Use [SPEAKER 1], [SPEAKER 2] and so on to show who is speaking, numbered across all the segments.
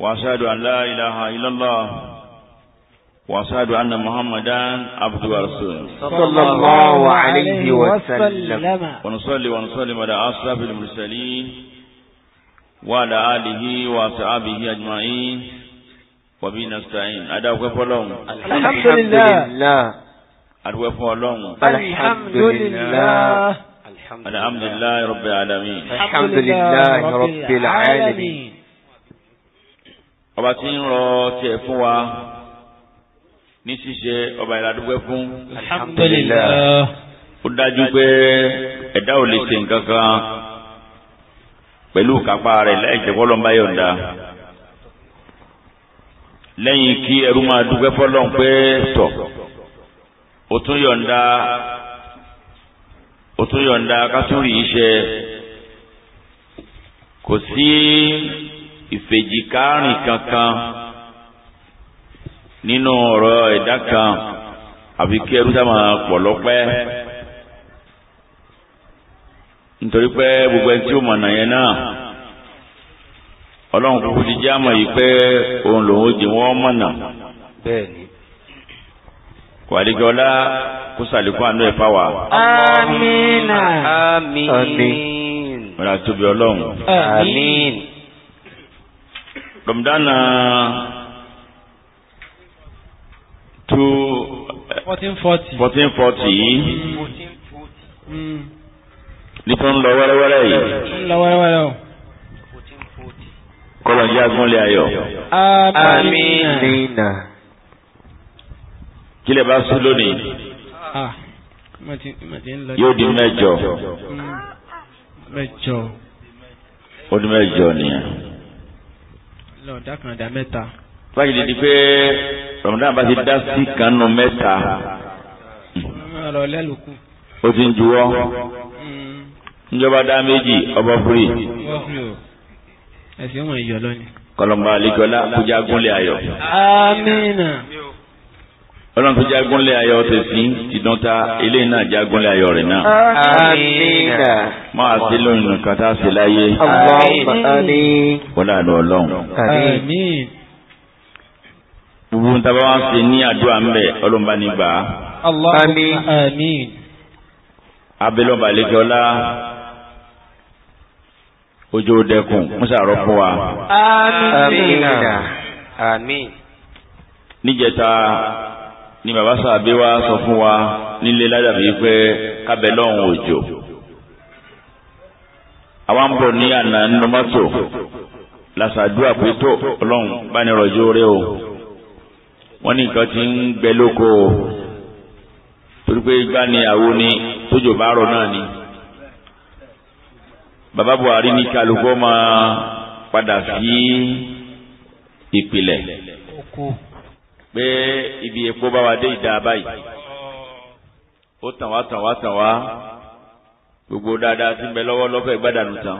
[SPEAKER 1] وأشهد أن لا إله إلا الله وأشهد أن محمدا عبد ورسول صلى الله عليه وسلم ونصلي ونسلم على أشرف المرسلين وعلى آله وصحبه أجمعين وبه نستعين أدعوك فلوم الحمد لله أدعوك فلون الحمد لله الحمد لله رب العالمين الحمد لله رب العالمين ọba tí ń rọ tiẹ̀ fún wa ní ṣíṣe ọba ìlàdúgbẹ́ fún. alhamdulilayi. ó dájú pé ẹ̀dá ò lè ṣe nǹkan kan pẹ̀lú kápá rẹ̀ láì jẹ́ kọ́lọ́ ń bá yọ̀ǹda lẹ́yìn kí ẹrú máa dúpẹ́ fọ́lọ́n pé tọ̀ ó tún yọ̀ǹda ó tún yọ̀ǹda kátúrì yìí ṣe kò sí. ìfèjìkárìn kankan nínú ọ̀rọ̀ ẹ̀dá kan àfi kí ẹrú sábà pọ̀ lọ́pẹ́ nítorí pé gbogbo ẹni tí ó mọ̀nà yẹn náà ọlọ́run kúkú ti já mọ̀ yìí pé òun lòun jì wọ́n mọ̀nà. bẹ́ẹ̀ni. kó sàlékún àánú ẹ̀fà wà. amínà. ọ̀rọ̀ àtòbí ọlọ́run. Ramadana two fourteen forty fourteen forty yìí nítorí ń lọ wẹ́rẹ́wẹ́rẹ́ yìí. ń lọ wẹ́rẹ́wẹ́rẹ́ o. kọlọ̀njẹ́ agúnlẹ̀ ayọ̀. amiina. kílẹ̀ bá sùn lónìí.
[SPEAKER 2] yóò di mẹ́jọ. Mm. mẹ́jọ.
[SPEAKER 1] ó di mẹ́jọ nìyẹn
[SPEAKER 3] lọ́ọ̀dá kan dá mẹ́ta. fáyì lè di
[SPEAKER 1] pé ramadan bá ti dá sí kanu mẹ́ta.
[SPEAKER 2] ọ̀rọ̀ lẹ́lùkù.
[SPEAKER 1] ti ń juwọ́. níjọba mm. dá méjì ọba fúri. kọlọmọ àlejò ọlá kújà
[SPEAKER 2] amiina
[SPEAKER 1] ọlọ́run tó jagunlé ayọ̀ ti sí tìdán ta ilé náà jagunlé ayọ̀ rẹ̀ náà. amiina. máa sí lóyún nǹkan tá a láyé. amiin. wọ́n àná ọlọ́run. amiin. gbogbo nta bá wá ń ní àdúrà mbẹ ọlọ́run bá ní gbà á.
[SPEAKER 2] amiin.
[SPEAKER 1] abẹ́lẹ́ balẹ̀jọ́lá ojú dẹkùn musa rọ wa.
[SPEAKER 2] amiina. amiin.
[SPEAKER 1] níjẹta ni bàbá sàbí wa sọ fún wa nílé ládàbí pé kábẹ́ lọ́hùn òjò àwa ń bọ̀ ní àná nínú mọ́tò làṣàdúrà pé tó ọlọ́run rẹ o wọ́n ní nǹkan ti ń gbẹ lóko o torí pé gbá ni àwo ni tójò bá rọ̀ náà ni bàbá Buhari ní kálukú máa padà sí ìpìlẹ̀ pé ibi epo bá wa dé ìdá báyìí ó tàn wá tàn wá tàn wá gbogbo dáadáa ti ń bẹ lọ́wọ́ lọ́fẹ̀ẹ́ ìgbádànù tán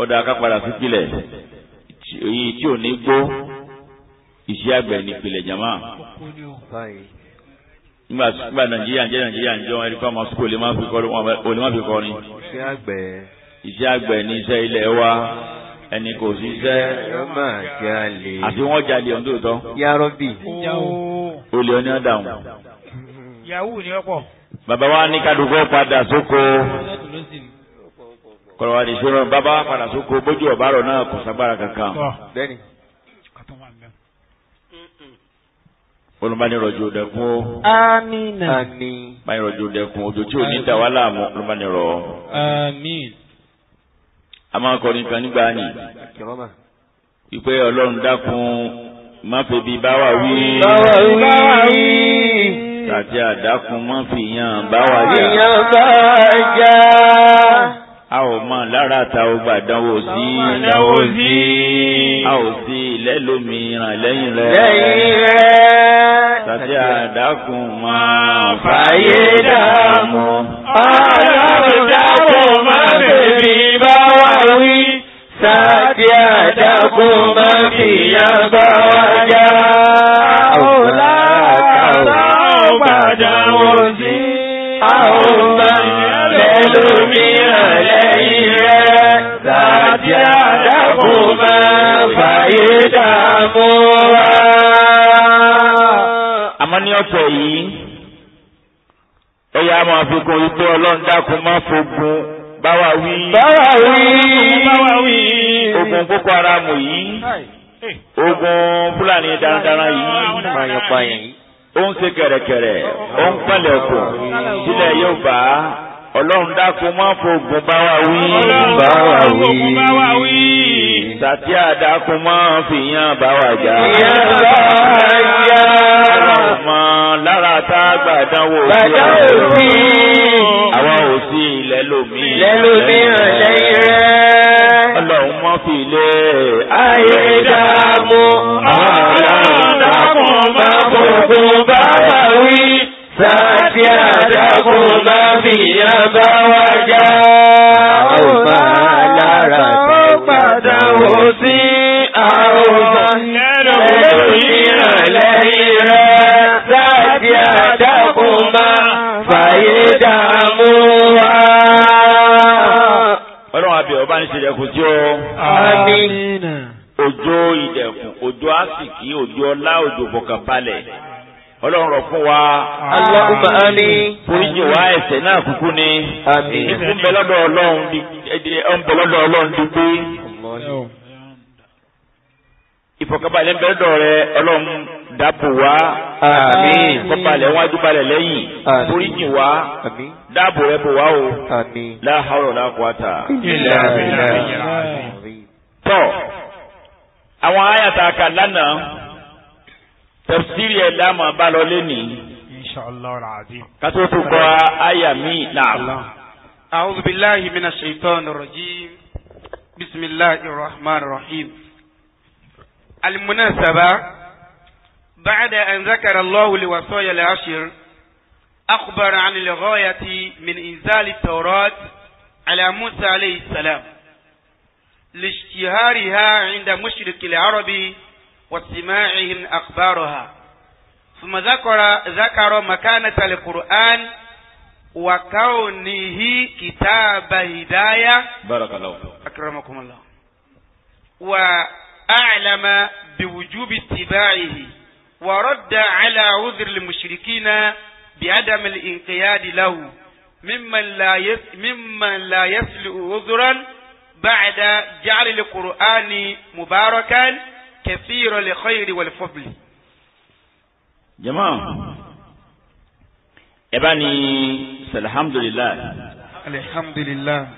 [SPEAKER 1] ọ̀dà akápadà sí pilẹ̀ èyí tí ò ní gbó iṣẹ́ àgbẹ̀ ní jama nígbà nígbà nàìjíríà ń jẹ́ nàìjíríà ń jọ ẹni fáwọn ọmọ sukùl ò lè má fi kọrin iṣẹ́ àgbẹ̀ ní iṣẹ́ ilẹ̀ wa ẹni kò ṣiṣẹ́ àti wọ́n jalè ọ̀hún tó tọ́. yàrá bì. olè ọ̀ní ọ̀dà wọn.
[SPEAKER 2] yahoo ni ọ̀pọ̀.
[SPEAKER 1] bàbá wa ní kádùkọ́ padà sóko. kọ̀rọ̀ wa ní sọ́rọ̀ bàbá wa padà sóko bójú ọ̀bárọ̀ náà kò sagbára kankan. olùbánirọ̀jò dẹ̀kun o.
[SPEAKER 2] àmín.
[SPEAKER 1] bánirọ̀jò dẹ̀kun ojú dàwálà olùbánirọ̀.
[SPEAKER 2] àmín
[SPEAKER 1] a máa kọrin kan nígbà ni wípé ọlọ́run dákun má fi bí báwa wí. báwa wí. tàbí àdákun má fi yan báwa jà. yan báwa jà. a ò mọ lára ta ọgbà dánwò sí. dánwò sí. a ò sí lẹ́lómi ràn lẹ́yìn rẹ̀. lẹ́yìn rẹ̀. tàbí àdákun máa fàyè dààmú.
[SPEAKER 2] ọlọ́run dákun má fi wí. Sáàkì àdàkùn máa fi yá bá wá já. Àwòlá àtàwọn ọ̀gbàdà wọ̀n sí. Àwọn ọba lẹ́lòmíràn lẹ́yìn rẹ̀. Sáàkì àdàkùn máa fàyè dààmú
[SPEAKER 1] wá. Àmọ́ ní ọ̀sẹ̀ yìí, ó máa fi kún ipò ọlọ́run dákun máa fogun báwa wí. báwa wí. báwa wí. ogun Boko Haram yìí. ogun Fúlàní darandaran yìí. pààyàn pààyàn yìí. ó ń ṣe kẹ̀rẹ̀kẹ̀rẹ̀ ó ń pẹ̀lẹ̀ òkun sílẹ̀ yóò bá ọlọ́run dákun máa ń ogun báwa wí. Tàtí àdákun máa fi yán bá wà já. Ìyá bá yá. Ọmọ lára tá a gbà dánwò.
[SPEAKER 2] Gbàdá òsì. Àwọn òsì ilẹ̀ lómi. Ilẹ̀ lómi ọ̀lẹ́yìn rẹ̀. Ọlọ́run mọ́ fi lé. Ayé dààmú. Àdàkùn bá kòkó bá wà wí. Tàtí àdákun máa fi yán bá wà já.
[SPEAKER 1] ní ṣèdẹ̀kùn sí ojo àmín. òjò ìdẹ̀kùn òjò àsìkí òjò ọlá òjò fọkànbalẹ̀ ọlọ́run rọ̀ fún wa. Allahumma àmín. Foríjì wa ẹ̀ṣẹ̀ náà kúkú ni. Àmín. Ìfún bẹ lọ́dọ̀ ọlọ́run di ọ̀n bẹ lọ́dọ̀ ọlọ́run di pé. Ìfọ̀kànbalẹ̀ ń bẹ lọ́dọ̀ rẹ ọlọ́run dáàbò wa.
[SPEAKER 2] Àmín. Ìfọ̀kànbalẹ̀
[SPEAKER 1] wájú balẹ̀ lẹ́yìn. Àmín. wa. Àmín dáàbò rẹ bò wá o láhàárọ̀ láàkúwàtà. tọ́ àwọn àyàtà kà lánàá
[SPEAKER 2] tafsiri ẹ̀ láàmú bá lọ lẹ́nìí.
[SPEAKER 3] kátó tó kọ́ àyà mi náà. أعوذ بالله من الشيطان الرجيم بسم الله الرحمن الرحيم المناسبة
[SPEAKER 1] بعد أن ذكر الله لوصايا العشر أخبر عن الغاية من إنزال التوراة على موسى عليه السلام لاشتهارها عند مشرك العرب وسماعهم أخبارها ثم ذكر ذكر مكانة القرآن وكونه كتاب هداية بارك الله أكرمكم الله
[SPEAKER 3] وأعلم بوجوب اتباعه ورد على عذر المشركين بعدم الانقياد له ممن لا ممن لا يسلو عذرا
[SPEAKER 1] بعد جعل القرآن مباركا كثير الخير والفضل جماعة إباني الحمد لله
[SPEAKER 3] الحمد لله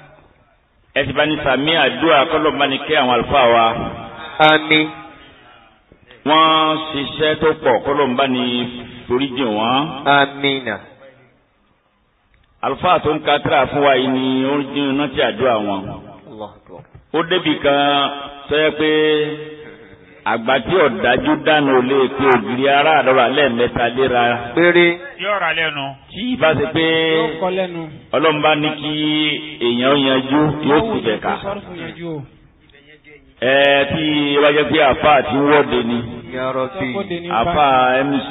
[SPEAKER 1] إباني سامي الدعاء كل من كي أن الفاوا آمين wọ́n ṣiṣẹ́ tó pọ̀ kọ́lọ́mbà ní foríjì wọn. amina. àlùfáà tó ń ka tíra fún wa yìí ni ó ń jin iná tí àdúrà wọn. ó débi kan sọ́yẹ́ pé àgbà tí ọ̀dájú dànù ò lè pe ògiri ara àdọ́rà lẹ́ẹ̀mẹ́ta léra.
[SPEAKER 2] péré. yóò rà lẹ́nu.
[SPEAKER 1] tí ìbá ṣe pé ọlọ́run bá ní kí èèyàn yanjú yóò tù bẹ̀ ká. ẹ tí wájú pé àfa àti wọ́ọ̀dẹ ni àfa mc.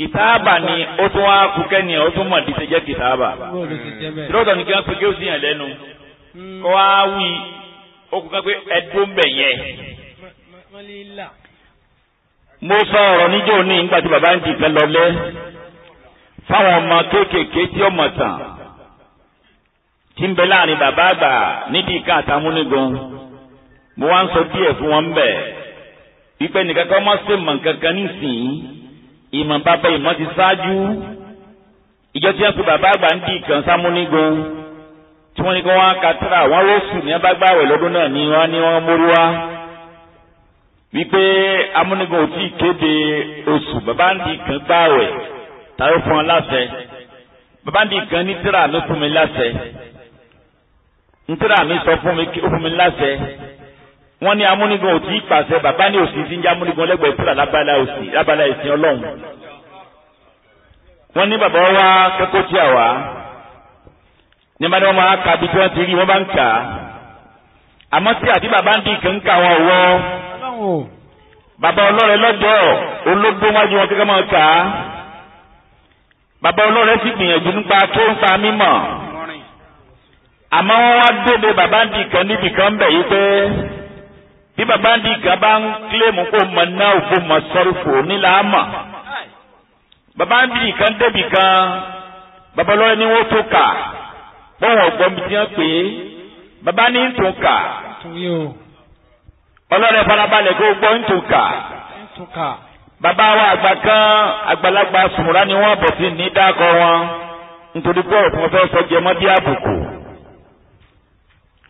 [SPEAKER 1] kìtáàbà ni ó tún wá kúkẹ́ ni ó tún mọ̀ ní ṣe jẹ́ kìtáàbà. lọ́dọ̀ ni kí wọ́n pe kí ó sì yàn lẹ́nu kó wá wí ó kú kan pé ẹdún bẹ̀ yẹ. mo sọ ọ̀rọ̀ níjó ní nígbà tí bàbá ń di ìpẹ́ lọlé fáwọn ọmọ kéékèèké tí ó tàn tí ń bẹ láàrin bàbá àgbà nídìí ká àtàmúnigun mo wá ń sọ díẹ̀ fún wọn bẹ̀ wípé nìkan kan mọ̀ sí mọ̀ nǹkan kan nísìnyí ìmọ̀ bàbá ìmọ̀ ti ṣáájú ìjọ tí wọ́n pe bàbá àgbà ń di ìkàn sámúnigun tí wọ́n ní kí wọ́n katra wọ́n rọ́ọ̀sù ní abágbáwẹ̀ lọ́dún náà ni wọ́n ní wọ́n mórí wá wípé amúnigun ò tí ì kéde oṣù bàbá ń di ìkàn gbáwẹ̀ tàbí fún wọn láṣẹ bàbá ń di ìkàn ní tíra ló fún mi láṣẹ ní tíra mi sọ fún mi láṣẹ wọ́n ní amúnigun òtí ìpàṣẹ bàbá ní òsì ti ń jẹ́ amúnigun lẹ́gbẹ̀ẹ́ ìtura lábala òsì lábala ìsìn ọlọ́run wọ́n ní bàbá wa kẹ́kọ̀ọ́ tí a wá ní bá ní wọ́n máa ka bí tí wọ́n ti rí wọ́n bá ń kà á àmọ́ tí àti bàbá ń di ìkànkà wọn wọ́ bàbá ọlọ́rẹ̀ lọ́jọ́ ológbó wájú wọn kẹ́kẹ́ máa kà á bàbá ọlọ́rẹ̀ sì gbìyànjú nípa tó ń pa mímọ̀ àmọ́ wọ́n wá dóde bàbá ń di ìkànnì ibì kan bẹ̀ yí pé bí bàbá ń di ìgá bá ń kílèmù kó mọ náà òfò mọ sọrùfò nílà á mọ bàbá ń di débì kan babalọ́wọ́ ni wọ́n tó kà bọ́wọ́n ọ̀gbọ́n mi ti hàn pé bàbá ní ń tún kà ọlọ́rẹ̀ farabalẹ̀ kó gbọ́ ń tún kà bàbá wa àgbà kan àgbàlagbà sùnmùrà ni wọ́n bọ̀ sí ní dákọ̀ wọn nítorí pé ọ̀rọ̀ tí wọ́n fẹ́ sọ jẹ bí àbùkù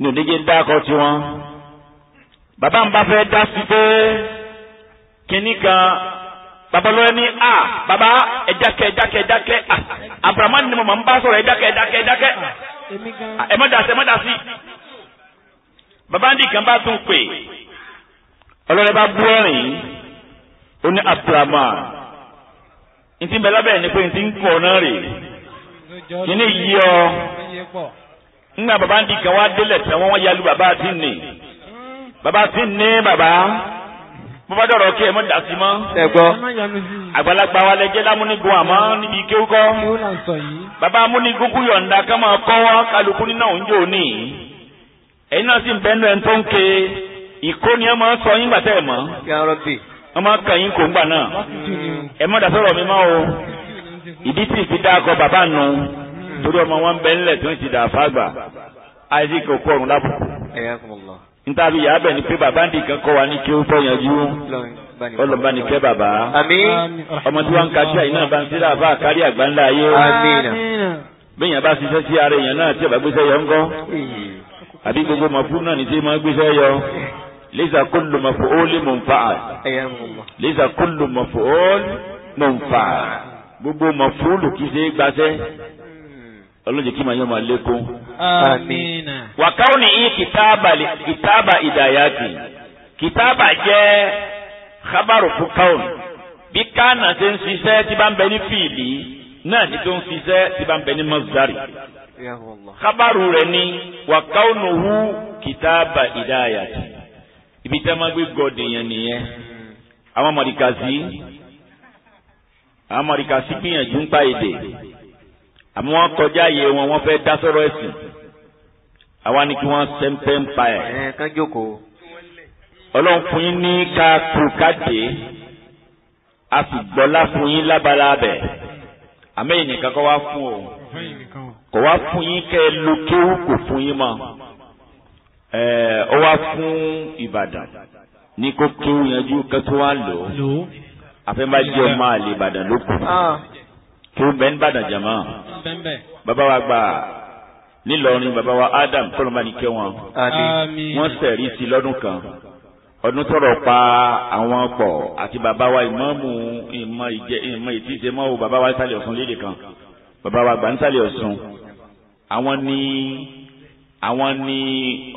[SPEAKER 1] ní òdíje dákọ̀ tiwọn. Baba mi bá fẹ́ dá sí pé kínní kan bàbá lọ́wọ́ a baba ẹ̀dákẹ́ ẹ̀dákẹ́ ẹ̀dákẹ́ a abrahamu ni mo máa ń bá sọ̀rọ̀ ẹ̀dákẹ́ ẹ̀dákẹ́ ẹ̀dákẹ́ ẹ̀ mọ́ dasí ẹ̀ mọ́ dasí bàbá ndí kan bá tún pè ọlọ́rẹ́ bá bú ẹ̀rín ó ní abrahamu ntí bẹ́ẹ̀ lábẹ́ ní pé ntí ń kọ̀ náà rè
[SPEAKER 2] kíní yí ọ
[SPEAKER 1] kan wá délẹ̀ tẹ́ wọ́n yalu bàbá àti nìyí bàbá sí baba. bàbá mo bá dọ̀rọ̀ kí ẹ mọ́ dàsí mọ́. ẹ gbọ́. àgbàlagbà wa lè jẹ́ lámúnigun àmọ́
[SPEAKER 2] níbi kí ó kọ́.
[SPEAKER 1] bàbá amúnigun kú yọ̀ǹda ká máa kọ́ wá kálukú nínú oúnjẹ òní. ẹ̀yin náà sì ń bẹ́nu ẹ̀ tó ń ke ìkóni ẹ̀ máa sọ yín gbà tẹ́ ẹ̀ mọ́. wọ́n kò ń gbà náà. ẹ mọ́ dàsọ̀rọ̀ mi mọ́ o. ìdí sì fi dá akọ bàbá nu torí ọmọ wọn bẹ́ńlẹ̀ tó ń ti dà fágbà. àìsí kò ọ̀run lábùkù níta bí yàá bẹ̀ ni pé bàbá ndì kan kọ́ wa ní kí ó fọ́ yanjú ọlọ́ba ní kẹ́ bàbá.
[SPEAKER 2] àmín. ọmọ tí wọ́n ń ka sí
[SPEAKER 1] àyìn náà bá ń sílẹ̀ àbá si àgbà ńlá ayé. àmín. bẹ́ẹ̀ yẹn bá ṣiṣẹ́ sí ara èèyàn náà tí ọ̀bá gbéṣẹ́ yọ ń gọ́. àbí gbogbo mọ̀fún náà ní tí máa gbéṣẹ́ yọ. lẹ́sà kúlù mọ̀fọ́ọ́lì mọ̀nfàá. lẹ́sà kúlù mọ̀fọ́ọ́lì mọ̀nfàá. gbogbo mọ̀fọ́ọ́lù kì í ṣe ọlọ́jẹ̀ kí màá yọ máa lékún. àmín. wàkàrọ̀ ní í kìtàbà ìdàyàtì kìtàbà jẹ́ kábàrò fún káwọn bí kánà ṣe ń ṣiṣẹ́ tí bá ń bẹ ní fìlì náà ti tó ń ṣiṣẹ́ tí bá ń bẹ ní mọ́sálárì.
[SPEAKER 2] kábàrò rẹ̀
[SPEAKER 1] ní wàkàrọ̀ ní hu kìtàbà ìdàyàtì ibi tí a máa gbé gọ́ọ̀dì nìyẹn àwọn mọ̀ríkàsí àwọn mọ̀ríkàsí gbìyànjú ń pa èdè àmọ́ wọ́n kọjá yé wọn wọ́n fẹ́ dá sọ̀rọ̀ ẹ̀sìn àwa ni kí wọ́n sẹ́ńpẹ́ ń pa ẹ̀. ẹ kán jókòó. ọlọ́run fún yín ní ká kú káde a sì gbọ́lá fún yín lábala bẹ̀ àmọ́ èyí nìkan kọ́ wá fún o kò wá fún yín kẹ́ ẹ lo kéwù kò fún yín mọ́ ẹ ọ wá fún Ìbàdàn ní kó kéwù yanjú kẹ́tọ́ wá lò ó àfẹ́ńbájẹ́ ọmọ àlè Ìbàdàn ló ah. kéwù bẹ́ẹ̀ ń bàdàn jàmọ́ bẹ́ẹ̀. bàbá wa gbà nílọrin bàbá wa Adam kọlọmọ ní kẹwọn wọn sẹrí sí lọ́dún kan ọdún tọrọ pa àwọn pọ̀ àti bàbá wa ìmọ̀ọ́mù ìmọ̀ ìjẹ ìmọ̀ ìtìsẹ̀ mọ́ o bàbá wa sálẹ̀ ọ̀sùn léde kan bàbá wa gbà ń sálẹ̀ ọ̀sùn àwọn ní àwọn ní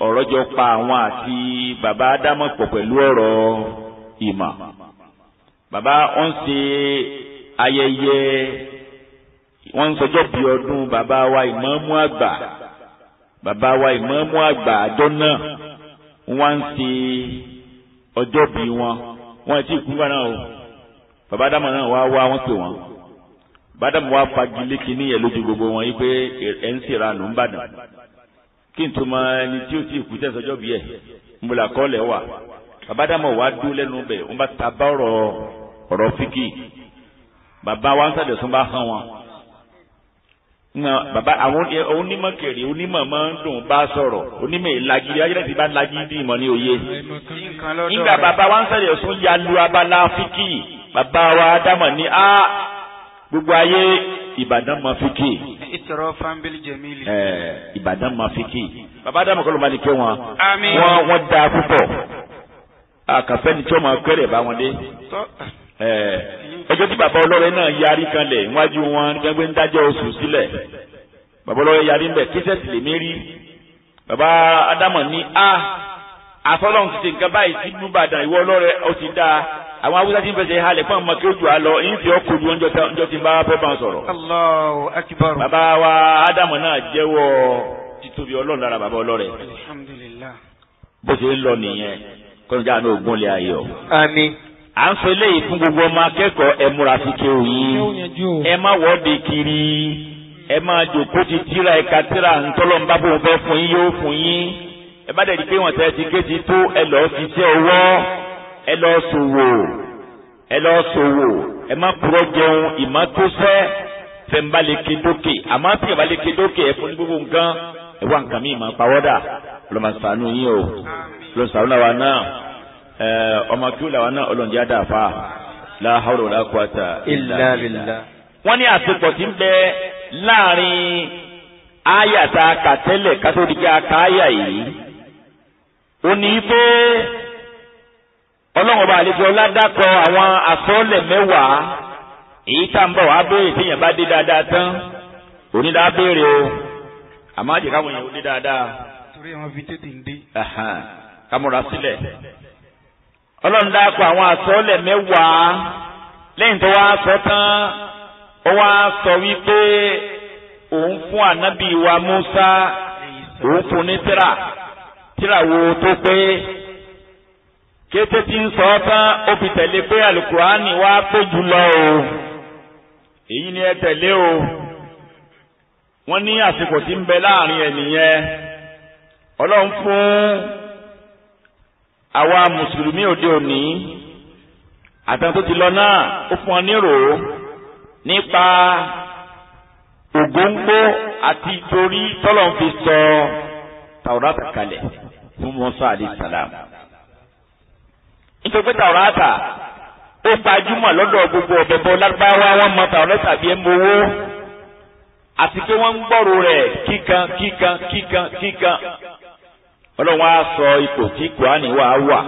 [SPEAKER 1] ọ̀rọ̀ jọ pa àwọn àti bàbá Ádámọ̀ pọ̀ pẹ̀lú ọ̀rọ̀ ìmọ̀ bàbá wọn ṣe ayẹyẹ wọ́n ń sọjọ́ bí ọdún bàbá wa ìmáàmù àgbà bàbá wa ìmáàmù àgbà àjọ náà wọ́n ń ṣe ọjọ́ bí wọn wọ́n ti kú wọn náà o bàbá dàmọ̀ náà wá wá wọ́n pè wọ́n bàbá dàmọ̀ wá fagilé kínní yẹn lójú gbogbo wọn yìí pé ẹ̀ ń ṣèrà nù ń bàdàn kí n tó mọ ẹni tí ó ti kú tẹ̀ sọjọ́ bí ẹ̀ ń bọ̀lá wà bàbá dàmọ̀ wá dó lẹ́nu bẹ̀ ń bá ta bá ọ̀rọ̀ ọ̀rọ̀ fíkì bàbá wa ń sàdẹ̀sùn bá hàn wọn bàbá àwọn onímọ̀kèrè onímọ̀ máa ń dùn bá sọ̀rọ̀ onímọ̀ ìlàjì ayélujára ti bá lajì dì mọ́ ní òye. nígbà bàbá wa ń sẹ̀lẹ̀ sún ya lu abala fíkì bàbá wa dámọ̀ ní a gbogbo ayé ìbàdàn mọ fíkì.
[SPEAKER 3] ìtọ̀rọ̀ fanbili jẹ̀mílì.
[SPEAKER 1] ẹ ìbàdàn mọ fíkì. bàbá dámọ̀ kọ́ ló máa ní kẹ́ wọn. wọ́n wọ́n da púpọ̀ àkàfẹ́ni tí wọ́n máa kẹ́rẹ̀ bá wọn dé. ọjọ́ tí bàbá ọlọ́rẹ náà yarí kanlẹ̀ níwájú wọn gbẹ́gbẹ́ ń dájọ́ oṣù sílẹ̀ bàbá ọlọ́rẹ yarí ń bẹ̀ kíṣẹ́ bàbá ní a àfọlọ́hún ti ṣe nǹkan báyìí sí ìwọ ọlọ́rẹ ó àwọn ń fún ọmọ àlọ́ yín fi ọkọ̀ ojú ọjọ́ sọ̀rọ̀. à ń sọ eléyìí fún gbogbo ọmọ akẹ́kọ̀ọ́ ẹ múra sí kéwù ẹ má wọ́de kiri ẹ máa jòkó ti tíra ẹ̀ka tíra ńtọ́lọ́mbá bò ń fẹ́ fún yín yóò fún yín ẹ bá dẹ̀ di pé wọ́n tẹ́ ti ké ti tó ẹ lọ́ọ́ fi sí ọwọ́ ẹ lọ́ọ́ ṣòwò ẹ lọ́ọ́ ṣòwò ẹ má purọ́ jẹun ìmọ́tósẹ́ fẹ̀m̀bálẹ̀kẹ́ dókè àmọ́ tí ìbálẹ̀kẹ́ dókè ẹ fún ní gbogbo nǹkan ẹ wá nǹkan mí ìmọ̀ pàwọ́dà lọ́mọ Eh, ọmọ kí ó làwọn náà ọlọ́njẹ́ àdàfà láhàrò lákùátà illa billah. wọ́n ní àsopọ̀ tí ń bẹ láàrin áyàtà kàtẹ́lẹ̀ kátólíkì yìí ó ní pé ọlọ́run ọba àlejò àwọn àsọ́ọ̀lẹ̀ mẹ́wàá bọ̀ wá yẹn bá dé dáadáa tán o àmọ́ àjẹká dé dáadáa. torí àwọn ọlọ́run dákọ̀ àwọn àsọ́ọ́lẹ̀ mẹ́wàá lẹ́yìn tó wá sọ tán ó wá sọ wípé òun fún ànábì wa Musa òun fún ní tíra tíra wo tó pé kété tí ń sọ tán ó fi tẹ̀lé pé alukurani wá pé jùlọ o èyí ni ẹ tẹ̀lé o wọ́n ní àsìkò tí ń bẹ láàrin ẹ̀ nìyẹn ọlọ́run fún àwa mùsùlùmí òde òní àtàwọn tó ti lọ náà ó fún ọ nírò nípa ògóńgó àti torí tọ́lọ̀ ń fi sọ tàwùrátà kalẹ̀ fún Musa alayhi salam. nítorí pé tàwùrátà ó gbajúmọ̀ lọ́dọ̀ gbogbo ọ̀bẹ̀bọ̀ lágbáwá wọn mọ tàwùrátà bí ẹ mowó àti pé wọ́n ń gbọ́rò rẹ̀ kíkan kíkan kíkan kíkan ọlọ́run á sọ ipò tí kùránì wà á wà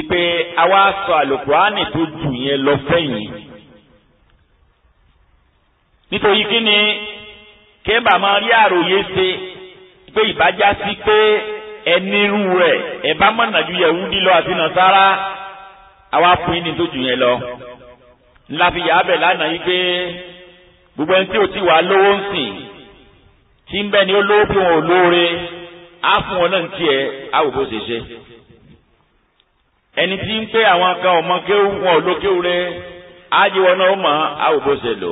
[SPEAKER 1] ipe àwa sọ àlùkùránì tó jù yẹn lọ fẹ́yìn nítorí kí ni kébà máa rí àròyé ṣe pé ìbájá sí pé ẹnirú rẹ̀ ẹ bá mọ̀nà ju Yẹhudi lọ àti Nasara àwa pín ní tó jù yẹn lọ ńlá fi yà á bẹ̀ lánàá yìí pé gbogbo ẹni tí ò ti wà lówó ń sìn tí ń bẹ ni ó lówó bí wọn ò lóore á fún ọ náà tiẹ̀ á wò bó ṣe ṣe ẹni tí ń pé àwọn kan ọmọ kéwù wọn ò lókéwù rẹ á yí wọn náà ó mọ á wò ṣe lò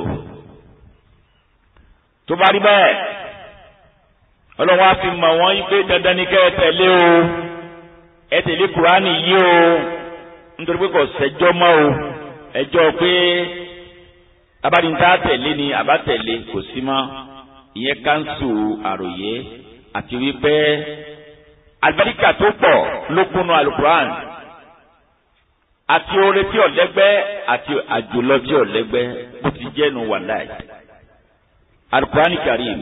[SPEAKER 1] tó bá rí bẹ́ẹ̀ ọlọ́wọ́n á fi mọ̀ wọ́n yí pé dandan ni kẹ́ ẹ tẹ̀lé o ẹ tẹ̀lé kuraani yìí o nítorí pé kò sẹ́jọ́ mọ́ o ẹjọ́ pé abadinta tẹ̀lé ni àbá kò sí mọ́ ìyẹn káńsù àròyé àti wípé àlùbáríkà tó pọ̀ ló kúnnú alukuran àti oore tí ọ̀lẹ́gbẹ́ àti àjùlọ tí ọ̀lẹ́gbẹ́ bó ti jẹ́nu wàláì alukuran karim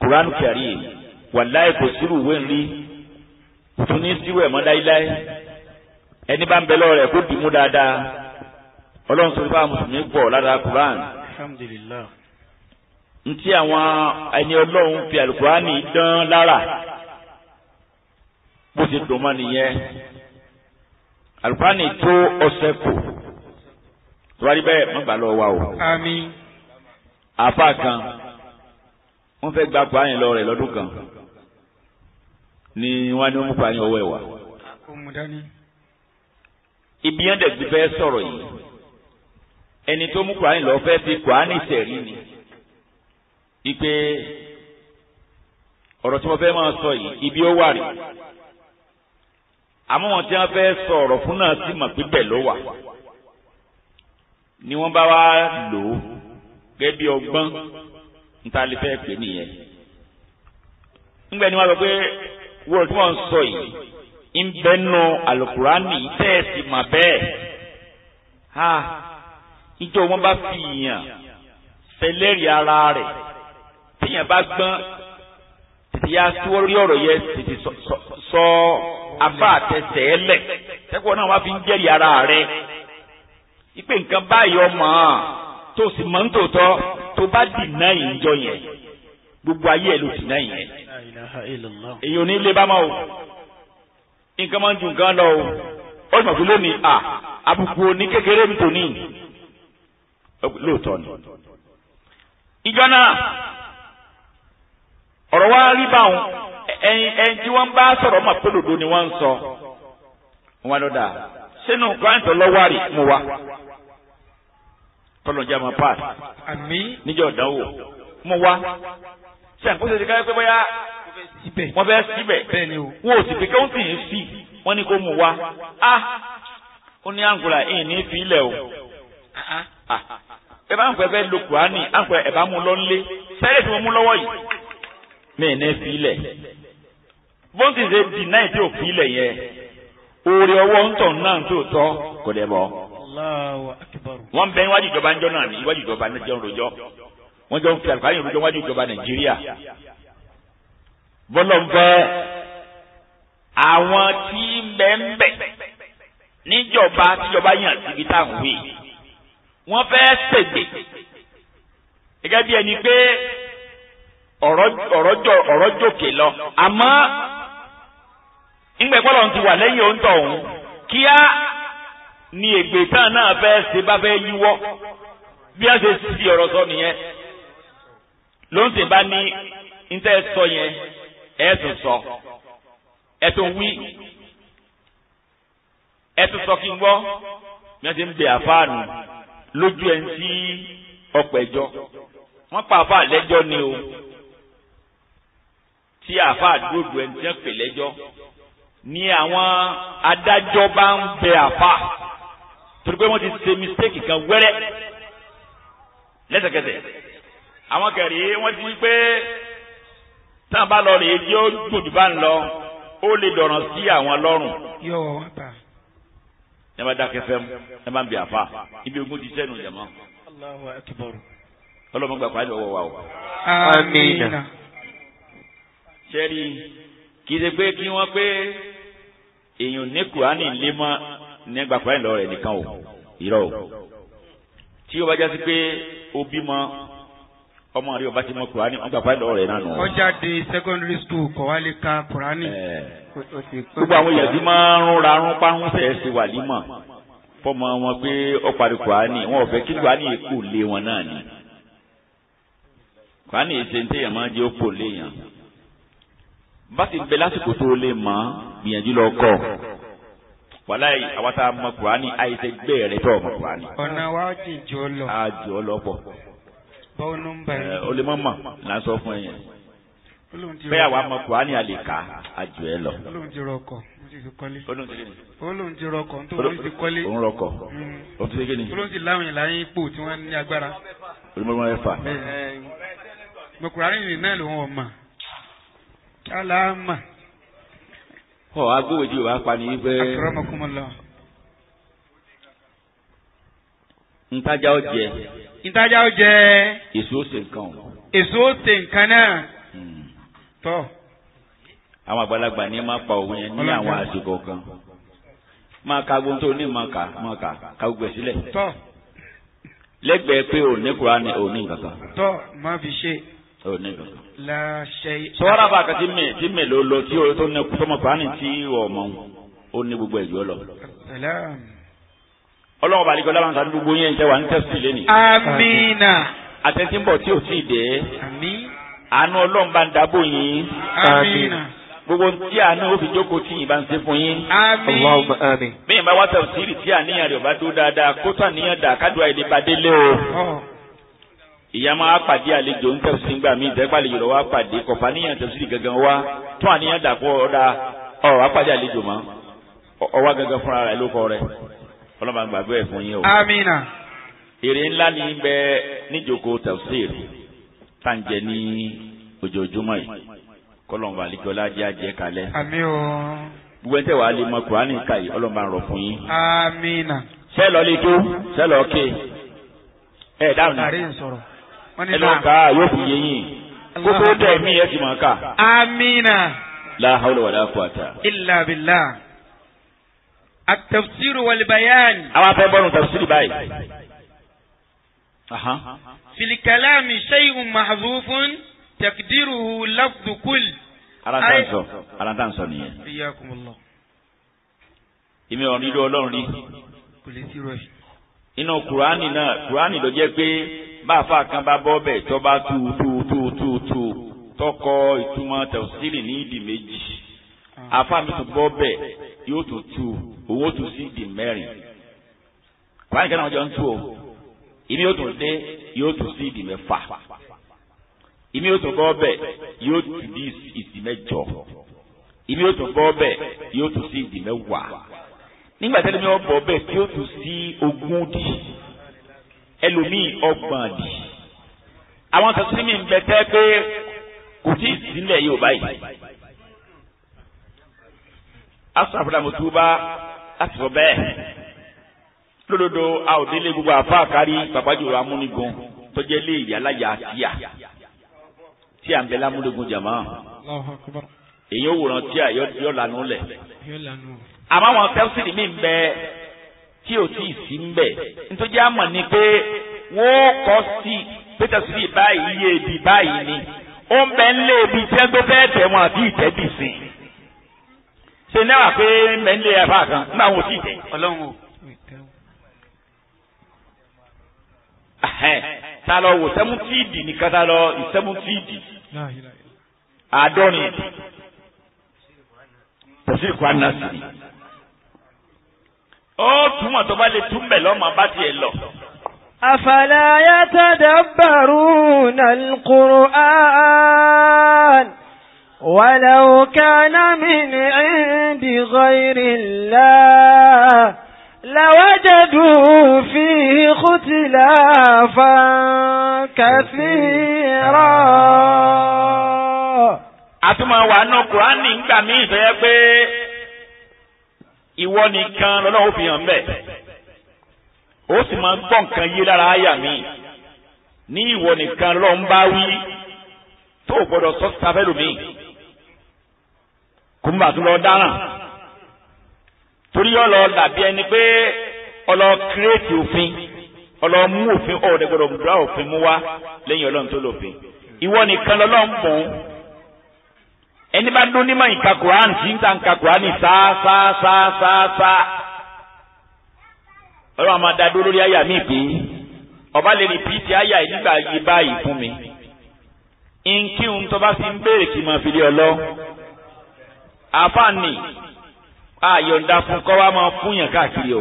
[SPEAKER 1] kuran karim wàláì kò sírù ìwé ńlí kò tún ní sírù ẹ̀ mọ́ láíláí ẹni bá ń bẹ lọ́rọ̀ ẹ̀ kó dìímú dáadáa ọlọ́run sọ fún àwọn mùsùlùmí pọ̀ lára kuran.
[SPEAKER 3] alhamdulillah
[SPEAKER 1] ntí àwọn ẹni ọlọ́run fi àlùkùránì dán lára bó ti dùn mọ́ nìyẹn àlùkùránì tó ọ̀sẹ̀ kù tọ́wárí bẹ́ẹ̀ má gbà lọ́wọ́ wa o. àmín. àfa kan wọ́n fẹ́ gba kùránì lọ rẹ̀ lọ́dún kan ni wọ́n á ní wọ́n mú kùránì ọwọ́ ẹ̀ wá. ibi yẹn dẹ̀ ti fẹ́ sọ̀rọ̀ yìí ẹni tó mú kùránì lọ fẹ́ fi kùránì sẹ̀rí ni ipe ọ̀rọ̀ tí mo fẹ́ máa sọ yìí ibi ó wà rí àmọ́ wọn tí wọ́n fẹ́ sọ ọ̀rọ̀ fún náà sì mọ̀ pé bẹ́ẹ̀ ló wà ni wọ́n bá wá lò ó gẹ́gẹ́ bí ọgbọ́n níta lè fẹ́ pè nìyẹn ńgbẹ́ ni wọ́n sọ pé wọ́n tí wọ́n sọ yìí ń bẹ́ nu alukurani tẹ́ sì mà bẹ́ẹ̀ ha ìjọ wọn bá fi yàn fẹlẹ́rì ara rẹ̀ téèyàn bá gbọ́n tètè yá síwọ́rí ọ̀rọ̀ yẹn tètè sọ afá àtẹsẹ̀ ẹ lẹ̀ tẹ́kọ̀ọ́ náà wá fi ń jẹ́rìí ara rẹ̀ ipe nǹkan báyìí ọmọ tó sì mọ̀ ń tòótọ́ tó bá dìnnà ìjọ yẹn gbogbo ayé ẹ ló dìnnà yẹn èyí ò ní lè bá máa o nǹkan máa ń ju nǹkan lọ o ó mọ̀ pé lónìí à àbùkù òní kékeré mi tò ní lóòótọ́ ni ìjọ náà ọ̀rọ̀ wa rí báwọn
[SPEAKER 2] ẹ̀yìn ẹ̀yìn tí wọ́n bá sọ̀rọ̀ mà pé lòdò ni wọ́n ń sọ
[SPEAKER 1] wọn ló dà sínú kọ́ńtò lọ́wọ́rì mú wa kọ́lọ́jà máa pass níjọ́ ìdánwò mú wa sẹ́ǹkó ṣe ti ká pé bóyá wọ́n bẹ́ẹ̀ síbẹ̀ wọ́n ò sì pé kẹ́hùntì yẹn fi wọ́n ní kó mú wa á ah! ó ní àǹgùlà yìí ní ìfilẹ̀ o uh-huh. ah! ẹ bá ń pẹ́ bẹ́ẹ̀ lo kùránì à ń bá mú lọ́nlé sẹ́yìn tí mo mú lọ́wọ́ yìí mí ní filẹ̀ bọ́n ti ṣe dì náà tí ò filẹ̀ yẹn oore ọwọ́ ń tọ̀ náà tó tọ́ kò dẹ̀ bọ́. wọ́n bẹ iwájú ìjọba ńjọ́ náà ní iwájú ìjọba ńjọ́ ńrojọ́ wọ́n jọ ń fi àlùkáyọ̀ ńrojọ́ iwájú ìjọba Nàìjíríà bọ́lọ̀ ń fẹ́ àwọn tí bẹ́ẹ̀ bẹ́ẹ̀ níjọba tíjọba yàn síbi táwọn wí wọ́n fẹ́ ṣègbè gẹ́gẹ́ bí ẹni pé ọ̀rọ̀ jòkè lọ àmọ́ ńgbẹ́ pọ́lọ́ ti wà lẹ́yìn oúnjẹ ọ̀hún kíá ni ègbè tán náà fẹ́ ṣe bá fẹ́ yíwọ́
[SPEAKER 2] bí a ṣe fi ọ̀rọ̀ sọ nìyẹn
[SPEAKER 1] ló ń sì bá ní
[SPEAKER 2] ntẹ́ sọ yẹn ẹ̀ tún sọ
[SPEAKER 1] ẹ̀ tún wí ẹ̀ tún sọ kí n gbọ́ bí a ṣe ń bẹ àfáànù lójú ẹ̀ ń sí ọ̀pẹ̀jọ wọ́n pa àfáà lẹ́jọ́ ni o tí àfa àdúgbò ẹni tí wọ́n pè lẹ́jọ́ ni àwọn adájọ́ bá ń bẹ àfa torí pé wọ́n ti ṣe mistake kan wẹ́rẹ́ lẹ́sẹ̀kẹsẹ̀ àwọn kẹrì wọ́n ti wí pé tá a bá lọ rèé tí ó gbòdì bá ń lọ ó lè dọ̀ràn sí àwọn lọ́rùn. yọ wọn ta. ẹ bá dákẹ́ fẹ́ mu ẹ bá ń bẹ àfa ibi ogun ti sẹ́nu jẹ̀mọ́. ọlọ́mọgbà pàdé ọwọ́ wa o. amiina. amiina sẹ́rí kì í ṣe pé kí wọ́n pé èèyàn ní kùránì lé mọ́ nígbà kùránì lọ́rọ̀ rẹ̀ nìkan o irọ́ o tí o bá já sí pé o bímọ ọmọ rẹ o bá ti mọ kùránì wọn gbà kùránì lọ́rọ̀ náà nù. ó
[SPEAKER 3] jáde secondary school kọ̀ wá lè ka kùránì.
[SPEAKER 2] gbogbo àwọn èèyàn tí máa ń rúnra rún páhùn fẹ́ẹ́ ṣe wà límọ̀
[SPEAKER 1] fọmọ wọn pé ó parí kùránì wọn ò fẹ́ kí kùránì kò lé wọn náà ni kùránì èsè ń jẹ́ ó kò léèyàn bá ti bẹ lásìkò tó lè mọ gbìyànjú lọ kọ wàláyé àwọn tá a mọ kurani àìsè gbé rẹ tó mọ kurani. ọ̀nà wa jì jọ lọ. a jọ lọ pọ̀.
[SPEAKER 2] báwo ló ń bá yín. o lè mọ
[SPEAKER 1] là ń sọ fún ẹ yẹn
[SPEAKER 2] bẹ́ẹ̀ àwa mọ kùránì a lè kà á jù ẹ lọ. olóhùn
[SPEAKER 3] ti rọkọ̀ olóhùn ti rọkọ̀ nítorí olóhùn ti kọ́lé. òun rọkọ̀ òun mm. ti ṣe olóhùn ti láwọn ìlànà ipò tí wọ́n ní agbára. olùmọ̀lùmọ̀ ẹ fà. mọ nìyẹn náà ló ń wọ̀ aláàmà.
[SPEAKER 1] Oh agbóhùnjú wa pa ní ibẹ̀.
[SPEAKER 3] akaramakumala.
[SPEAKER 1] ntajà ó jẹ.
[SPEAKER 3] ntajà ó jẹ. èso ó ṣe
[SPEAKER 1] hmm. àwọn àgbàlagbà máa pa òun yẹn ní kan máa ka gbogbo tó ní máa kà máa kà ká sílẹ̀. Tọ lẹ́gbẹ̀ẹ́ fi ṣe. sọ́wọ́rọ́ bá kàtí mẹ́ tí mẹ́ ló lọ tí o tó ní kútọ́mọ kùránì tí o mọ̀ ó ní gbogbo ẹ̀jọ́ lọ. ọlọ́wọ́ bá alikọ́ lábàá nǹkan gbogbo yẹn jẹ́ wà ní tẹ́sítì lẹ́nu. amina. àtẹ̀síńbọ̀ tí o ti dẹ̀. àmín. àánú ọlọ́run bá ń dábò yín. amina. gbogbo tí àánú ó fi jókòó tí ìbá ń ṣe fún yín. àmín. bẹ́ẹ̀ bá wá tẹ̀síìrì tí àníyàn rẹ̀ bá dó dáadáa kó tó dà kádùá ìdíbadé ìyá máa pàdé àlejò ń tẹ̀sí nígbà míì ìdẹ́gbàlejò yìí wá pàdé kọ̀ọ̀fà níyàn tẹ̀sí gangan wá tún àníyàn dàpọ̀ ọ̀dà pàdé àlejò mọ́ ọwá gangan fúnra rẹ̀ ló rẹ̀ fún yín o. amina. èrè ńlá ni ń bẹ níjòkó tá ń jẹ ní ojoojúmọ́ yìí àjẹ́ kalẹ̀. o. gbogbo amina. lè tó ké ẹ̀ dáhùn ẹ lọ kà á yóò fi yé yín kókó dá ẹ̀mí ẹ̀ ti máa kà. amina. la hawla wala quwata. illa billah. àwọn afẹ́ bọ́ọ̀nù tafsiri báyìí.
[SPEAKER 3] fil kalami shay'un mahdhufun takdiruhu lafdhu kull. alantan sọ
[SPEAKER 1] alantan sọ nìyẹn. ìmí ọ̀rọ̀ nílò ọlọ́run rí. inú kùránì náà kùránì ló jẹ́ pé bá àfa kan bá bọ́ bẹ́ẹ̀ tó tu tú tú tú tú tú tọkọ ìtumọ̀ tẹ̀sílì ní ìdì méjì àfa mi tún bọ́ bẹ́ẹ̀ yóò tún tú òun ó tún sí ìdì mẹ́rin kwan kan náà jọ ń tú o ìmí yóò tún dé yóò tún sí ìdì mẹ́fà ìmí yóò tún bọ́ bẹ́ẹ̀ yóò tún di ìdì mẹ́jọ ìmí yóò tún bọ́ bẹ́ẹ̀ yóò tún sí ìdì mẹ́wàá nígbà tẹ́lẹ̀ mi ò bọ̀ bẹ́ẹ̀ tí yóò tún sí ogún dì ẹlòmíì ọgbọ̀n àdì àwọn sọsí mi ń bẹ tẹ́ pé kò tí ì sílẹ̀ yóò báyìí asàfúnà mọ̀túbà láti sọ bẹ́ẹ̀ lódodo a ò délé gbogbo àfa kárí babájúwò amúnigun tọ́jẹ́ lé ìyálàyà tíà tí à ń bẹ lámúnigun jàmá èyí ò wòran tíà yọ lànà lẹ̀ àmọ́ àwọn sẹ́wọ́sì mi ń bẹ tí ò tí ì sí ń bẹ̀ nítorí àmọ̀ ni pé wọ́n kọ́ sí pétẹ́sìlì báyìí iye ibi báyìí ni ó ń bẹ ń lé ibi iṣẹ́ tó fẹ́ tẹ̀ wọn àbí ìtẹ́bì sí i ṣe náà wà pé mẹ́ ń lé ẹ̀fà nígbà wọn ò tí ì tẹ̀. o.
[SPEAKER 2] ta lọ wò sẹ́mútìdì nìkan ta lọ ìsẹ́mútìdì àádọ́rin
[SPEAKER 1] tẹ̀síìkù ànásì ó túmọ̀ tó bá lè tún bẹ̀ lọ́mọ bá tiẹ̀
[SPEAKER 2] lọ. أفلا يتدبرون القرآن ولو كان من عند غير الله لوجدوا فيه اختلافا كثيرا
[SPEAKER 1] àtúmọ̀ wà náà kùránì ń gbà mí ìfẹ́ pé ìwọ nìkan lọ́nà ó fi hàn
[SPEAKER 2] bẹ́ẹ̀
[SPEAKER 1] ó sì máa ń gbọ́ nǹkan yé lára àyà mi ní ìwọ nìkan lọ́n bá wí tó o gbọ́dọ̀ sọ sábẹ́lú mi kò ń tún lọ dáràn torí ọlọ dàbí ẹni pé ọlọ kírètì òfin ọlọ mú òfin ọ̀ọ́dẹ́gbọ́dọ̀ gbọ́dọ̀ òfin mú wá lẹ́yìn ọlọ́run tó lòfin ìwọ nìkan lọ́n bùn ẹni bá dún nímọ̀ ìka Quran tí ń ta nka Quran sáásáásáásá ọlọ́run àmọ́ adadó lórí àyà mi pé ọba lè ní pt àyà yìí nígbà yìí báyìí fún mi nkíhun tó bá fi ń béèrè kí n máa fi lé ọ lọ àfààní àyọ̀ǹda fún kọ́ wa máa fún yàn káàkiri o.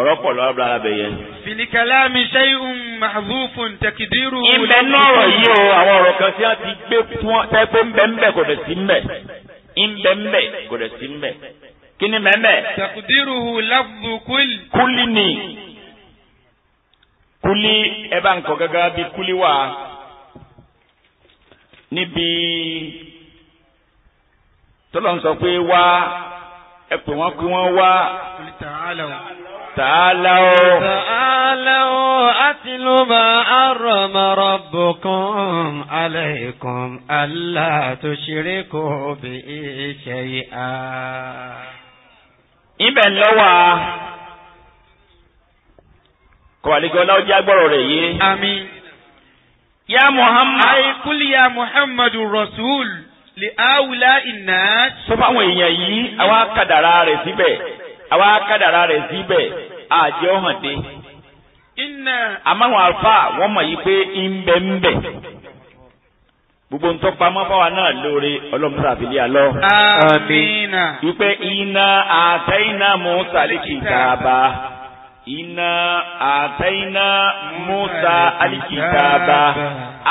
[SPEAKER 1] ọ̀rọ̀ pọ̀ lọ́wọ́ blára bẹ̀ yẹn.
[SPEAKER 2] filikala mi ṣe ń mahzufun
[SPEAKER 3] tẹkidiru. ìbẹ̀ nọ̀rọ̀ yìí o àwọn
[SPEAKER 1] ọ̀rọ̀ kan tí wọ́n ti gbé tẹ́pẹ́ ńbẹ́ńbẹ́ kò dẹ̀ sí ńbẹ́ ńbẹ́ńbẹ́ kò dẹ̀ sí ńbẹ́ kí ni mẹ́mẹ́.
[SPEAKER 3] tẹkidiru
[SPEAKER 2] lafzu kuli. kuli ni
[SPEAKER 1] kuli ẹ bá ń kọ gẹ́gẹ́ bí kuli wa níbi tọ́lọ̀ ń sọ pé wá ẹ pè wọ́n pé wọ́n wá.
[SPEAKER 2] تعالوا تعالوا أتل ما أرم ربكم عليكم ألا تشركوا به شيئا ibẹ̀ lọ́wọ́
[SPEAKER 1] kọ̀wàlígọ́ láwọ́jẹ́ agbọ́rọ̀ rẹ̀ yé. àmín. ya muhammad.
[SPEAKER 3] àìkúlì ya muhammadu rasul li
[SPEAKER 1] awula iná. sọ fáwọn èèyàn yìí àwọn akadàra rẹ̀ síbẹ̀ àwa kádàrá rẹ̀ síbẹ̀ àjẹ́ ọ̀hàn dé. àmọ́ àwọn alfa wọ́n mọ̀ yí pé ń bẹ ń bẹ gbogbo ń tọ́pa mọ́ báwa náà lóore ọlọ́run tó àfìlẹ́ àlọ́. amiina. wípé iná àtẹ́yìnà musa alikì taaba iná àtẹ́yìnà musa alikì taaba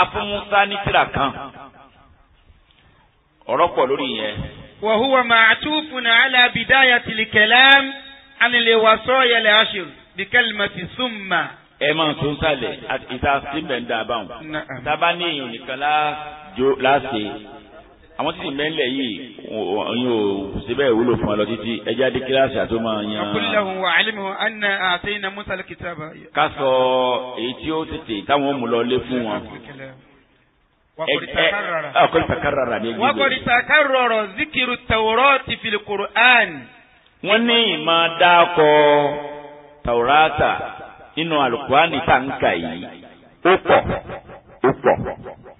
[SPEAKER 1] afún musa ní tírà kan ọ̀rọ̀ pọ̀ lórí yẹn.
[SPEAKER 3] وهو معتوف على بداية الكلام عن الوصايا العشر بكلمة ثم
[SPEAKER 1] ẹ máa tó ń sálẹ̀ ìta síbẹ̀ ń dábàá wọn. tábà ní èèyàn nìkan láṣẹ àwọn títí mẹ́lẹ̀ yìí òyìn ò síbẹ̀ ìwúlò fún ọ lọ títí ẹja dé kíláàsì àti ó máa yan. ọkùnrinlẹ́hùn wà álẹ́mù anna àtẹ́yìn náà musa lókè tábà. ká sọ èyí tí ó tètè táwọn ò mú lọ lé fún wọn ọkọlì eh, eh, takarara ní ah, gbígbé. wọ́kọlì
[SPEAKER 3] takarọ̀rọ̀ zikiru tawọ́rọ́ ti fili kur'an.
[SPEAKER 1] wọ́n ní ìmọ̀ dákọ̀ tawọ́rọ́ta nínú alukur'ani tàǹkà yìí ó pọ̀ ó pọ̀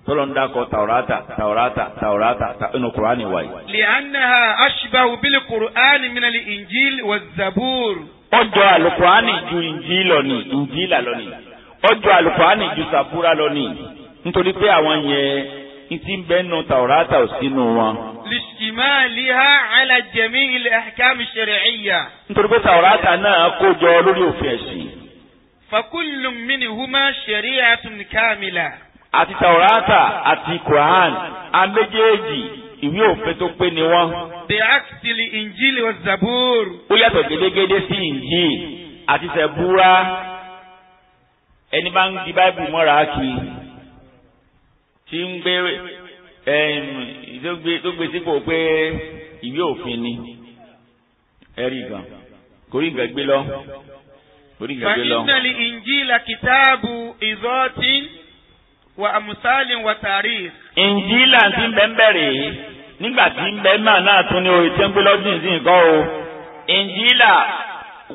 [SPEAKER 1] tọ́lọ́ ń dákọ̀ tawọ́rọ́ta tawọ́rọ́ta tawọ́rọ́ta nínú kur'ani wáyé.
[SPEAKER 3] li'annaha ashbahu bil kur'ani minali injil wa zabur. ọjọ́ alukur'ani
[SPEAKER 1] ju injil lọ ni injil lọ ni
[SPEAKER 3] ọjọ́ alukur'ani
[SPEAKER 1] ju sabura lọ ni nítorí pé àwọn yẹn n ti bẹ́ nu tàwọ́rátà ò sínú wọn.
[SPEAKER 3] lìṣìmáàlìhà alàjẹmí ilẹ̀ àkàmì ṣẹ̀rẹ̀ẹ́yà.
[SPEAKER 1] nítorí pé tàwọ́rátà náà kó jọ lórí òfin ẹ̀sìn.
[SPEAKER 3] fakullum minihuma ṣẹ̀ríyàtun
[SPEAKER 1] kamila. àti tàwọ́rátà àti quran a méjèèjì ìwé òfin tó pé ni wọ́n. the axili injili wa zabur. ó yàtọ̀ gédégédé sí injil àti sẹ́búrà ẹni bá ń di báìbù mọ́ra kì í tí ń gbé tó gbé sípò pé ìwé òfin ni ẹ̀rí gan kò rí nǹkan gbé lọ. kò rí nǹkan gbé lọ. fàyínàlì
[SPEAKER 3] ìnjílà kìtáàbù ìzọ́tí wà àmùsálì wà tàrí.
[SPEAKER 1] ìnjílà ti ń bẹ́ ń bẹ̀rẹ̀ nígbà tí ń bẹ́ máa náà tún ní orí tí ń gbé lọ́dún sí nǹkan o. ìnjílà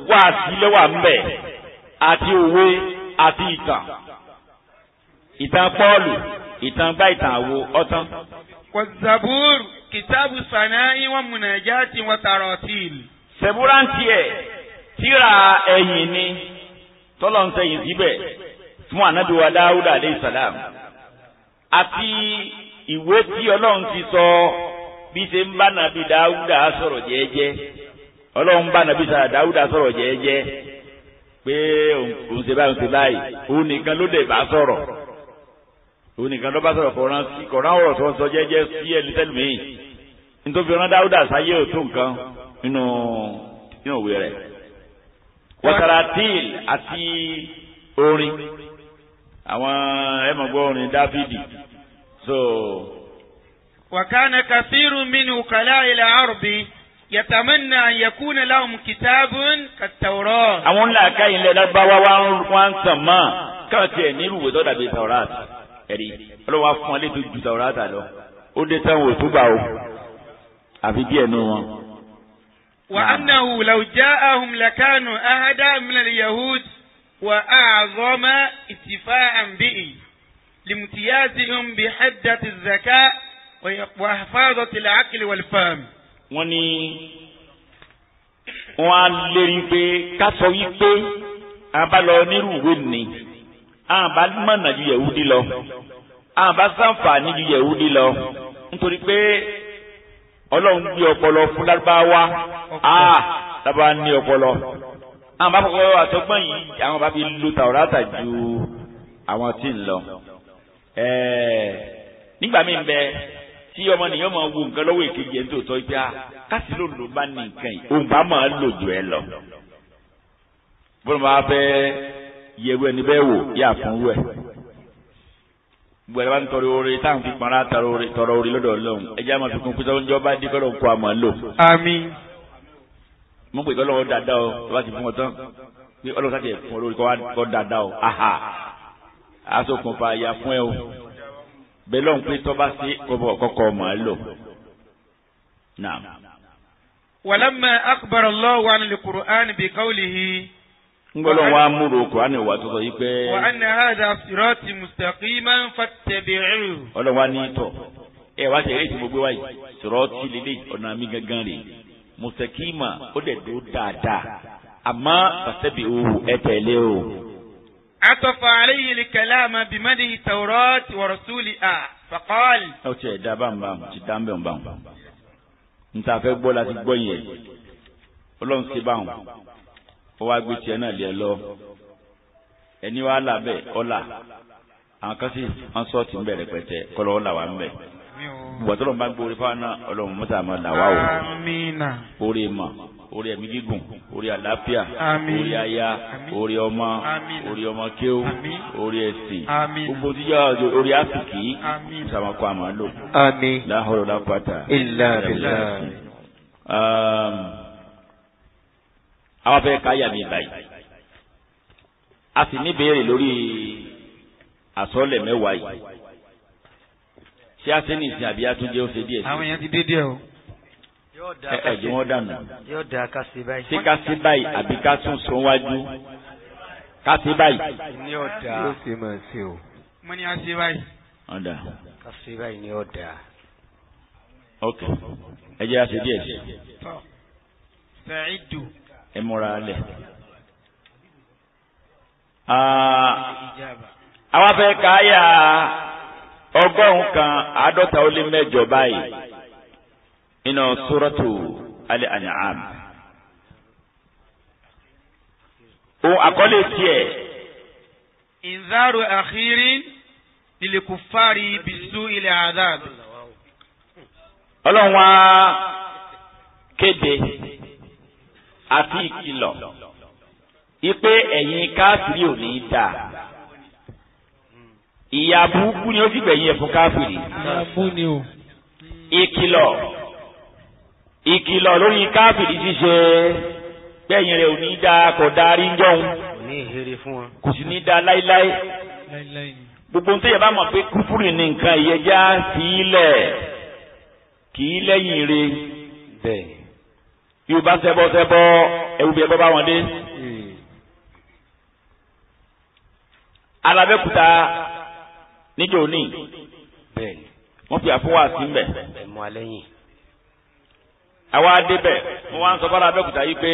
[SPEAKER 1] wà sílẹ̀ wà ń bẹ̀ àti òwe àti ìtàn ìtàn pọ́ọ̀lù. ìtàn bá ìtàn àwo ọtán. wàzàbúrù kìtàbù sànáì wọn múnàjà tí wọn tààrọ tíìlì. sẹ̀búrà tíra ẹ̀yìn ni tọ́lọ̀ ń sẹ́yìn fún dáúdà àti ìwé tí ọlọ́run ti sọ bí ṣe ń bá nàbí dáúdà sọ̀rọ̀ jẹ́ẹ́jẹ́ ọlọ́run bá nàbí dáúdà sọ̀rọ̀ jẹ́ẹ́jẹ́ báyìí bá sọ̀rọ̀. òun nìkan ló bá sọ̀rọ̀ kọ̀ọ̀rán sí kọ̀ọ̀rán ọ̀rọ̀ tó ń sọ jẹ́jẹ́ sí ẹni tẹ́lùmí nítorí ọ̀rán dáúdà sáyé òtún nǹkan nínú nínú òwe rẹ̀. wọ́taratíìl àti orin àwọn ẹ̀mọ̀gbọ́ orin dáfídì so. kàfírù mínú kàlá ilẹ̀ àrùbí yàtàmánà àyẹ̀kúnà láwọn kìtàbùn kàtàwọ̀rọ̀. àwọn ńlá àkáyìnlẹ̀ lágbáwá wa ń sàn mọ́ káwọn tiẹ̀ nílùú wòtọ́ dàbí tàwọ́rọ́ àti ẹ̀rí ọlọ́wọ́ fún alẹ́ tó ju tàwọn ráàtà lọ ó dé táwọn ò tó gbà ó àfi díẹ̀ nù wọn.
[SPEAKER 3] wà á nà hù làwù já ahùn làkánù ahadá mílẹ̀ yahud wà á àzọ́mà ìtìfà àǹbíì lìmùtìyàsí ń bi xẹ́dà ti zaka wà fáadọ̀
[SPEAKER 1] tilẹ̀ àkìlì wà fàm. wọ́n ní wọ́n á lérí pé ká sọ wípé abalọ onírúurú ni àbá ah, mọ̀nà ju yẹ̀wúdí lọ àbá ah, sàǹfààní ju yẹ̀wúdí lọ nítorí pé ọlọ́run gbé ọpọlọ fún lárúbáwá àà ah,
[SPEAKER 2] lábá ní ọpọlọ
[SPEAKER 1] àwọn bá fọwọ́ àtọ́gbọ́n yìí àwọn bá fi lu tàwọ́rátà ju àwọn tí ń lọ. Eh, nígbà míì bẹ tí ọmọ nìyẹn máa wo nǹkan lọ́wọ́ èkejì ẹ̀ ń tòótọ́ pé a káàsì ló ló bá ní nǹkan yìí òun bá máa lò jù ẹ lọ. bọ́lá máa fẹ́ yẹwu ẹni bẹ́ẹ̀ wò yà fún wẹ̀. gbogbo bá ń tọrọ oore tá à ń fi pàrọ̀ tọrọ oore lọ́dọ̀ ọlọ́run ẹjẹ́ àwọn àfikún pé sọ́wọ́n jọba dé kọ́dọ̀ kó àmọ́ lò. àmín. mo pè kọ́lọ́wọ́ dáadáa o bá ti fún wọn tán pé ọlọ́run sáà ti fún olórí kọ́ dáadáa o aha aṣọ fa àyà fún ẹ o bẹ́ẹ̀ lọ́n pé tọ́ bá sí kọ́kọ́ ọmọ ẹ lò. naam.
[SPEAKER 3] walamma akhbara Allahu 'an al-Qur'an bi qawlihi ngbọ́dọ̀ wa
[SPEAKER 1] múro Kùránì wa tó sọ yìí pé. wa anna
[SPEAKER 3] hadha sirati mustaqiman fattabi'uhu.
[SPEAKER 1] ọlọ́run wa ní tọ̀ ẹ wá tẹ̀lé tí mo gbé wáyé sirati lílé ọ̀nà mi gangan rè mustaqima ó dẹ̀ dó dáadáa àmọ́ fattabi'uhu ẹ tẹ̀lé o. atọ́fà alayhi al-kalama bimadihi tawrati wa rasuliha faqal. ó ti ẹ̀ dá bámbám ti dá mbẹ́ bámbám. ntàfẹ́ gbọ́ la ti gbọ́ yẹn
[SPEAKER 2] ọlọ́run ṣe báwọn ó wá gbé tiẹ̀ náà lé ẹ lọ
[SPEAKER 1] ẹni wàá là bẹ́ẹ̀ ọ̀là àwọn kan sì wọ́n sọ́ọ̀tì ń bẹ̀rẹ̀ pẹ̀tẹ́ kọ́lọ́ ọ̀là wà ń bẹ̀. bùbọ̀tọ́ ló ń bá gbórí fáwọn náà ọlọ́run mọ́tà máa là wá o. orí mọ̀ orí ẹ̀mí gígùn orí àlàáfíà orí aya orí ọmọ orí ọmọ kéwù orí ẹ̀sìn gbogbo tí orí àsìkí sàmọ́kọ́ àmọ́ lò. láhùrọ̀ lápáta. ilà bìlà àwọn fẹ́ káyà mi báyìí a sì ní béèrè lórí àsọlẹ̀ mẹ́wàá yìí ṣé a ṣe ní ìsìn àbí atúnjẹ ó ṣe díẹ̀ sí. àwọn èèyàn ti
[SPEAKER 3] dé díẹ̀ o.
[SPEAKER 2] ẹ ẹ jẹ wọn dànù. yóò da ká ṣe báyìí. ṣé ká ṣe báyìí àbí ká sùn sún wájú
[SPEAKER 3] ká ṣe báyìí.
[SPEAKER 2] ní ọ̀dà yóò
[SPEAKER 3] ṣe máa ṣe o. mo ní a báyìí. ọ̀dà. ká ṣe báyìí ní ọ̀dà.
[SPEAKER 1] ok ẹ jẹ́ a díẹ̀ sí. fẹ́ẹ́ dùn ẹ múra lẹ̀. àwa fẹ́ káyà ọgọ́rùn-ún kan àádọ́ta ó lé mẹ́jọ báyìí nínú suratu Al-An'am. ohun àkọlé tiẹ̀.
[SPEAKER 3] ìzáàrò àkírí
[SPEAKER 1] lilikufari bisu ilẹ̀ azab. ọlọ́run wá kéde àti ìkìlọ̀ ipe ẹ̀yin káfìrí ò ní dà ìyà burúkú ni ó sì gbẹ̀yìn ẹ̀fún káfìrí. ìkìlọ̀ ìkìlọ̀ lórí káfìrí ṣíṣe gbẹ̀yìn rẹ̀ ò ní dà kò darí ń jọun kò sì ní dà láíláí gbogbo ń tẹ́yẹ̀ bá mọ̀ pé kúfúrì ní nǹkan ìyẹjá sí kì í lẹ́yìn re bẹ́ẹ̀ yorùbá sẹ́bọ̀ sẹ́bọ̀ ẹ̀wù bí ẹ̀bọ̀ bá wọn dé. alábẹ́kúta
[SPEAKER 2] níjọ́ òní wọ́n fi àfọwọ́ àti ń bẹ̀.
[SPEAKER 1] àwa débẹ̀ wọ́n wá ń sọ fún alábẹ́kúta yìí pé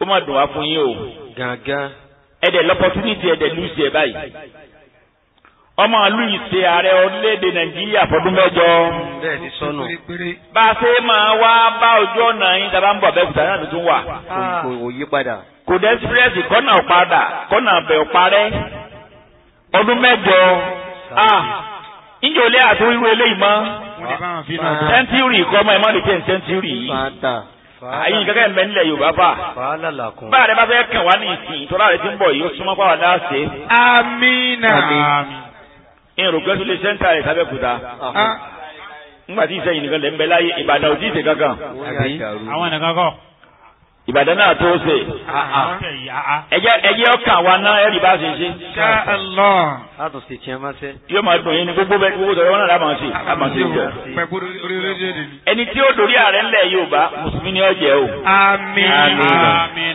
[SPEAKER 1] ó má dùn wá fún yín o. gàgà. ẹ̀dẹ̀ lọ́pọ̀tunìtì ẹ̀dẹ̀ lùsì ẹ̀ báyìí ọmọ ìlú ìṣe ààrẹ orílẹ̀-èdè nàìjíríà fọdún mẹ́jọ. bá a ṣe máa wá bá ojú ọ̀nà yín tá a bá ń bọ̀ bẹ́ẹ̀kúta náà ló tún wà. kò yí padà. kò dé sípírẹ́sì kọ́nà ọ̀padà kọ́nà ọ̀bẹ̀ ọ̀parẹ́ ọdún mẹ́jọ. ìjòlè ah, àti wíwú eléyìí mọ́.
[SPEAKER 2] sẹ́ńtírì ah, kọ́ ọmọ ìmọ̀ nìkẹ́
[SPEAKER 1] sẹ́ńtírì yìí. àyìn kẹ́kẹ́ mẹ́ nílẹ̀ yorùbá bá. bá a rẹ bá fẹ́ kàn wá ní ìsìn ìrò pẹ́ tún lè sẹ́ńtà ẹ̀ sábẹ́kúta ah. nígbà tí ìsẹ́yìn nìkan lè ń bẹ láyé ìbàdàn òjì ìsẹ̀ kankan. àwọn ẹnìkan kọ. ìbàdàn náà tó ṣe. Ah, ah.
[SPEAKER 2] ẹjẹ ọkàn wa náà ẹrì bá ṣe
[SPEAKER 1] ṣe. láti ṣe tiẹ̀ máa ṣe. yóò máa dùn yín ní gbogbo bẹ́ẹ̀ gbogbo sọ̀rọ̀ wọn náà láwọn ṣe láwọn ṣe jọ. ẹni tí ó dorí ààrẹ ńlẹ̀ Yorùbá mùsùlùmí ni ó jẹ́ o. àmín àmín.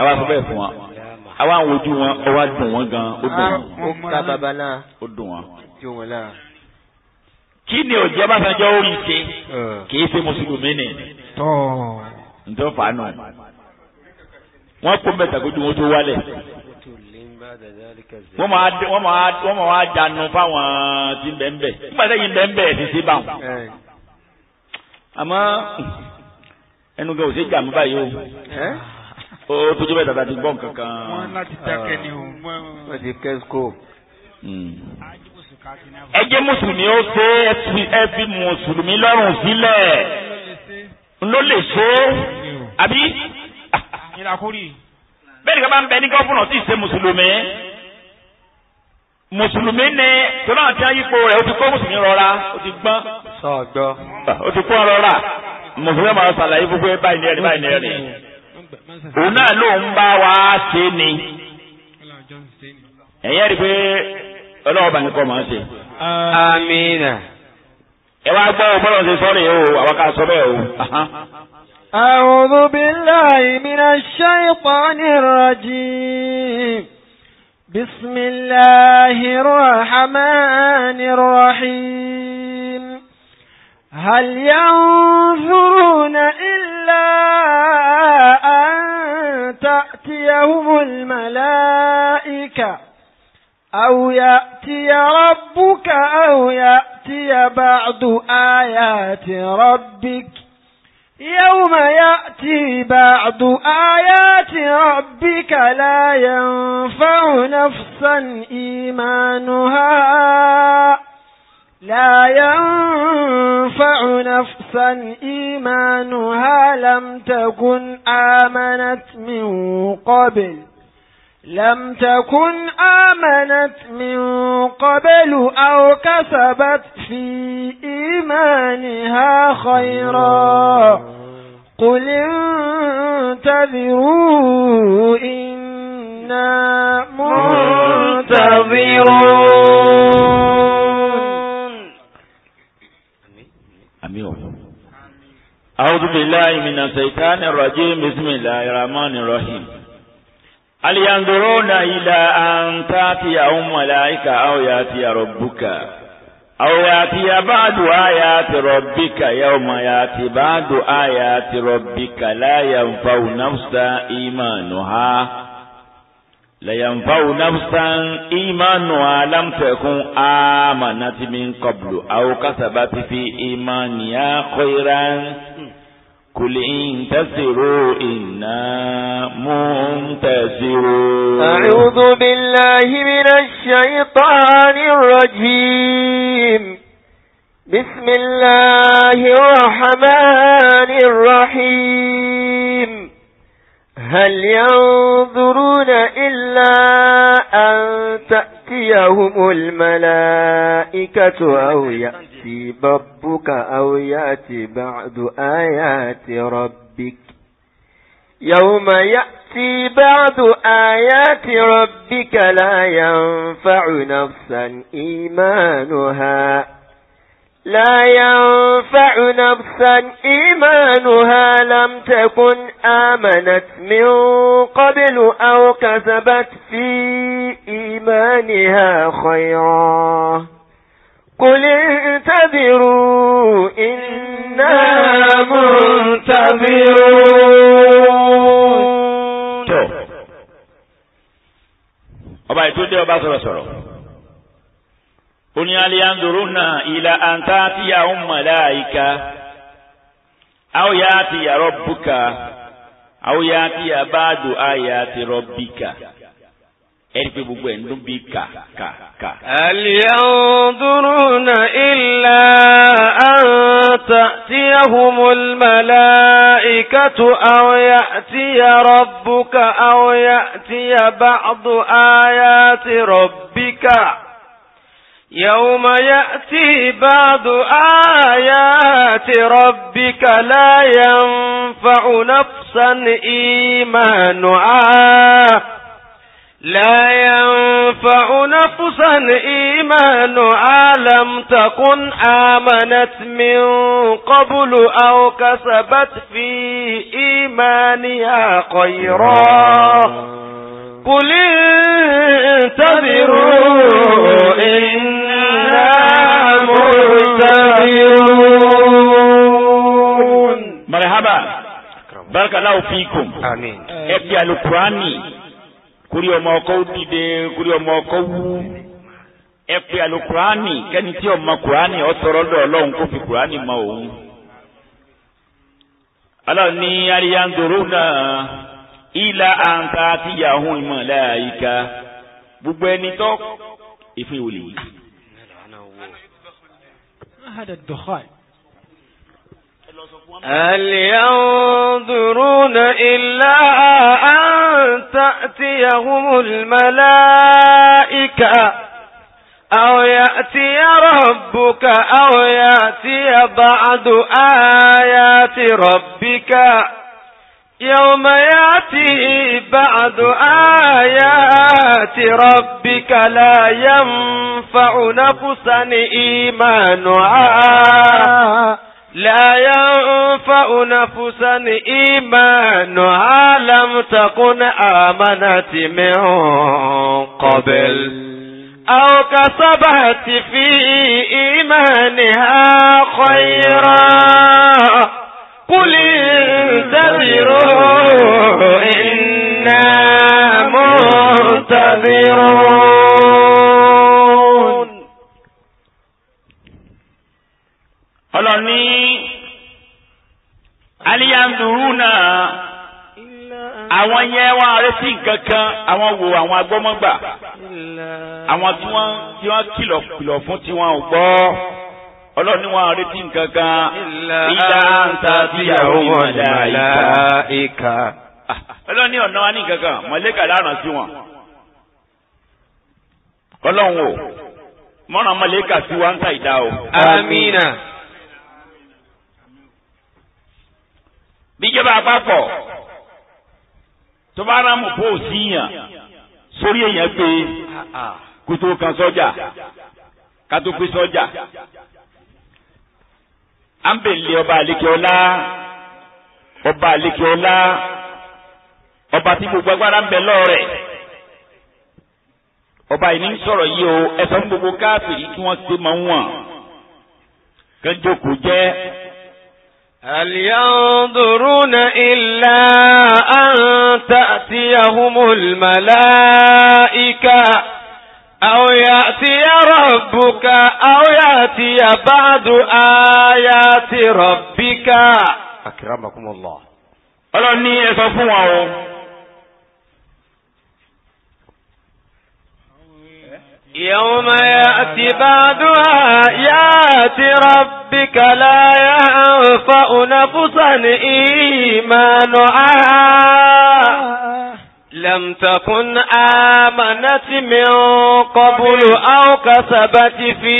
[SPEAKER 1] àwa sọ bẹ́ẹ̀ fún wa
[SPEAKER 2] àwa àwọn ojú wọn ọwọ́ dùn wọn gan ó dùn wọn. ó ah, ká bàbá
[SPEAKER 1] náà. ó dùn wọn.
[SPEAKER 3] jó wọn náà. kí
[SPEAKER 1] ni òjẹ́ bàtàjọ́ orí
[SPEAKER 2] ṣe
[SPEAKER 3] eh. kì í ṣe mùsùlùmí
[SPEAKER 2] ni.
[SPEAKER 1] ǹjọ́ fàánù wọ́n kó mẹ́ta kó ju wọn tó wálẹ̀.
[SPEAKER 2] wọ́n máa wọ́n máa wọ́n máa wá
[SPEAKER 1] fáwọn tí ń bẹ̀ ń bẹ̀ nígbà ti ṣe báwọn. Eh. àmọ́ ẹnu gan ò sí jàmú báyìí o. Eh? ó tójú bẹ́ẹ̀ tàbí àti gbọ́n
[SPEAKER 3] kankan. wọ́n ah, láti dákẹ́ ni
[SPEAKER 2] o. wọ́n
[SPEAKER 3] ti kẹ́síkò. Hmm.
[SPEAKER 2] ẹ jẹ́ mùsùlùmí ó ṣe ẹ fi mùsùlùmí lọ́rùn sílẹ̀
[SPEAKER 1] ló lè ṣe àbí. bẹ́ẹ̀ ni ká bá ń bẹ ní gọ́fúnà tí ì ṣe mùsùlùmí mùsùlùmí ni tọ́lá àti ayípo rẹ̀ ó ti kó mùsùlùmí rọra ó ti gbọ́n. sọ̀gbọ́. ó ti kó rọra mùsùlùmí máa ṣàlàyé gbogbo ẹ báyìí ní ẹ̀rí báyìí òun náà ló ń bá wa ṣe ni ẹ̀yẹ́ rí pé ọlọ́wọ́ bá nìkan máa ṣe. amina. ẹ wá gbọ́ bọ́lá ṣe sọ́ọ̀rì o àwọn ká sọ bẹ́ẹ̀ o.
[SPEAKER 2] أعوذ بالله من الشيطان الرجيم بسم الله الرحمن الرحيم هل ينظرون إلا إلا أن تأتيهم الملائكة أو يأتي ربك
[SPEAKER 3] أو يأتي بعض آيات ربك
[SPEAKER 2] يوم يأتي بعض آيات ربك لا ينفع نفسا إيمانها لا ينفع نفسا إيمانها لم تكن آمنت من قبل
[SPEAKER 3] لم تكن آمنت من قبل
[SPEAKER 2] أو كسبت في إيمانها خيرا قل انتظروا إنا منتظرون
[SPEAKER 1] أعوذ بالله من الشيطان الرجيم بسم الله الرحمن الرحيم هل ينظرون إلى أن تأتيهم ملائكة أو يأتي ربك أو يأتي بعض آيات ربك يوم يأتي بعض آيات ربك لا ينفع نفسا إيمانها لا ينفع نفسا إيمانها لم تكن آمنت من قبل أو كسبت في إيمانها خيرا قل انتصروا إنا منتصرون
[SPEAKER 2] أعوذ بالله من الشيطان الرجيم بسم الله الرحمن الرحيم هل ينظرون
[SPEAKER 3] إلا أن تأتي تأتيهم الملائكة أو يأتي ربك أو يأتي بعد آيات ربك يوم يأتي بعد آيات ربك لا ينفع نفسا
[SPEAKER 2] إيمانها
[SPEAKER 3] لا ينفع نفسا إيمانها لم تكن آمنت من قبل أو
[SPEAKER 2] كسبت في إيمانها خيرا قل انتظروا إنا منتظرون
[SPEAKER 1] ọba ètò dé ọba sọ̀rọ̀sọ̀rọ̀ ó ní aliyanzuruna ila anta ti ya ń um malaika aw ya ti ya rọbuka aw ya ti ya baadu a ya ti rọbika ẹni pé gbogbo ẹ̀ ń dún bí kà kà kà.
[SPEAKER 2] aliyanzuruna ila anta ti ya humul malaikatu aw ya ti ya rọbuka aw
[SPEAKER 3] ti ya baadu a ya ti يوم يأتي بعض آيات ربك لا ينفع نفسا إيمانها لا ينفع نفسا إيمان عالم تكن آمنت من قبل أو كسبت
[SPEAKER 2] في إيمانها خيرا قل انتظروا إنا منتظرون
[SPEAKER 1] مرحبا بارك الله فيكم آمين ابي القرآن kórí ọmọ ọkọ dìde kórí ọmọ ọkọ wú ẹ pé àlò kùránì kẹ́ni tí ọmọ kùránì ọ̀tọ̀rọ̀ dọ̀ ọlọ́run kó fi kùránì mọ òun. ọlọ́run ní àríyáǹdòrò náà ìlà àǹkà àti yahoo ìmọ̀lẹ́ àyíká
[SPEAKER 2] gbogbo ẹni tó ìfún ìwòlè هل ينظرون إلا أن تأتيهم الملائكة أو يأتي
[SPEAKER 3] ربك أو يأتي بعض آيات ربك يوم يأتي بعض آيات ربك لا ينفع نفسا إيمانها لا ينفع نفسا إيمانها لم تكن آمنت من
[SPEAKER 2] قبل
[SPEAKER 3] أو كسبت في
[SPEAKER 2] إيمانها خيرا قل انتظروا إنا منتظرون
[SPEAKER 1] ọlọ́ni aliyanduruna
[SPEAKER 2] àwọn yẹn wọn arẹ́sì kankan àwọn wo àwọn agbọ́mọ́gbà
[SPEAKER 1] àwọn tí wọ́n tí wọ́n kìlọ̀ kìlọ̀ fún tí wọ́n ò gbọ́ ọlọ́ni wọn arẹ́sì kankan
[SPEAKER 2] ìlà àǹtà
[SPEAKER 1] sí àwọn màláíkà. ọlọ́ni ọ̀nà wa ní kankan màláíkà láràn sí wọn ọlọ́run o mọ́ràn màláíkà sí wa ń ta ìdá o. amina. bíjọba àpapọ̀ tó bá rán mọ̀ bóò sí yàn
[SPEAKER 2] sórí èèyàn pé
[SPEAKER 1] kótó kan sọ́jà kátó pé sọ́jà à ń bè lé ọba àlékeọlá ọba àlékeọlá ọba tí gbogbo agbára ń bẹ lọ́ọ̀rẹ̀ ọba yìí ní sọ̀rọ̀ yìí o ẹ̀sán gbogbo káàpì kí wọ́n ti máa ń wọ̀n kẹjọ kò jẹ́ هل
[SPEAKER 3] ينظرون إلا أن تأتيهم الملائكة أو يأتي ربك أو يأتي بعض آيات ربك أكرمكم الله ألا أني أسفوا
[SPEAKER 2] يوم يأتي بعدها يأتي ربك لا ينفع نفسا إيمانها
[SPEAKER 3] لم تكن
[SPEAKER 2] آمنت من قبل أو كسبت في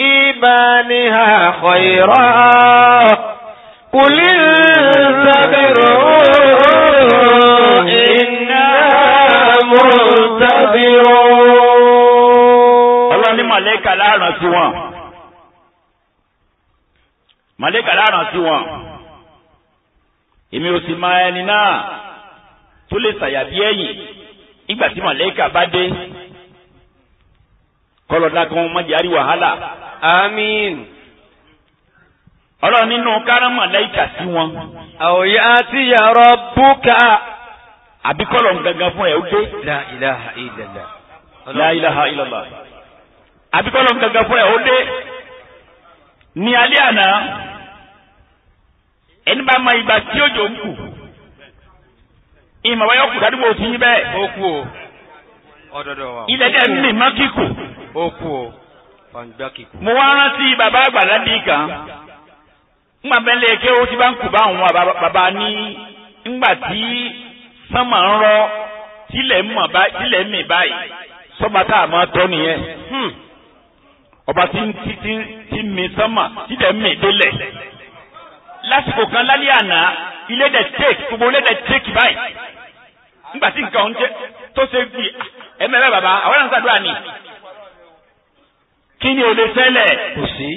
[SPEAKER 2] إيمانها خيرا قل انتبروا إنا منتبرون màlẹ́kà láàrán
[SPEAKER 1] sí wọn màlẹ́kà láàrán sí wọn èmi ò sì máa ẹni náà tó lè ṣàyàbí ẹ̀yìn ìgbà tí màlẹ́kà bá dé kọlọ̀dá kan má jẹ́ àrí wàhálà. àmín. ọlọ́run nínú káràmà láìka sí wọn. àwòyá àti yàrá búkà. àbí ń gangan fún ẹ̀ ó dé. la ilaha illallah. la àbí kọ́ lọ́n gangan fún ẹ̀ ó dé ní alẹ́ àná ẹni bá ma ìgbà tí òjò ń kù ìmọ̀ wáyọ̀ kù dádúgbò tí yín bẹ́ẹ̀. ó kú o
[SPEAKER 3] ọ̀dọ̀dọ̀ wa. ilẹ̀ dẹ̀ ń mì má kíkù. ó kú o fàǹgbà kíkù. mo wá
[SPEAKER 1] rántí bàbá àgbàlá bíi kan ńgbà bẹ́lẹ̀ kí ó ti bá ń kù bá àwọn bàbá ní ńgbà tí sánmà ń rọ tílẹ̀ mì báyìí sọ́mà tá a máa tọ́ nìyẹn. Hmm ọba tí tí tí mi sánmà tí dẹ̀ mi délẹ̀ lásìkò kan lálẹ́ àná ilé dẹ̀ tèk gbogbo ilé dẹ̀ tèk báyìí nígbà tí nǹkan ọ̀hún tó ṣe gbì ẹ̀mẹ́rẹ́ bàbá àwọn náà ń ṣàdúrà ni kí ni o lè ṣẹlẹ̀ kò sí.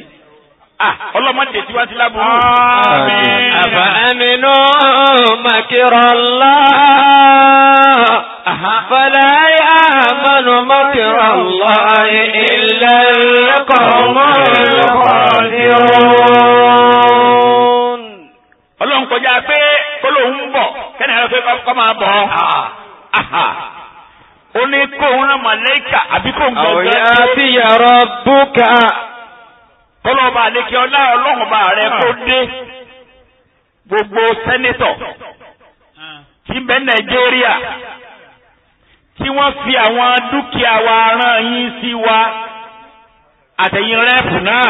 [SPEAKER 1] Ọlọ́mọdé tí wá sí lábúrú. Àbá
[SPEAKER 2] ẹni náà màkìrọ̀ láà. فلا يأمن مكر الله إلا
[SPEAKER 1] القوم الخاسرون ọlọ́run kọjá pé kólóhùn ń bọ̀ kẹ́ni ẹ̀rọ pé kọ́ máa bọ̀ ọ́ ó ní kóhùn náà màlẹ́kà àbí kóhùn gbọ́dọ̀ tí ó. àwòyá ti yàrá búkà.
[SPEAKER 2] kọ́lọ́ọ̀bà àlékè ọlá ọlọ́run bá kó dé gbogbo sẹ́nitọ̀ ah. tí bẹ́ẹ̀ Nàìjíríà
[SPEAKER 1] tí wọ́n fi àwọn dúkìá wa rán yín sí wa àtẹ̀yìn rẹ́ẹ̀pù náà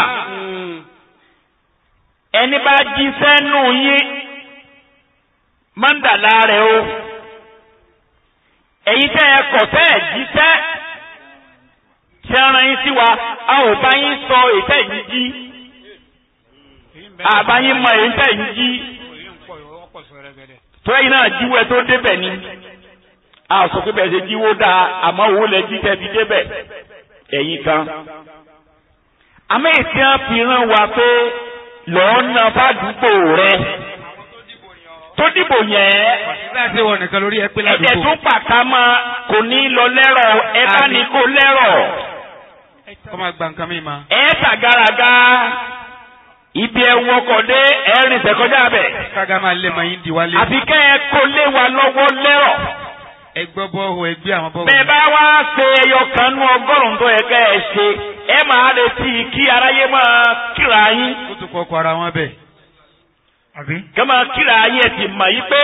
[SPEAKER 1] ẹni bá jíṣẹ́ nù yín mọ́ndàlá rẹ̀ o èyí tẹ́ ẹ kọ̀ tẹ́ ẹ jíṣẹ́ tí a rán yín sí wa a ò bá yín sọ ètẹ́ yín jí àbá yín mọ ètẹ́ yín jí tó ẹ̀yin náà jíwẹ́ tó débẹ̀ ni a sọ pé bẹ́ẹ̀ ṣe jíwó dáa àmọ́ owó lẹ jí tẹ́ débẹ̀ ẹ̀yìn kan. àmọ́ ètí wọn fi ràn wá pé lọ́ọ́ na fàdúgbò rẹ tó dìbò yẹn. ìgbà
[SPEAKER 3] tí wọn nìkan lórí ẹ
[SPEAKER 1] pé ládùúgbò. ẹ̀jẹ̀ tún pàtà máa kò ní lọ lẹ́rọ̀ ẹ bá ní kó lẹ́rọ̀. ẹ tàgàràgà
[SPEAKER 3] ibi ẹwọ
[SPEAKER 1] kọdé ẹrin tẹkọjá bẹ. kága kó lé wa lọ́wọ́ lẹ́rọ̀.
[SPEAKER 2] ẹ gbọ́ bọ́ọ̀hù ẹ gbé
[SPEAKER 1] àwọn a bẹ́ẹ̀ bá wá ṣe ẹyọ kan tó ẹ ṣe ẹ máa retí kí aráyé máa kíra yín. kó tó kọ ara wọn kí kíra yín ẹ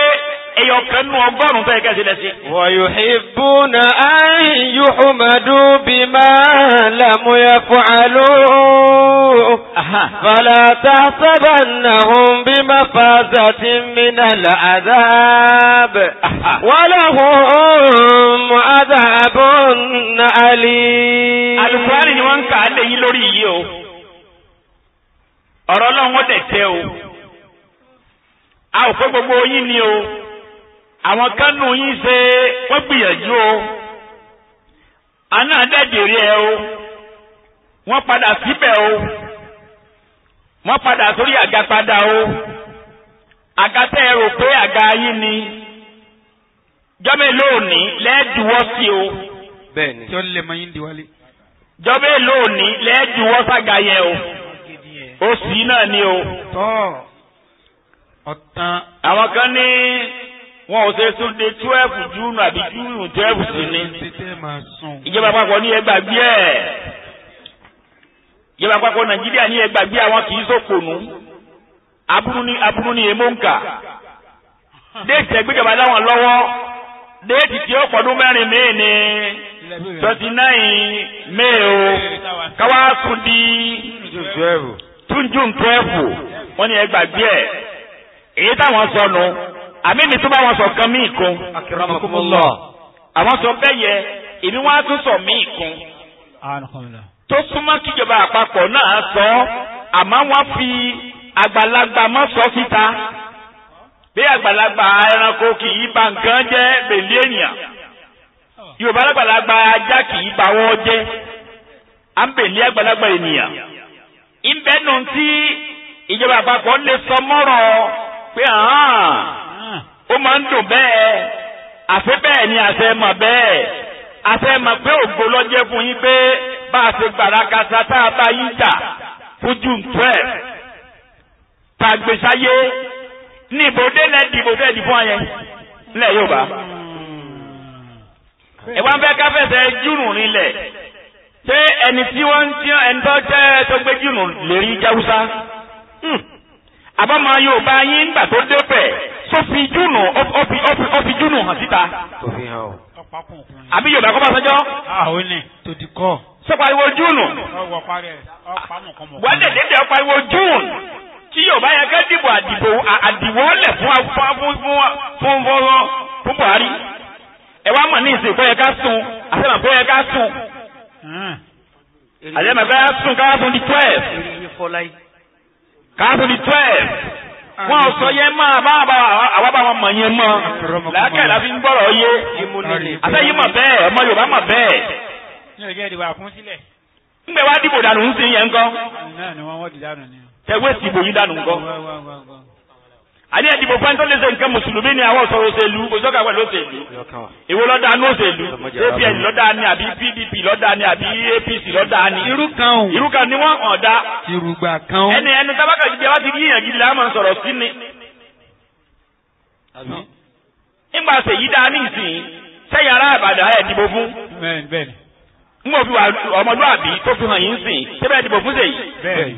[SPEAKER 1] ẹyọ kan nù ọgọ́rùn-ún tó yẹ kẹ́sì lẹ́sí. wa
[SPEAKER 3] yuhibbuna
[SPEAKER 2] an yuhmadu bima lam yaf'alu. fala tahsabannahum bimafazatin minal adhab. walahum adhabun alim. alukurani ni wọ́n ń kà á lẹ́yìn lórí yìí o.
[SPEAKER 1] ọ̀rọ̀ ọlọ́run ó dẹ̀ tẹ́ o. a ò fẹ́ gbogbo yín ni o àwọn kánú yín ṣe wọ́n gbìyànjú o àná dẹ́jẹ̀rẹ́ ẹ o wọ́n padà síbẹ̀ o wọ́n padà sórí àga padà o àga tẹ́ ẹ rò pé àga yín ni jọ́bẹ̀ lóòní lẹ́ẹ̀dúwọ́ sí o.
[SPEAKER 3] bẹ́ẹ̀ni tí ó lè mọ yín diwálé.
[SPEAKER 1] jọ́bẹ̀ lóòní lẹ́ẹ̀dúwọ́ sága yẹn o ó sì náà ni o. àwọn kan ní wọn ò ṣe sunday twelve june àbí june twelve sí ni
[SPEAKER 2] ìjọba àpapọ̀ ní ẹgbàgbé ẹ̀
[SPEAKER 1] ìjọba àpapọ̀ nàìjíríà ní ẹgbàgbé àwọn kì í sòkònú aburú ní aburú ní emóǹkà déètì ẹgbẹ́jọba láwọn lọ́wọ́ déètì tí ó pọ̀dún mẹ́rin mí ni twenty nine may o káwá sùn di two june twelve
[SPEAKER 2] wọ́n ní ẹgbàgbé ẹ̀
[SPEAKER 1] èyí táwọn sọnù àmìmì tó bá wọn sọ kan míì kún. akramakumullah. àwọn sọ bẹ́ẹ̀ yẹ èmi wọn á tún sọ míì kún. tó súnmọ́ kíjọba àpapọ̀ náà sọ àmọ́ wọ́n fi àgbàlagbà mọ́ sọ síta. bí àgbàlagbà ẹranko kì í ba nǹkan jẹ́ bèlí ènìyàn. yorùbá àgbàlagbà ajá kì í ba wọ́n jẹ́. à ń bèlí àgbàlagbà ènìyàn. ìbẹ́nu tí ìjọba àpapọ̀ lè sọ mọ́rọ̀ pé hàn ó máa ń dùn bẹ́ẹ̀ àṣẹ bẹ́ẹ̀ ni àṣẹ mọ̀ bẹ́ẹ̀ àṣẹ mọ̀ pé ògo lọ́jẹ́ fún yín pé bá a ṣe gbàrà kasa tá a bá yín jà fún june twelve tàgbésáyé ní ìbòdé lẹ́ dìbò fẹ́ dì fún ayẹn nílẹ̀ Yorùbá
[SPEAKER 2] ẹ wá ń fẹ́ káfẹ́sẹ̀ júnù nílẹ̀
[SPEAKER 1] ṣé ẹni tí wọ́n ń tí ẹni tó jẹ́ tó gbé júnù lè rí jáwúsá hmm. àbámọ̀ Yorùbá yín gbà tó dé pẹ̀
[SPEAKER 2] sọfi júnù ọfi ọfi ọfi júnù hàn síta. àbí yorùbá kọ́ bá sọjọ́.
[SPEAKER 1] àwọn ah, ni tòtí kọ́. sọpariwo júnù. wọ́n dẹ̀ dédé ọpariwo júnù tí yorùbá yẹn kẹ́ dìbò àdìbò àdìwọ́ lẹ̀ fún fún fún fún Buhari. ẹ wá mọ̀ ní ìsìn kọ́ yẹ ká sùn
[SPEAKER 2] àṣẹmọ̀ kọ́ yẹ ká sùn. Hmm. àṣẹmọ̀ kọ́ yẹ ká sùn ká sùn di twelve. ká sùn di twelve. Ah. wọn ò sọ yẹn mọ́
[SPEAKER 1] àwa bá wọn mọ̀ yẹn mọ́ làákàyè la fi ń gbọ́rọ̀ yé àtẹ̀yí mọ̀ bẹ́ẹ̀ ọmọ Yorùbá mọ̀ bẹ́ẹ̀. ńgbẹ wá dìbò dànù ń sin yẹn ńkọ́.
[SPEAKER 2] tẹwé tìbò yìí dànù ńkọ́
[SPEAKER 1] àní ẹ̀dìbò fún ẹni tó lè ṣe nǹkan mùsùlùmí ni àwọn ọ̀sọ̀rọ̀ òṣèlú òṣìṣọ́kà pẹ̀lú òṣèlú ìwọ lọ́dà ní òṣèlú apn lọ́dà ní àbí pdp lọ́dà ní àbí apc lọ́dà ní. irú kan o irú kan ni wọ́n hàn dá.
[SPEAKER 2] tìrùgbà kan o. ẹni
[SPEAKER 1] ẹni tábàkà gidi àwa ti rí èèyàn gidi làwọn sọ̀rọ̀ sí ni. nígbà sèyí dá ní ìsìn sẹ́yìn ará ìbàdàn ẹ̀dìbò fún. bẹ́ẹ̀ni bẹ́ẹ̀ni n kò fi wà ọmọdún àbí tó fi hàn yín sìn tẹ́bẹ̀ ẹ̀dìbò fún sèyí. bẹ́ẹ̀ni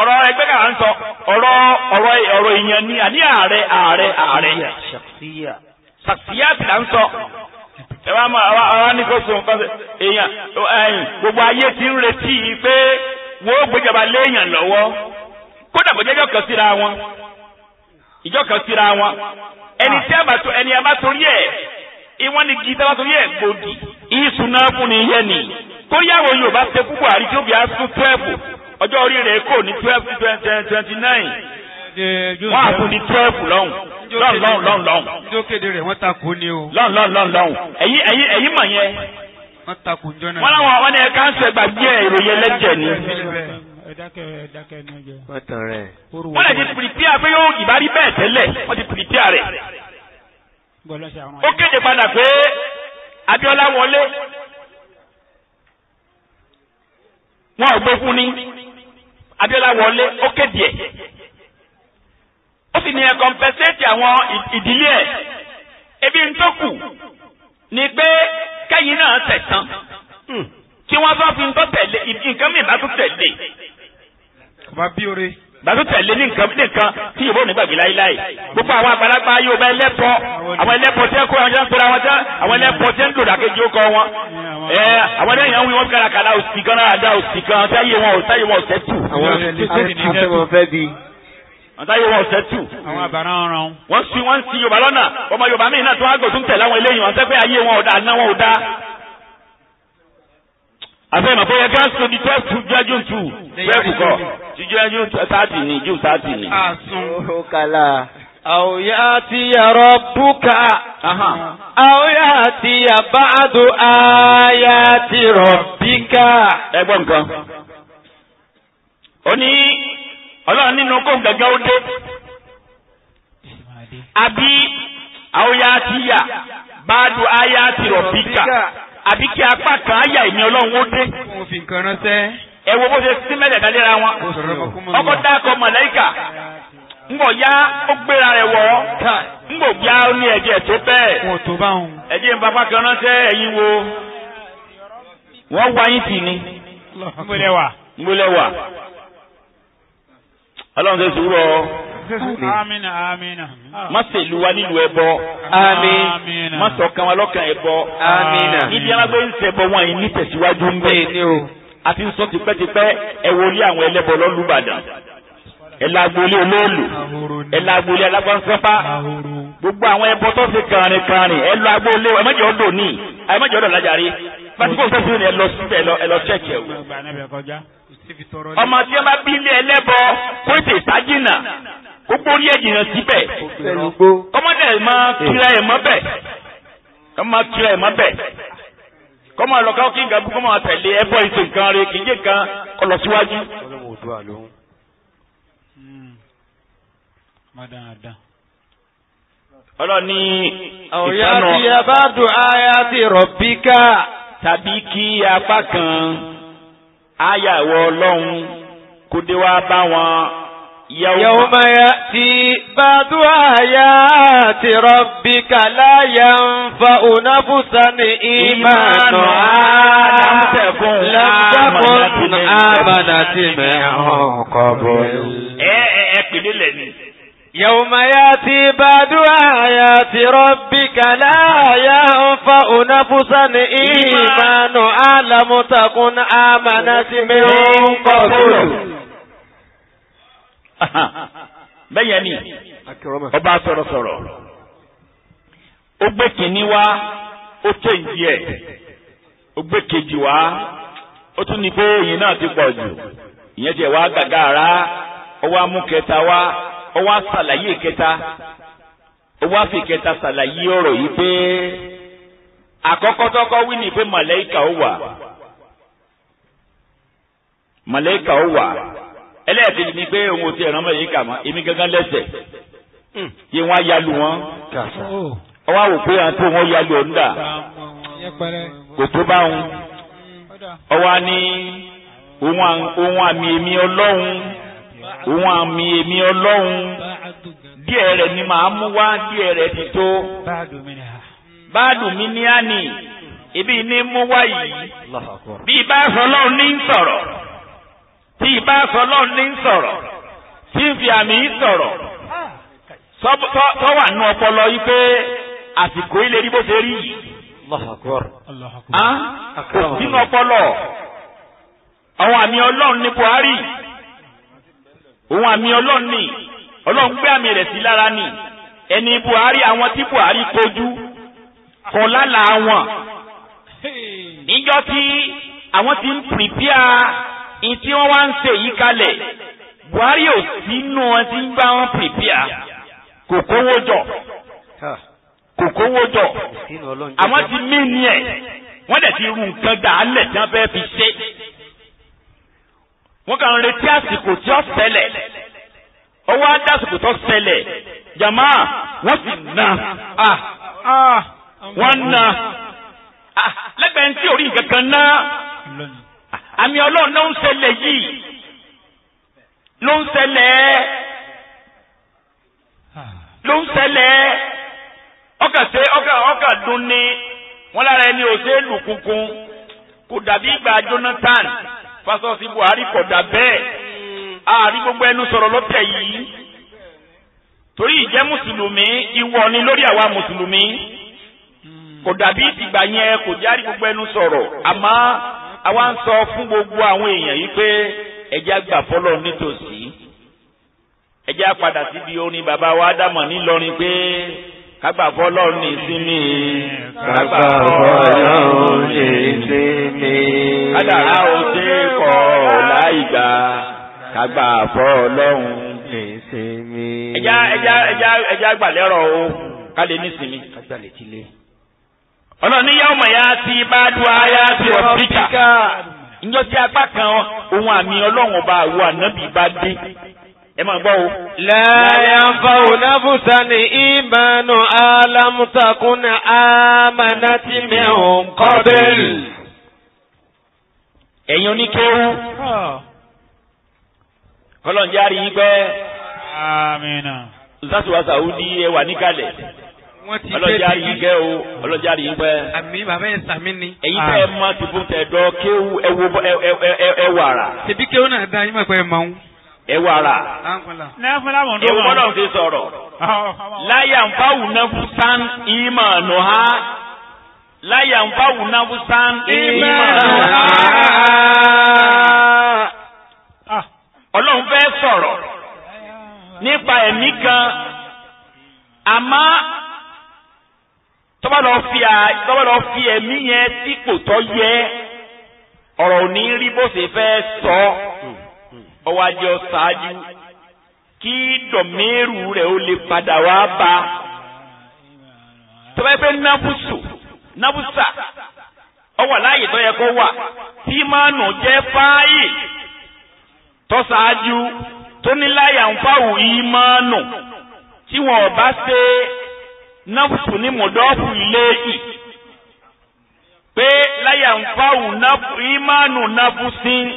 [SPEAKER 1] ọ̀rọ̀ ẹgbẹ́ ń sọ ọ̀rọ̀ ọ̀rọ̀ ọ̀rọ̀ èèyàn ni àní ààrẹ ààrẹ ààrẹ ṣàkíyà là ń sọ ẹ wá máa wá ní kó sun èèyàn ẹ̀yìn gbogbo ayé ti ń retí pé wọ́n gbéjọba léèyàn lọ́wọ́ kódà jẹ́jọ́ kan síra wọn kan síra wọn ẹni tí a ẹni a bá torí ẹ̀ ìwọ́n ni torí ẹ̀ gbòdì ìsúná fún ni ni ṣe púpọ̀ àríkí ó bí a sún ọjọ́ orí rẹ̀ kò ní twelve to twenty nine wọ́n á fún ní twelve lọ́hùn lọ́hùn lọ́hùn lọ́hùn lọ́hùn. kéde rẹ̀ wọ́n takò ní o. lọ́hùn lọ́hùn lọ́hùn lọ́hùn ẹ̀yìn ẹ̀yìn ẹ̀yìn mọ̀ yẹn.
[SPEAKER 2] wọ́n takò ń jọ́nà. wọ́n láwọn wọn ẹ̀ka ń sọ ìgbàgbé ìròyìn ẹlẹ́jẹ̀ ni. wọ́n lè ti pìrìpìà pé yóò ìbá rí bẹ́ẹ̀ tẹ́lẹ̀ wọ́n ti pìrìpìà rẹ̀.
[SPEAKER 1] ó kéde padà pé
[SPEAKER 2] Abíọ́lá wọlé
[SPEAKER 1] wọn ò gbé fún ni. Abiola wọlé ó kéde ẹ̀ ó sì ní ẹ kọ́mpẹ́sẹ́tì àwọn ìdílé ẹ̀ ebi ntoku, tó kù ni pé kẹ́yìn náà tẹ̀sán hmm. kí wọ́n bá fi ń tọ́ tẹ̀lé nǹkan mi bá tún tẹ̀lé. Bàbá bí ore. Bàbá tún tẹ̀lé ní nǹkan nìkan tí yòówó nígbàgbé láéláé. Gbogbo àwọn àgbàlagbà yóò bá ẹlẹ́pọ̀ àwọn ẹlẹ́pọ̀ tí ẹ kó àwọn jẹ́ ń pera wọn jẹ́ àwọn ẹlẹ́pọ̀ tí ẹ ń lò dàkejì ó kọ wọn ẹ eh, àwọn ẹ̀yàn ń wí wọ́n kára kàdá òsì kan náà dá òsì kan táyé wọn táyé wọn ọ̀sẹ̀ tù. àwọn ẹ̀sìn wọn fẹ́ bi. àtàyè wọn ọ̀sẹ̀ tù. àwọn àbàrà ọ̀ràn. wọ́n sin wọ́n sin yorùbá lọ́nà ọmọ yorùbá míì náà tó wá gòtún tẹ̀lé àwọn eléyìí wọn sẹ́ pé ayé wọn ọ̀dà àná wọn ọ̀dà. àfẹ́yìn màpé yẹ káàsó di twelve to jẹ́jú tù bẹ́ẹ̀ kù kọ́ ti jẹ́jú thirty ni jù thirty ni. أو يأتي ربك أو يأتي بعض آيات ربك ẹgbọ́n nǹkan ọ ní ọlọ́run nínú kó àbí
[SPEAKER 2] أو يأتي بعض آيات ربك àbí kí apá
[SPEAKER 1] kan áyà ìní ọlọ́run ó dé. ẹ wo bó ṣe sí mẹ́lẹ̀ dálé ra wọn ọkọ̀ dákọ̀ ngbọ̀ ya ó gbéra rẹ̀ wọ̀ ngbọ̀ ya ó ní ẹ̀jẹ̀ tó bẹ́ẹ̀. wọn ò tó bá wọn. ẹ̀jẹ̀ ń papá kan ránṣẹ́ ẹ̀yin wo wọ́n wá yín tì ní. ngbọ̀lẹ́wà. ngbọ̀lẹ́wà. ọlọ́run ṣe sùúrù ọ. Amina amina.
[SPEAKER 2] Má ṣe ìlú wa nílùú ẹbọ. Amina. Má sọ kan
[SPEAKER 1] wa lọ́kàn ẹbọ. Amina. Ibi alágbé ń ṣẹbọ wọn yìí ní tẹ̀síwájú ń bẹ̀. Àti sọ tipẹ́tipẹ́ ẹ̀wọ̀n ní àwọn ẹlẹ́bọ lọ́lùbàdàn ẹ̀làgbòlé olóòlù ẹ̀làgbòlé alágbàsọ́pá gbogbo àwọn ẹbọ tó fi kàrin kàrin ẹ̀làgbòlé ẹ̀mọ́jọ́ ọdọ ní ẹ̀mọ́jọ́ ọdọ lájàre pásítọ̀ sọ́sì ní ẹ̀lọ síbẹ̀ ẹ̀lọ ṣẹ́ẹ̀kì ẹ̀wò. ọmọ tí wọn bá bí ilé ẹlẹ́bọ kó tè sájìnà kó gbórí ẹ̀jìnà síbẹ̀ kọ́mọdé ẹ̀ máa kíra ẹ̀ mọ́ bẹ̀ kọ́mọ máa kíra ẹ̀ mọ́ bẹ̀ kọ́mọ lọ́kọ́ kí nǹkan kọ́mọ tẹ̀lé ẹbọ ìṣèǹkan rẹ̀ kì í yé kan kọlọ̀ síwájú ọlọ́ni ìfẹ́nu yabadu ayati rọ̀bíkà tàbí kí apá kan ayàwó ọlọ́run kó dé wá bá wọn. yawma
[SPEAKER 3] ya'ti ba'du ayati rabbika la yanfa'u nafsan imanuha lam takun
[SPEAKER 2] amanat min qabl.
[SPEAKER 1] ẹ ẹ ẹ pèlè ni.
[SPEAKER 3] يوم ياتي بعد آيات ربك لا ينفع نفسا إيمان أعلم تكن آمنت من قبل bẹ́yẹn
[SPEAKER 1] ọba sọ̀rọ̀sọ̀rọ̀ ó gbé kìíní wá ó tẹ̀yìn ẹ̀ ó gbé kejì wá ó tún pé náà ti ó wá ṣàlàyé ìkẹta ó wá fi ìkẹta ṣàlàyé ọ̀rọ̀ yìí pé àkọ́kọ́ tọ́kọ́ wí ni pé màlẹ́kà ó wà màlẹ́kà ó wà ẹlẹ́ẹ̀kejì ni pé òun ò ti ẹ̀ràn màlẹ́kà mọ́ èmi gángan lẹ́sẹ̀ hmm. yé wọn ayalu oh. wọn ọwọ́ àwò àti òun ọ̀yalu ọ̀ndà kò tó bá wọn ọwọ́ á ní àmì èmi ọlọ́run òun àmì èmi ọlọ́run díẹ̀ rẹ̀ ni màá mú wá díẹ̀ rẹ̀ ti tó báàdù mi ní àní ibi ní mú wá yìí bí ibà sọlọ́run ní ń sọ̀rọ̀ tí ibà sọlọ́run ní ń sọ̀rọ̀ tí ń fi àmì sọ̀rọ̀ tọ́wà nù ọpọlọ yìí pé àsìkò ilé rí bó ṣe rí yìí. Nínú ọpọlọ, àwọn àmì ọlọ́run ní Buhari òun àmì ọlọ́run ni ọlọ́run gbé àmì rẹ̀ sí lára ni ẹni Buhari àwọn tí Buhari kojú kọ lálà wọn níjọ́ tí àwọn ti ń pìrìpíà ní tí wọ́n wá ń ṣe yí kalẹ̀ Buhari ò sínú wọn tí ń gbá wọn pìrìpíà
[SPEAKER 2] kò kówó jọ kò kówó jọ àwọn ti mí ni ẹ̀ wọ́n dẹ̀ ti rú nǹkan dà á lẹ̀ tí wọ́n fẹ́ fi ṣe
[SPEAKER 1] wọ́n kàn retí àsìkò tí ó ṣẹlẹ̀ ó wá dásìkò tó ṣẹlẹ̀ jàmá wọ́n sì na wọ́n na lẹ́gbẹ̀ẹ́ tí orí nǹkan kan náà àmì ọlọ́run ló ń ṣẹlẹ̀ yìí
[SPEAKER 2] ló ń ṣẹlẹ̀
[SPEAKER 1] ló ń ṣẹlẹ̀ ọkà ṣe ọkà ọkà dùn ni wọ́n lára ẹni ò ṣe é lù kúnkún kò dàbí ìgbà Jonathan fásitì Buhari kò dà bẹ́ẹ̀ àárí gbogbo ẹnu sọ̀rọ̀ lọ́tẹ̀ yìí torí ìjẹ́ mùsùlùmí ìwọ ni lórí àwa mùsùlùmí kò dàbí ìdìgbà yẹn kò járí gbogbo ẹnu sọ̀rọ̀ àmọ́ àwa ń sọ fún gbogbo àwọn èèyàn yìí pé ẹjẹ́ àgbà fọlọ́ nítòsí ẹjẹ́ àpadà síbi orin bàbá wa Ádámọ̀ nílọrin pé. Kágbà fọ́lọ́run ní ìsinmi.
[SPEAKER 2] Kágbà fọ́lọ́run ní ìsinmi. Kádàrá ò ṣe é kọ̀ láìgbà.
[SPEAKER 1] Kágbà fọ́lọ́run ní ìsinmi. Ẹja ẹja ẹja ẹja gbàlẹ́rọ̀ o, ká ní ìsinmi. Kágbà ti lé. Ọlọ́run ní yawma ya'ti ba'du ayati rabbika. Ìjọ tí apá kan ohun àmì ọlọ́run ọba àwọn ànábì bá dé ẹ máa gbọ́ o. láyà
[SPEAKER 3] fáwọn náfùsà ní ìmánu alámùtàkùn ní àmànàtì mẹ́hùn kọ́bẹ̀lì. ẹ̀yin oníkéwú.
[SPEAKER 1] kọ́lọ̀njẹ́ àrí yín pẹ́. nsàtúwà sàwùdí ẹ wà níkàlẹ̀. ọlọ́jà àrí yín pẹ́ o ọlọ́jà àrí yín pẹ́. àmì bàbá yẹn sàmì ni. ẹ̀yin tẹ́ ẹ ah. máa ti bó tẹ̀ dọ́ kéwú ẹ
[SPEAKER 3] tèbí kéwú náà dá yín mọ̀ pé ẹ máa ń ẹ
[SPEAKER 2] wà rà ẹ gbọ́dọ̀
[SPEAKER 1] ti sọ̀rọ̀ láyà ń fáwù náfù sán ìmọ̀ nù ha láyà ń fáwù náfù sán ìmọ̀ nù ha. Ah. ọlọ́run fẹ́ sọ̀rọ̀ nípa ẹ̀mí kan àmọ́ tọ́ba lọ fi ẹ̀mí yẹn sípò tọ́ yẹ ọ̀rọ̀ ò ní rí bó ṣe fẹ́ sọ
[SPEAKER 2] ọwọ́ ajé ọ̀sáájú
[SPEAKER 1] kí dọ̀mẹ́rù rẹ̀ ó lè padà wá bá a tó bá yẹ pé nábùsù nábùsà ọwọ́ láàyè tó yẹ kó wà tí mánù jẹ́ fáyì tọ́sáájú tó ní láyà ń fáwù ìmánù tí wọn bá ṣe nábùsù ní mọ̀dọ́fù ilé yìí pé láyà ń fáwù ìmánù nábùsìn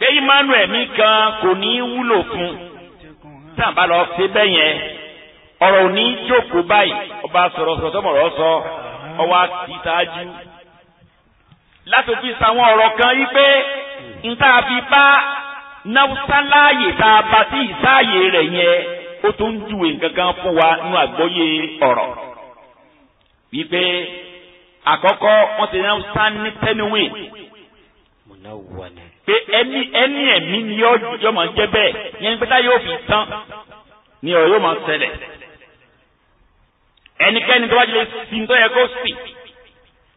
[SPEAKER 1] pé ìmánu ẹ̀mí kan kò ní í wúlò fún tí àbá lọ ṣe bẹ́ẹ̀ yẹn ọ̀rọ̀ ò ní í jókòó báyìí ọba sọ̀rọ̀ sọ̀rọ̀ tó mọ̀rọ̀ sọ ọwọ́ àti ìtajú láti fi sàwọn ọ̀rọ̀ kan yí pé n tá a fi bá náwúsáláàyè tá a bá sí ìsáàyè rẹ̀ yẹn ó tún júwe nǹkan fún wa nínú àgbọ́yé ọ̀rọ̀ wípé àkọ́kọ́ wọ́n ti náwúsá ní tẹ́nuwìn pé ẹni ẹni ẹ̀mí ni yọ yọ máa jẹ́ bẹ́ẹ̀ yẹn pé táyọ̀ fi tán
[SPEAKER 2] ni ọ̀rọ̀ yóò máa ṣẹlẹ̀
[SPEAKER 1] ẹnikẹ́ni tó bá jẹ́ sí tó yẹ kó sì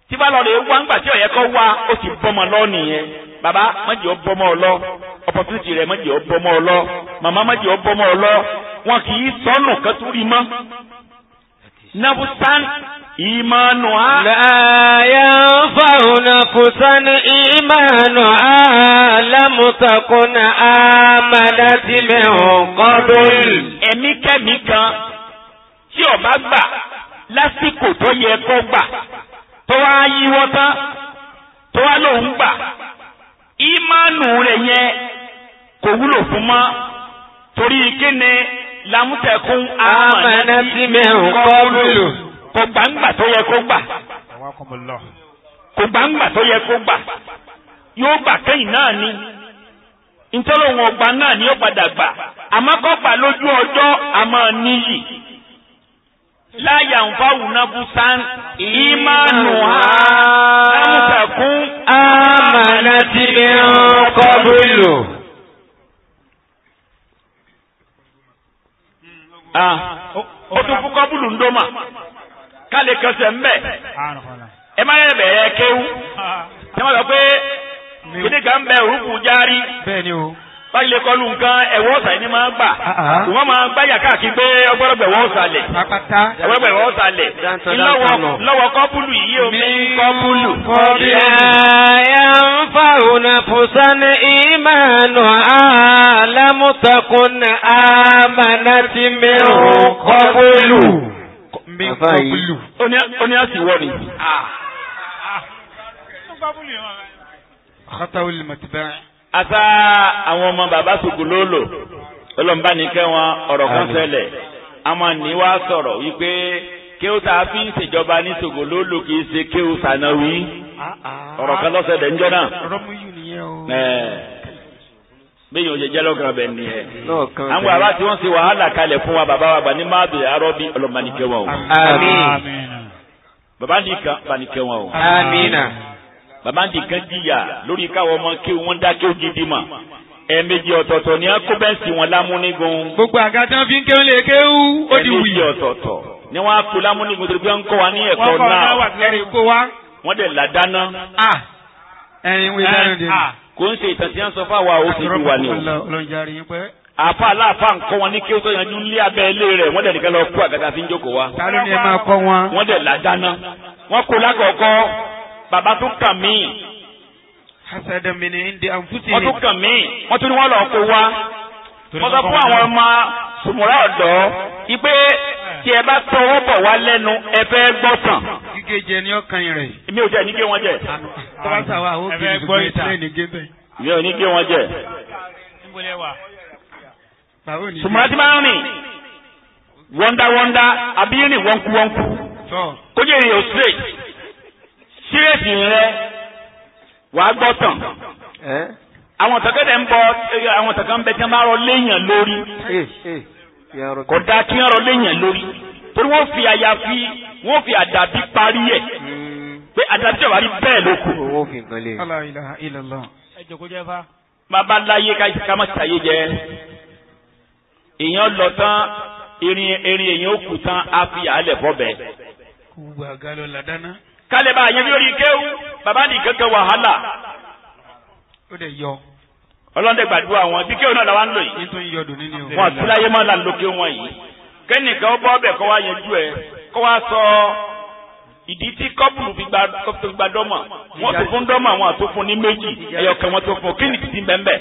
[SPEAKER 1] tí bá lọ́ọ́ lè wá ńgbà tí ọ̀yẹ́ kọ́ wá ó sì bọ́mọ lọ nìyẹn bàbá mọ̀jì ọ bọ́mọ ọ lọ opportunity rẹ̀ mọ̀jì ọ bọ́mọ ọ lọ màmá mọ̀jì ọ bọ́mọ ọ lọ wọn kì í sọnù kẹtùrí mọ́ nafusan imanuha.
[SPEAKER 2] la yanfa'u nafusan imanuha lam takun amanat min qabl. ẹ̀mí
[SPEAKER 1] kẹ́mi kan tí ó bá gbà lásìkò tó yẹ kó gbà tó wá yíwọ́ tán tó wá lòún gbà ìmánu rẹ̀ yẹn kò wúlò fún mọ́ torí kíni lamutẹkun amanati mẹrun kọlù kò gbàǹgbà tó yẹ kó gbà kò gbàǹgbà tó yẹ kó gbà yóò gbà kẹ́yìn náà ni ntọ́lọ́wọ̀n ọgbà náà ni ó padà gbà àmọ́kọ́gbà lójú ọjọ́ àmọ́ níyì láyà ń fáwọn
[SPEAKER 2] ìmánu ha lamutẹkun amanati mẹrun
[SPEAKER 1] O tún fún kọ́bùlù ń dọ́mà mbe. kẹsẹ̀ ń bẹ̀ ẹ má yẹ bẹ̀ẹ́ kéwú sọ pé kíní kan bẹ orúkú járí báyìí kọlu nǹkan ẹ̀wọ́ ọ̀sà ẹni máa gbà wọ́n máa gbáyà káàkiri pé ọgbọ́dọ̀gbẹ̀ wọ́n ọgbọ́dọ̀gbẹ̀ wọ́n lọ́wọ́
[SPEAKER 2] yìí omi lámú takun amanati
[SPEAKER 3] min qablu. min qablu.
[SPEAKER 2] ó ní àti wọ́ọ̀nì. Ah.
[SPEAKER 3] khatawul matba.
[SPEAKER 1] ata àwọn ọmọ bàbá sògolóòlò ọlọ́mùbá ní kẹ́ wọn ọ̀rọ̀ kan ṣẹlẹ̀ àmọ́ ní wàá sọ̀rọ̀ wípé kéwù tá a fi ń ṣèjọba ní sògolóòlò kì í ṣe kéwù sànáwí
[SPEAKER 2] ah, ah. ọ̀rọ̀ kan lọ́sẹ̀ dẹ̀ ń jọ náà
[SPEAKER 1] bẹ́ẹ̀ yóò jẹjẹ́ lọ́kàn bẹ̀ ni ẹ̀. àwọn bàbá tí wọ́n ṣe wàhálà kalẹ̀ fún wa bàbá wa gbà ní máàbì arọ́bí ọlọ́mọbanikẹ́ wọn o. àmín. bàbá nìkan banikẹ́ wọn o. àmín. bàbá nìkan jìyà lórí káwọn ọmọ kí wọ́n dákẹ́ gidi mà. ẹ̀ẹ̀mejì ọ̀tọ̀ọ̀tọ̀ ni a kó bẹ́ẹ̀sì wọn lámúnigun.
[SPEAKER 3] gbogbo àgàtà fi ń kéwọn lè kéwú ó di wù
[SPEAKER 1] ni wọn á kò ń ṣe ìtàsí à ń sọ fáwa ó ti wà ní
[SPEAKER 3] o.
[SPEAKER 1] àfa aláàfà ń kọ́ wọn ní kí ó tó yanjú ní abẹ́ ilé rẹ̀ wọ́n dẹ̀ nìkan lọ kú àgàtà sí ń jókòó wa. ta ló ní ẹ máa kọ́ wọn. wọ́n dẹ̀ làdáná wọ́n kó lákọ̀ọ́kọ́ bàbá tún kà mí. hasada mini ndi anfusi. wọ́n tún kà mí wọ́n tún ní wọ́n lọ kó wa. wọ́n sọ fún àwọn ọmọ sùmùrà ọ̀dọ́ ipe tí ẹ bá tọwọ́ bọ̀ wá lẹ́nu ẹ fẹ́ gbọ́ tàn.
[SPEAKER 3] gígé jẹ ní ọkàn rẹ. èmi ò jẹ ní gé wọn jẹ.
[SPEAKER 2] tọ́wọ́sà wa ó kì í gbọ́ ìta
[SPEAKER 3] mi ò ní gé wọn jẹ.
[SPEAKER 2] sùmùràtí máa ń rìn wọ́ndáwọ́ndá àbí wọ́nkúwọ́nkú kójú èrè òsè
[SPEAKER 1] sírèsì rẹ wàá gbọ́ tàn àwọn tọ́kẹ́tẹ̀ ń bọ àwọn tọ́kẹ́ ń bẹ tí wọ́n bá rọ léèyàn lórí
[SPEAKER 2] kódà kí ọ̀rọ̀ léèyàn lórí
[SPEAKER 1] torí wọ́n fi àyàfi wọ́n fi àdàbí parí ẹ̀ pé àdàbí tí ọ̀bárí bẹ́ẹ̀ ló kù.
[SPEAKER 2] owó fi nǹkan lè. ala ilaha illallah.
[SPEAKER 1] ẹ jòkó jẹ fa. bàbá láyé ká má ṣàyé jẹ èèyàn lọ tán erin erin èèyàn ó kù tán á fi àálẹ̀ bọ́ bẹ́ẹ̀.
[SPEAKER 2] kò gbàgà lọ
[SPEAKER 1] kálẹ̀ bá a yẹn lórí kéwù bàbá nìkan kan wàhálà. ó dẹ̀ yọ ọlọ́dẹ gbàdúrà wọn bí kéwọn náà làwọn ń lò yìí
[SPEAKER 3] wọn àtúláyé máa la lókè
[SPEAKER 1] wọn yìí kẹ́nìkan ó bọ́ ọbẹ̀ kọ́ wá yanjú ẹ kọ́ wá sọ ìdí tí kọ́pùlù fi gba dọ́mà wọ́n tó fún dọ́mà wọn àtó fún ní méjì ẹ̀yọkẹ́ wọn tó fún kí ni kìtì bẹ́ẹ̀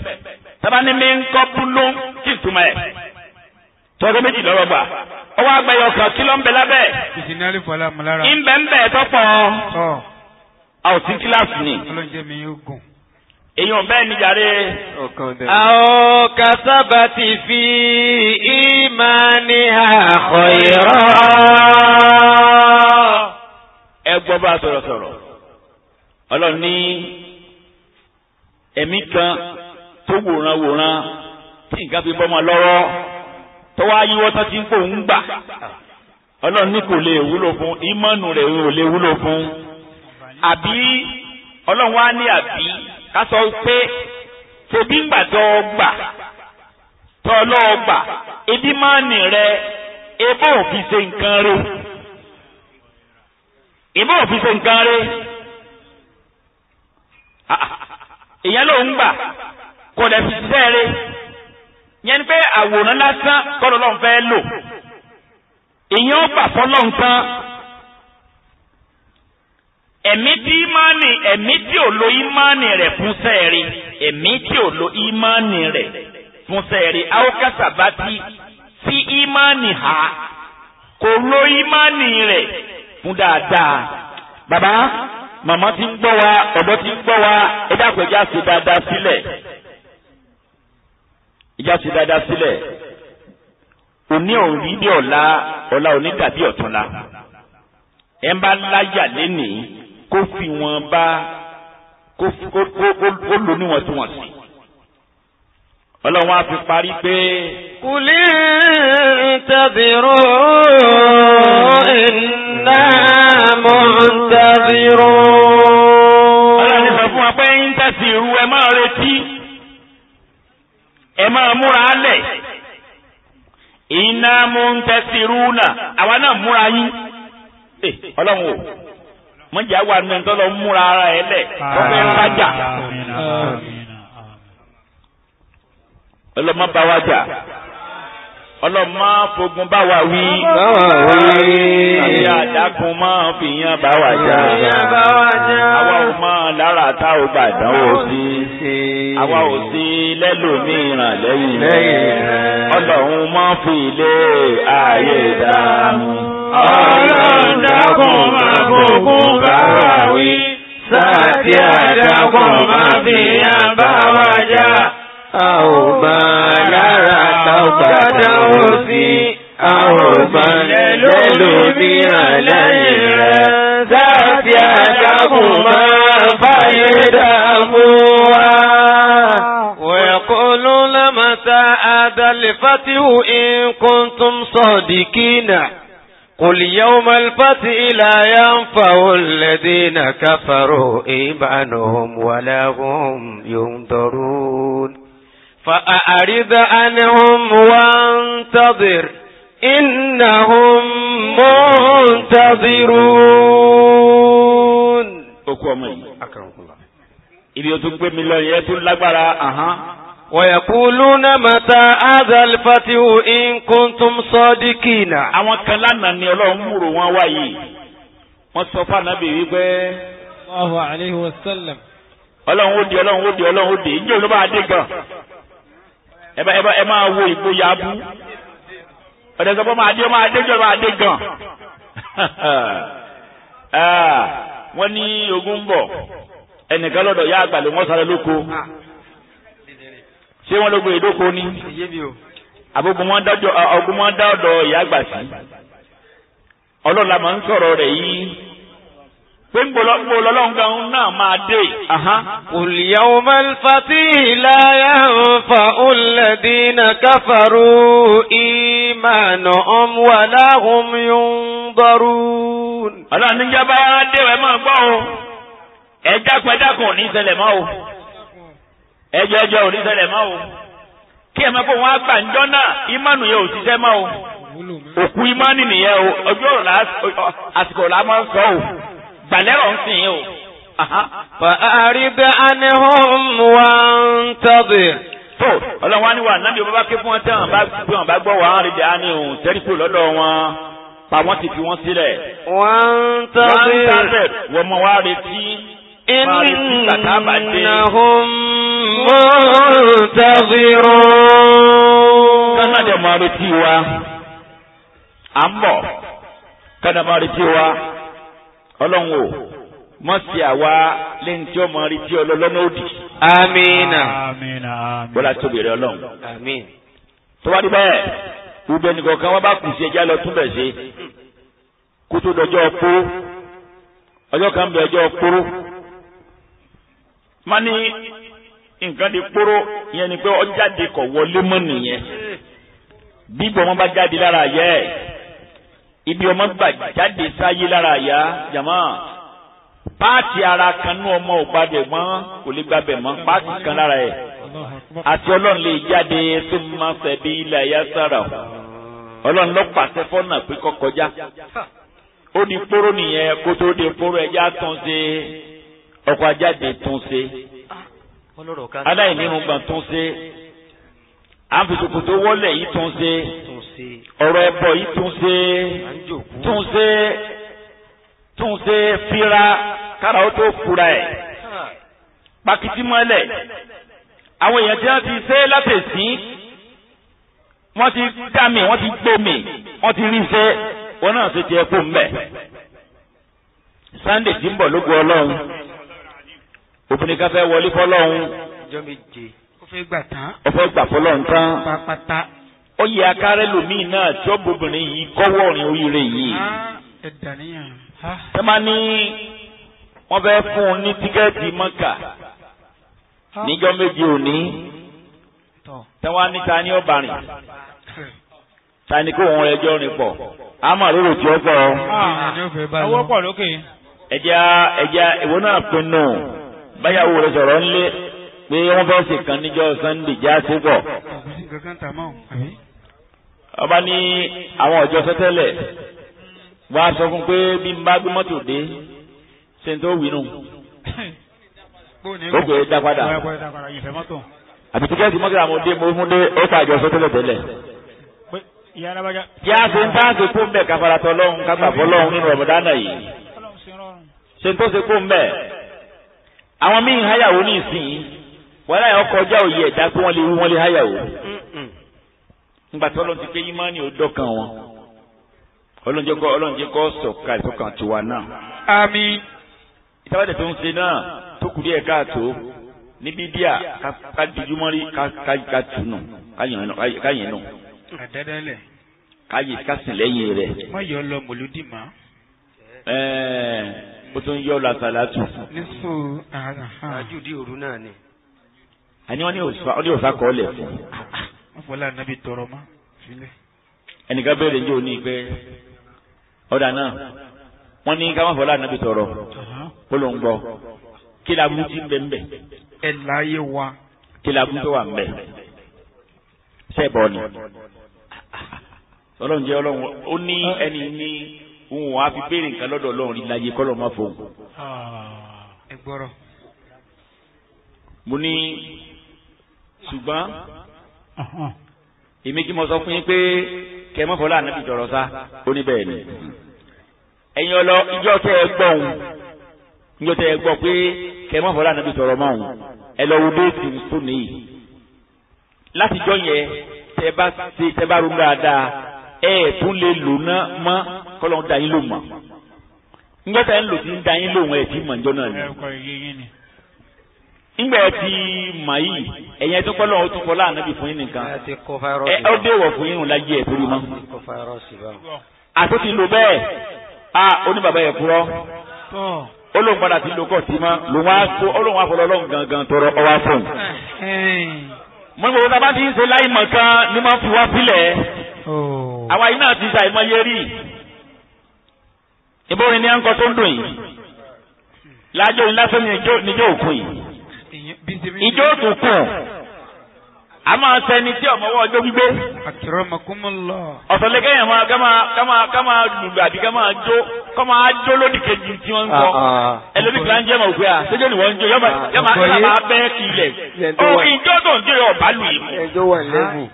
[SPEAKER 1] sábà ní mi ń kọ́pù ló kí n túmọ̀ ẹ̀ tọ́jọ́ méjì lọ́rọ̀ gbà ọwọ́ àgbẹ̀yọ̀ kan kí ló ń bẹ lábẹ́
[SPEAKER 2] ń tọ́pọ̀
[SPEAKER 1] a ò kíláàsì ni èyàn bẹ́ẹ̀ ni jàre àwọn kàtàbà ti fi ìmá ní àkọ̀ ìrọ̀ ẹgbọ́ bá sọ̀rọ̀ sọ̀rọ̀ ọlọ́run ní ẹ̀mí kan tó wòran wòran tí nǹkan fi bọ́ ọmọ lọ́wọ́ tó wá yíwọ́ tán ti ń pò ń gbà ọlọ́run kò lè wúlò fún ìmọ̀nù rẹ̀ ò lè wúlò fún àbí ọlọ́run wá ní àbí ká sọ pé tòbí ń gbàdọ̀ gbà tọ́ ọlọ́ọ̀gbà ebi máa nì rẹ ebó òfi ṣe nǹkan rẹ ebó òfi ṣe nǹkan rẹ èèyàn ló ń gbà kò dẹ̀ fi ṣiṣẹ́ rẹ yẹn ni pé àwòrán lásán tọ́lọ́lọ́ fẹ́ lò èèyàn ó gbà fọ́lọ́ nǹkan. ẹ̀mí tí ìmánì ẹ̀mí tí ò lo ìmánì rẹ̀ fún sẹ́ẹ̀rí ẹ̀mí tí ò lo ìmánì rẹ̀ fún sẹ́ẹ̀rí aókàsàbátì tí ìmánì ha kò lo ìmánì rẹ̀ fún dáadáa.
[SPEAKER 2] bàbá
[SPEAKER 1] ti ń gbọ́ wa ọ̀dọ́ ti ń gbọ́ wa ẹ dákun ẹja dáadáa sílẹ̀ sile. ṣe dáadáa sílẹ̀ òní òun bí ọ̀la ọ̀la òní dàbí ẹ kó fi wọn bá kó lò níwọ̀ntúnwọ̀nsì ọlọ́run á fi parí pé.
[SPEAKER 2] kùlí tẹ̀bìrò iná mọ̀ tẹ̀bìrò. ọlọ́run sọ fún wa pé ń tẹ̀sí irú ẹ máa retí
[SPEAKER 1] ẹ máa múra lẹ̀ iná mọ̀ tẹ̀sí irú náà àwa náà múra yín eh, ọlọ́run o mọ̀jà wà nù ẹ̀ńtọ́ lọ múra ara ẹ̀ lẹ̀ kọ́fẹ́ rájà ọlọ́mọ bá wa jà ọlọ́mọ fogun bá wa wí.
[SPEAKER 2] àbí
[SPEAKER 1] àdákun máa fi yan bá wa jà. àwa ò mọ lára tá ò gbà dánwò
[SPEAKER 2] sí. àwa
[SPEAKER 1] ò sí lẹ́lòmí ìrànlẹ́yìn. ọlọ́run máa fi ilé ààyè dààmú
[SPEAKER 2] ọlọ́run dákun máa fòkun bá wa wí sáàtì àdákun máa fi yàn bá wa já. a ò gbà lára tábàtà ó sí a ò gbà lẹ́lòmíràn lẹ́yìn rẹ̀ sáàtì àdákun máa fàyè dààmú wa. ويقولون متى هذا
[SPEAKER 3] الفتح إن كنتم صادقين قل يوم الفتح لا ينفع الذين كفروا إيمانهم ولا هم ينظرون
[SPEAKER 2] فأعرض عنهم وانتظر إنهم منتظرون.
[SPEAKER 1] Okú ọmọ yìí, akàrùn-ún. Ibi o ويقولون متى هذا الفتح إن كنتم صادقين àwọn Ọlọ́run wọn wá sọ fún ànábì wípé. Allahu alayhi wa sallam. Ọlọ́run ó di Ọlọ́run ó di Ọlọ́run ó di ìjọ sọ pé máa dé máa dé máa dé gan. Ah, wọ́n ní ogun ń bọ̀ ẹnìkan lọ́dọ̀ yá wọ́n sáré lóko. ṣé wọ́n ló gbé ìdókòó ní. àbúgbò wọn dá ọgbọ́n wọn dá ọ̀dọ̀ ìyá àgbà sí. ọlọ́run la máa ń sọ̀rọ̀ rẹ̀ yìí pé ń gbọ́ lọ́lọ́run gan náà máa dé.
[SPEAKER 3] Qul yawmal fatih la yanfa'u alladhina kafaru imanuhum wala hum yunzarun. ọlọ́run níjọba dé ẹ
[SPEAKER 1] máa gbọ́ o ẹ dákun ẹ dákun ní ṣẹlẹ̀ mọ́ o ẹjọ́ ẹjọ́ ò ní ṣẹlẹ̀ máa o kí ẹ máa kó wọn á gbà ńjọ́ náà ìmánu yẹn ò ṣiṣẹ́ máa o òkú ìmánì nìyẹn o ọjọ́ ọ̀la àsìkò ọ̀la máa ń sọ o gbàlẹ́rọ̀ ń sìn yín o. fàárídà anihom wa ń tọ́bi. tó ọlọ́run á ní wà nábì ọba ké fún wọn tán bá gbé wọn bá gbọ́ wà á rí dà lọ́dọ̀ wọn pa wọ́n ti fi wọ́n sílẹ̀.
[SPEAKER 2] wọ́n ń tọ́bi. wọ́n ń tọ́bi
[SPEAKER 1] wọ́n mọ̀ wá retí.
[SPEAKER 2] Innahum muntazirun. Kana da máa retí wa,
[SPEAKER 1] à ń bọ̀, kana máa retí wa, ọlọ́run o, mọ̀ sí àwa lẹ́yìn tí ó máa retí ọlọ́lọ́nà òdì.
[SPEAKER 2] Amina. Amin.
[SPEAKER 1] Tó wá ní bẹ́ẹ̀, ìbẹ̀ nìkan kan wọ́n bá kù sí ẹja lọ túbẹ̀ ṣe. Kó dọjọ́ pó, ọjọ́ kan bẹ̀ ọjọ́ póró má ní nǹkan di kóró yẹn ni pé ọjáde kọ̀ wọlé mọ́ nìyẹn bíbọ ọmọ bá jáde lára yẹ ibi ọmọ gbà jáde sáyé lára yá jàmá páàtì ara kan nú ọmọ ò gbàdẹ̀ mọ́ kò lè gbàbẹ̀ mọ́ páàtì kan lára ẹ̀ àti ọlọ́run lè jáde tó máa fẹ́ bí ilẹ̀ ayá sára ọlọ́run ló pàṣẹ fọ́nà pé kọ́kọ́já ó di kóró nìyẹn kó di kóró ẹja tán ọkọ̀ ajáde tún ṣe
[SPEAKER 2] aláìní ń gbà
[SPEAKER 1] tún ṣe àfìsòkòtò wọlé yìí tún ṣe
[SPEAKER 2] ọ̀rọ̀ ẹ̀bọ yìí
[SPEAKER 1] tún ṣe tún ṣe tún ṣe fira
[SPEAKER 2] kára ó tó fura ẹ̀
[SPEAKER 1] pakiti mọ́lẹ̀ àwọn èèyàn tí wọ́n ti ṣe látẹ̀sí wọ́n ti dá mi wọ́n ti gbé mi wọ́n ti rí ṣe
[SPEAKER 2] wọn náà ṣe tiẹ̀ kó mbẹ́
[SPEAKER 1] Sunday tí ń bọ̀ lógo Ọlọ́run òfin kan fẹ́ wọlé fọlọ́hún.
[SPEAKER 2] ọjọ́ méje
[SPEAKER 1] ó fẹ́ gbà tán. ó fẹ́ gbà fọlọ́hún tán. pápátá. ó yẹ akárẹ́ lòmíì náà tí ó bobìnrin yìí kọ́wọ́ ọ̀rìn oríire yìí.
[SPEAKER 2] ẹ dàníyàn.
[SPEAKER 1] ṣé ní wọ́n fẹ́ fún un ní tíkẹ́ẹ̀tì mọ́kà níjọ́ méje òní tẹ́wọ́n á ní ta ni ó bàrìn ta ni kó òun rẹ̀ jọ́ rìn pọ̀ a máa lórí òtún ọgbọ́n. ọwọ́ pọ̀ lókè. ẹja ẹja ìwọ náà pinnu báyàwó rẹ̀ sọ̀rọ̀ ńlé pé wọ́n fẹ́ ṣe kan níjọ́ sunday já sí pọ̀. ọba ní àwọn ọjọ́ sẹ́tẹ́lẹ̀ wàá sọ fún pé bí n bá gbé mọ́tò dé ṣe n tó wí nù. ó pè é dá padà. àbí tíkẹ́ẹ̀tì mọ́tò àwọn òde mo fún dé ó pàjọ sẹ́tẹ́lẹ̀ tẹ́lẹ̀ kí a ṣe ń bá ṣe kó mbẹ káfaratọ lọhùn kágbàfọ lọhùn nínú ọmọdánà yìí ṣe ń tó ṣe kó mbẹ àwọn míì háyàwó ní ìsìn wọn láyà ọkọ ọjà òye ẹ̀dá pé wọ́n lè wú wọ́n lè háyàwó. nígbà tí ọlọ́run ti pé ìmánì ò dọ́kan wọn ọlọ́run jẹ́ kọ́ ọlọ́run jẹ́ kọ́ sọ̀ka ìsọ̀kan tiwa náà. àmín. ìtawádìí tó ń ṣe náà tó kù díẹ̀ káàtó níbi díà ká dijúmọ́rí ká tunu ká yẹn nù. àdádálẹ̀. ká yẹ ká sìn lẹ́yìn rẹ̀.
[SPEAKER 3] má yọ lọ mòlúdì má.
[SPEAKER 1] ẹẹ ó tún yọ ọ́ làṣàlátù.
[SPEAKER 2] nísò ara ha. àjùdí òru náà ni.
[SPEAKER 1] àní wọn ní òsà kọ́ ọ̀lẹ̀ fún.
[SPEAKER 2] wọ́n fọlá nàbí tọrọ mọ́ sílẹ̀.
[SPEAKER 1] ẹnìkan bẹ̀rẹ̀ ní òní pé ọ̀dà náà wọ́n ní ká má fọlá nàbí tọrọ ó ló ń gbọ́ kí la mú ti ń bẹ ń bẹ. ẹ láyé wa. kí la mú tó wà ń bẹ. sẹ́ẹ̀bọ̀ ni ọlọ́run jẹ́ ọlọ́run ó ní ẹni ní òun wàá fi béèrè nǹkan lọ́dọ̀ ọlọ́run rí láyé kọ́lọ́ má fòun.
[SPEAKER 2] Ah, ẹ
[SPEAKER 1] mo ní ṣùgbọ́n èmi kí mo sọ fún yín pé kẹ mọ́ fọlá ànábì jọ̀rọ̀ sá ó ní bẹ́ẹ̀ ni. ẹ̀yin ọlọ ìjọ tẹ ẹ gbọ́ òun ìjọ tẹ ẹ gbọ́ pé kẹ mọ́ fọlá ànábì jọ̀rọ̀ mọ́ òun ẹ lọ wo déètì tó nìyí. látijọ́ yẹn tẹ bá ṣe tẹ bá ronú dáadáa ẹ ẹ̀ tún lè lò ná mọ́ kọ́lọ́n da yín ló mọ̀ ngbẹ́ta ń lò sí ń da yín lóhùn ẹ̀ tí mọ̀ njọ́ náà ni. ngbà ẹ ti mọ̀ yìí ẹ̀yìn ẹ̀ tó kọ́ lọ́wọ́ tó kọ́ láàánú bí fún yín nìkan ẹ ó dé wọ̀ fún yín nù lájẹ́ ẹ̀ torí mọ́. àti ti lò bẹ́ẹ̀ a ó ní bàbá yẹn kúrọ́ ó lóun padà ti lò kọ́ sí mọ́ lòun á kó ó lóun á fọlọ́ gangan tọrọ ọwá fún mo ní bàbá ti ń ṣe láì mọ̀ kan ni mo fi wá sílẹ̀
[SPEAKER 2] oh.
[SPEAKER 1] àwa yìí náà ti ṣàìmọye rí ìbò rẹ̀ ní à ń kọ́ tó ń dùn yìí lájọ́ yìí lásán níjọ́ òkú yìí ìjọ́ òkú a máa sẹni tí ọmọwọ́ ọjọ́ gbígbé ọ̀sọ̀lẹ́kẹ́ yẹn máa ká máa lùlù àbí ká máa jó kọ́ máa jó lódì kejì tí wọ́n ń sọ ah, ah. ẹlẹ́bí kan ń jẹ́ mọ̀ pé à ah, séjọ́ ni wọ́n ń jó yọ́mọ̀ yọ́mọ̀ àti àbá bẹ́ẹ̀ kì í lẹ̀ òkè ìjọ́ tó ń jó yọ ọ̀bá lù yìí.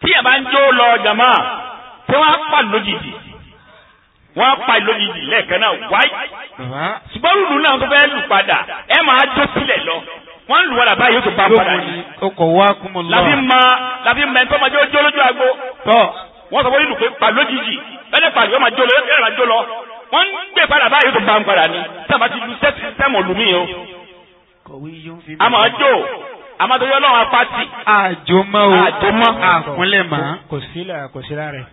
[SPEAKER 1] tí ẹ̀ bá ń jó lọ jàmá tí wọ́n á pàdé lójijì wọ́n á pa ìlóyìnbí lẹ́ẹ̀kan náà wáyé. Uh-huh. ṣùgbọ́n lùlù náà tó fẹ́ lù padà ẹ máa jó sílẹ̀ lọ wọ́n lù wọ́n làbá yóò tó bá padà yìí.
[SPEAKER 3] o kò wá kúmọ̀ lọ. làbí
[SPEAKER 1] ma làbí ma ẹ̀ńtọ́ máa jó jó lójú agbo. tọ́ wọ́n sọ wọ́n lù pé pa lójijì lọ́dẹ̀ pàdé wọ́n máa jó lọ yóò máa jó lọ. wọ́n gbé padà bá yóò tó bá padà ni sábà ti lu sẹ́mu lùmí o. àmọ́ jó àmọ́ tó yọ
[SPEAKER 2] lọ́wọ́ apá ti.
[SPEAKER 3] àjò mọ́ o àjò mọ́ àkúnlẹ̀ mọ́. kò sílẹ̀ kò sílẹ̀ rẹ̀.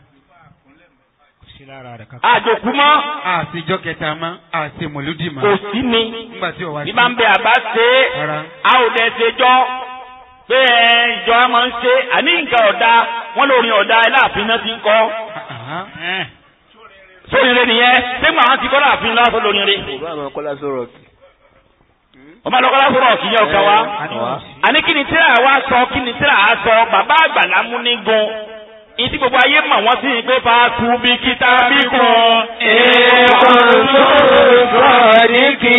[SPEAKER 2] A lára rẹ̀ kankan. àjòkú
[SPEAKER 3] mọ́. àṣejọ kẹta mọ́ àṣe mọ̀lúdì mọ́. kò sí ni nígbà tí o wá sí.
[SPEAKER 1] nígbà bẹ àbá ṣe é a ò dẹ̀ ṣe jọ pé ẹ ìjọ a máa ń ṣe àní nǹkan ọ̀dà wọn lórin ọ̀dà ẹ láàfin náà ti ń kọ́. sórinre nìyẹn sẹ́gbọ̀n àwọn ti kọ́ láàfin lásán lórinre. òbá àwọn kọ́lá sọ̀rọ̀ kì ọmọ lọkọlá sọ̀rọ̀ kì í yẹ ọkà wa àní kí ni tíra wa sọ kí ni tíra a sọ bàbá àgbàlá múnigun ìdí gbogbo ayé mọ̀ wọ́n sí
[SPEAKER 2] pé fàákù bí kíta bí kan. ẹ̀ẹ̀kan tó sọ̀rí kí.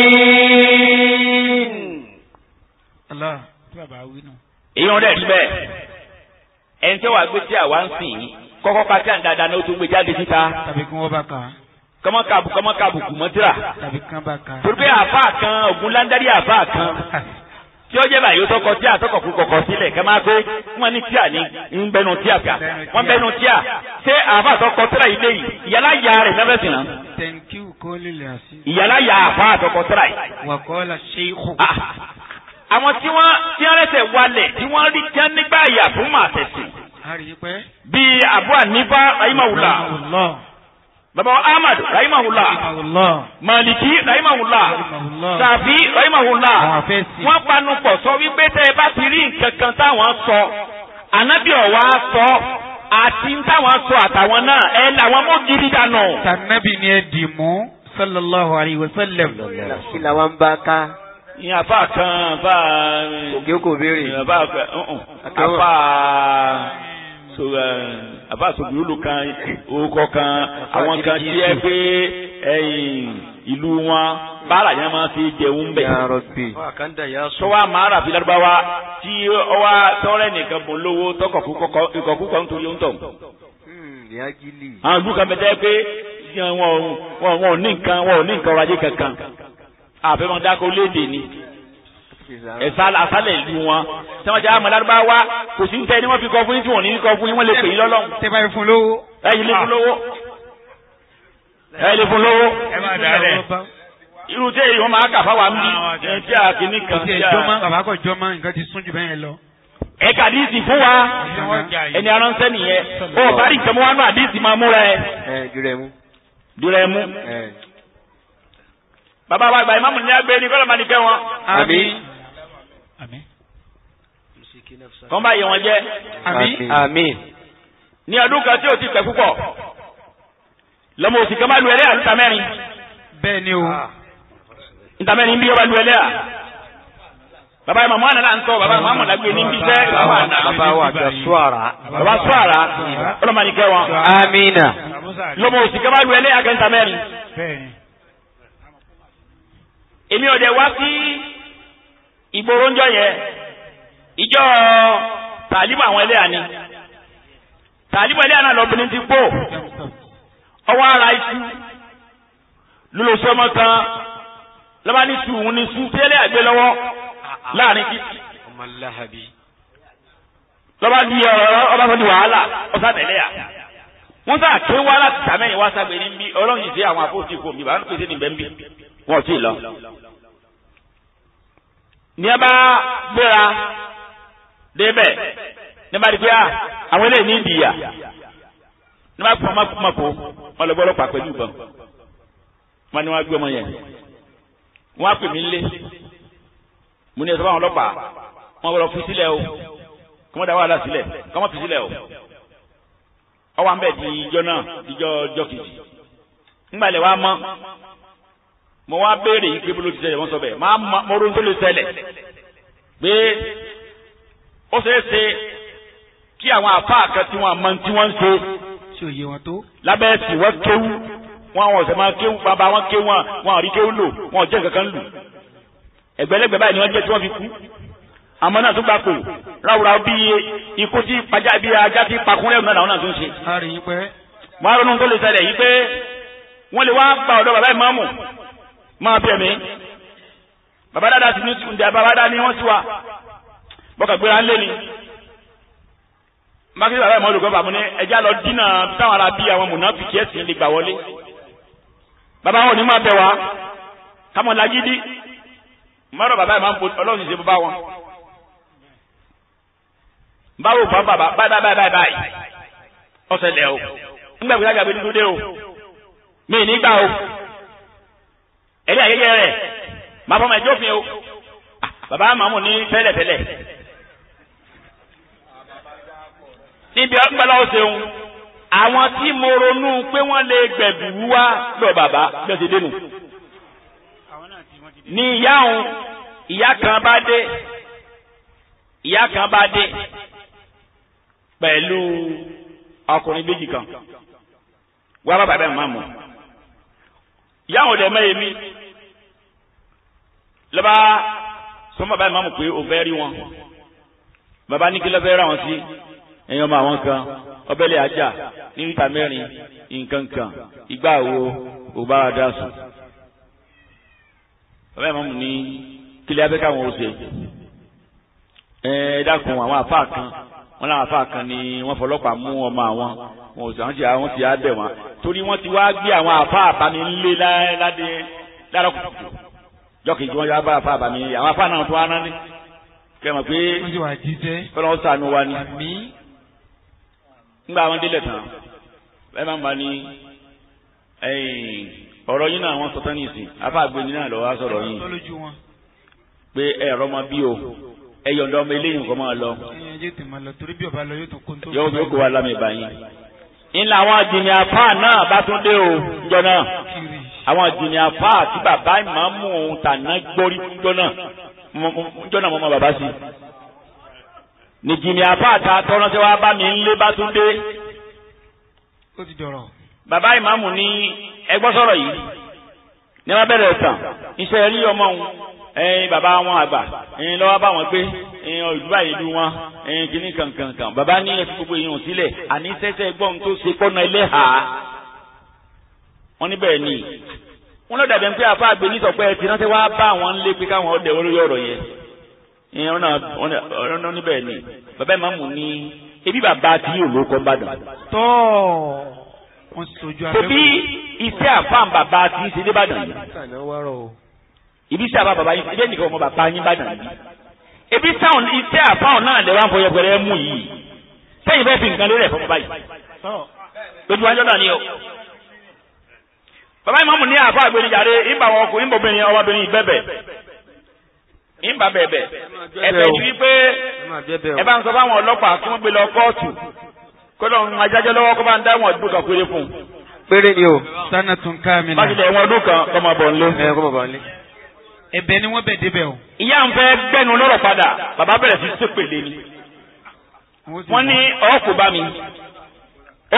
[SPEAKER 2] èèyàn rẹ̀ rí bẹ́ẹ̀
[SPEAKER 1] ẹni tó wàá gbé tí àwa ń sìn kọ́kọ́ ká tí à ń dáadáa náà ó tún gbé jáde síta. tàbí kí wọ́n bá kà á kọ́mọ́ kàbù kọ́mọ́ kàbù kùmọ́tìrà.
[SPEAKER 2] tàbí kán bá kà á. torí pé àáfàá
[SPEAKER 1] kan ògúnláńdárí àáfàá kan. tí ó jẹ́ báyìí ó tọkọ tí àtọkọ̀ fún kọ̀kọ̀ sílẹ̀ kẹ́ máa pé wọ́n ní tíà ní ń bẹnu tíà fà wọ́n bẹnu tíà ṣé àfa àtọkọ tíra yìí lé yìí ìyálà ya rẹ̀ fẹ́fẹ́ sìn náà. ìyálà ya àfa àtọkọ tíra
[SPEAKER 2] yìí. Ah.
[SPEAKER 1] àwọn tí wọ́n tí wọ́n rẹ̀sẹ̀ walẹ̀ tí wọ́n rí jẹ́ nígbà yà fún màtẹ̀sìn. bíi àbúrò àníbá ayímọ̀wùlà bàbá wa ahmad rahimahullah maliki rahimahullah safi rahimahullah wọ́n panupọ̀ sọ wípé tẹ́ ẹ bá ti rí nǹkan kan táwọn sọ ànábì ọ̀wá sọ àti táwọn sọ àtàwọn náà ẹ làwọn mọ́ gidi dànù.
[SPEAKER 2] tànàbì ni ẹ dì mú sallallahu alayhi wa sallam. kí làwọn bá ká
[SPEAKER 1] ní apá kan apá. òkè kò béèrè. apá apá àbá sògbìlú kan orúkọ kan àwọn kan tí ẹ pé ẹ̀yìn ìlú wọn bára yẹn máa fi jẹun bẹ. sọwọ́ àmàrà fi lárúbáwá tí ọwọ́ tọ́rẹ́ nìkan bò lówó tọkọ̀kúkọ̀ ìkọ̀kúkọ̀ nítorí ó ń tọ̀. Hmm, àwọn ìlú kan bẹ tẹ́ pé wọn ò ní nǹkan wọn ò ní nǹkan ọrọ̀ ajé kankan àfẹ́mọ́dákọ̀ léde ni ẹ̀sálà àsálẹ̀ ìlú wọn
[SPEAKER 2] tí wọ́n jẹ́ àmàlárúbáwá kò sí
[SPEAKER 1] tẹ́ ni wọ́n fi kọ fún yín tí wọ́n ní kọ fún yín wọ́n lè pè yín lọ́lọ́ tẹ́ bá yín fún lówó ẹ̀yin lè fún lówó ẹ̀yin lè fún lówó ẹ má dà rẹ̀ irú tí èyí wọn máa kà fáwa ń bí ẹ tí a kì ní kan tí a. bàbá
[SPEAKER 3] kò jọ máa nǹkan ti sún jù bẹ́ẹ̀ lọ. ẹ
[SPEAKER 2] ka díìsì fún wa ẹni aránṣẹ́ nìyẹn ó bá rí nǹkan mú wa náà díìsì máa múra ẹ.
[SPEAKER 3] dùrẹ̀mú
[SPEAKER 1] bàbá wa gba ìmáàmù ní agbẹ́ni kọ́lọ́ máa ní fẹ́ wọn. àbí
[SPEAKER 2] kọ́ bá yẹ wọn jẹ́
[SPEAKER 1] àmín ní ọdún kan tí ò ti pẹ́ púpọ̀
[SPEAKER 2] lọ́mọ òsì kan bá lu ẹlẹ́yà níta mẹ́rin
[SPEAKER 1] bẹ́ẹ̀ ni o ah. níta mẹ́rin bí ó bá lu ẹlẹ́yà bàbá yẹn màmá nana ń sọ bàbá màmá nana gbé ní bí sẹ́ Baba nana bàbá wà bẹ suara bàbá suara ọlọ́mọ ni kẹ́ wọn. amina lọ́mọ òsì kan bá lu ẹlẹ́yà kẹ́ níta mẹ́rin èmi ọ̀dẹ̀ wá sí ìgboro ń jọ yẹn ìjọ tàlímù àwọn ẹlẹ́yà ni tàlímù ẹlẹ́yà náà lọ́bìnrin ti gbó
[SPEAKER 2] ọwọ́ ara iṣu lólosọmọ kan lọ́ba ní sùn òun ní sùn tí ẹlẹ́yà gbé lọ́wọ́ láàrin títì lọ́ba di ọ̀rọ̀ ọba fẹ́ di wàhálà ọ̀sà tẹ̀lé à
[SPEAKER 1] wọ́n sà ké wá láti sàmẹ́yìn wá sàgbé ní bí ọlọ́run yìí sí àwọn àpótí ìkó bá ń pèsè níbẹ̀ ń bí wọ́n sì lọ ní ẹ bá gbéra débẹ̀
[SPEAKER 2] ní bá di pé ah, àwọn eléyìí ní ìdìyà
[SPEAKER 1] ní bá pọ̀ mọ́kò wọn lọ gbọ́dọ̀ pa pẹ̀lú ìbọn wọn ni wọn gbé ọmọ yẹn wọn á pè mí lé mo ní ẹsọ fáwọn ọlọ́pàá wọn gbọ́dọ̀ fi sílẹ̀ o kọ́mọ́ dá wàhálà sílẹ̀ kọ́mọ́ fi sílẹ̀ o ọwọ́ àmbẹ̀ di ijọ́ náà ijọ́ jọ́kìtì ńgbàlẹ̀ wa mọ́ mo wá béèrè yìí pé bó ló ti ṣẹlẹ̀ wọ́n sọ bẹ́ẹ̀ máa ma mo ronú tó lè ṣẹlẹ̀ pé ó ṣeé ṣe kí àwọn àfáà kan tí wọ́n mọ tí wọ́n ń ṣe. ṣé òye wọn tó. lábẹ́ ẹ̀sìn wọ́n kéwú wọn àwọn ọ̀sẹ̀ máa kéwú bàbá wọn kéwú wọn àrí kéwú lò wọn jẹ́ nǹkan kan lù. ẹ̀gbẹ́lẹ́gbẹ́ báyìí ni wọ́n jẹ́ tí wọ́n fi kú. àmọ́ náà tó gbà pé ráúráú bí ikú tí pajá bí ajá ti pakúnrẹ́ náà làwọn náà tó ṣe. a á ronú tó lè ṣẹlẹ̀ yìí pé wọ́n lè wá gba ọ̀dọ́ bàbá ìmáàmù máa bẹ̀ mí bàbá dáadáa ti ní ǹdẹ bàbá dáa ni wọ́n ti wà bọ́kà gbéra ńlẹ̀ ni mákìlì bàbá ìmọ̀ olùkọ́ bàbá ní ẹja lọ dínà táwọn ará bí àwọn mùnàfíkì ẹ̀sìn lè gbà wọlé bàbá wọn ò ní máa bẹ̀ wá
[SPEAKER 2] kámọ́ lagídí
[SPEAKER 1] mọ́rọ̀ bàbá ìmọ̀ ọlọ́run ṣe bàbá wọn báwo bá bàbá báyìí báyìí báyìí báyìí ọ̀sẹ̀ lẹ̀ o nígbà o ẹ̀rí ayẹyẹ rẹ̀ máa fọmọ ẹjọ́ fin o ah, bàbá màmú ní tẹ́lẹ̀tẹ́lẹ̀ níbi ọgbàlá ọ̀sẹ̀hún àwọn tí mo ronú pé wọ́n lè gbẹ̀bù wá lọ bàbá bí ọ̀sẹ̀ dénú ní ìyá òun ìyá kan bá dé ìyá kan bá dé pẹ̀lú ọkùnrin méjì kan wọ́n bá bàbá ẹ̀ máa mọ̀ ìyá òun dẹ̀ mọ́ lọ́ba sọ́mọ́ bàbá ìmáàmù pé o fẹ́ rí wọn bàbá ní kí lọ́fẹ́ rà wọ́n sí ẹ̀yìn ọmọ àwọn kan ọbẹ̀lẹ̀ ajá ní mítà mẹ́rin nǹkan kan ìgbà wo ò bá wa dá sùn. bàbá ìmáàmù ní kí lè abẹ́ká wọn ó ṣe ẹ dákun àwọn àfáà kan wọn làwọn àfáà kan ni wọ́n fọlọ́pàá mú ọmọ àwọn wọn ò sàn án ti á bẹ̀ wọn torí wọ́n ti wá gbé àwọn àfáà àtànílé ládé lára jọ́kì tí ya yá bá afa àbàmì àwọn afa náà tó wá náà ni kẹmọ pé fọlọ́n sànù wa ni ngba àwọn délẹ̀ tán ẹ máa ń bá ní ọ̀rọ̀ yín náà wọ́n sọ tán ní ìsìn afa àgbẹ̀yìn náà lọ́wọ́ sọ̀rọ̀ yín pé ẹ rọ́ ọmọ bí o ẹ yọ̀ǹda ọmọ eléyìí nǹkan máa lọ. yóò bí ó kó wa lámì ìbá yín. ńlá àwọn àjìnì afa náà bá tún dé o jọ náà àwọn àjùmí afá àti bàbá ìmáàmù òun tàná gbórí jọ́nà jọ́nà mọ́mọ́ bàbá sí. nìjìmí afá àti atọ́rọ́sẹ́ wa bá mi ń lé bá tún dé. ó ti dọ̀rọ̀. bàbá ìmáàmù ní ẹgbọ́ sọ̀rọ̀ yìí ní wọ́n bẹ̀rẹ̀ tàn iṣẹ́ rí ọmọ òun ẹyin bàbá wọn àgbà ẹyin lọ́wọ́ bá wọn gbé ẹyin ìlú báyìí lu wọn ẹyin kìíní kankankan bàbá ní ẹ̀fọ́ gbogbo èèyàn sílẹ̀ àní sẹ́sẹ́ gbọ́n tó ṣe kọ́nà ẹlẹ́hàá wọ́n níbẹ̀ ni wọ́n lọ dàbí pé àfa àgbẹ̀ ní sọ̀pẹ́ ẹtì náà ṣe wá bá àwọn lé pé káwọn ọdẹ wọn lórí ọ̀rọ̀ yẹn ìyẹn wọn náà níbẹ̀ ni bàbá ìmáàmù ní ebi bàbá tí yóò lóko Ìbàdàn.
[SPEAKER 2] tọ́ wọ́n sojú abẹ́wò. ṣebí
[SPEAKER 1] iṣẹ́ àfáàn bàbá tí ń ṣe dé Ìbàdàn yìí. ibi iṣẹ́ àfáàn bàbá yín ṣe nìkan ọmọ bàbá yín Ìbàdàn yìí. ebi sáwọn iṣẹ́ àfáàn náà lè ń fọyọ pẹ̀lẹ́ mú yìí. sẹ́yìn fẹ́ fi nǹkan lórí ẹ̀ fọmọ báyìí. lójú wájú náà ni o bàbá ìmọ̀mù ní àfa àgbèrè yàrá ìbà wọn ọkùnrin ìbọ̀bìnrin ọwọ́bìnrin ìbẹ̀bẹ̀
[SPEAKER 2] ìbà bẹ̀bẹ̀ ẹ̀bẹ̀ ju wípé
[SPEAKER 1] ẹ bá ń sọ fáwọn ọlọ́pàá kí wọ́n gbé lọ kóòtù kó lọ ń ajájọ́ lọ́wọ́ kó bá ń dáwọn ọdún kan péré fún un.
[SPEAKER 3] péré ni o sanna tún ká mi náà. bájú ẹ̀wọ̀n ọdún kan ọmọ bọ̀ nlé. ẹ kó bàbá nlé.
[SPEAKER 1] ẹ̀bẹ̀ ni wọ́n bẹ̀ débẹ̀ o. ìyá ń fẹ́ gbẹ́nu lọ́rọ̀ padà bàbá bẹ̀rẹ̀ sí sépèlé ni.
[SPEAKER 2] wọ́n ní ọ̀ọ́ bá mi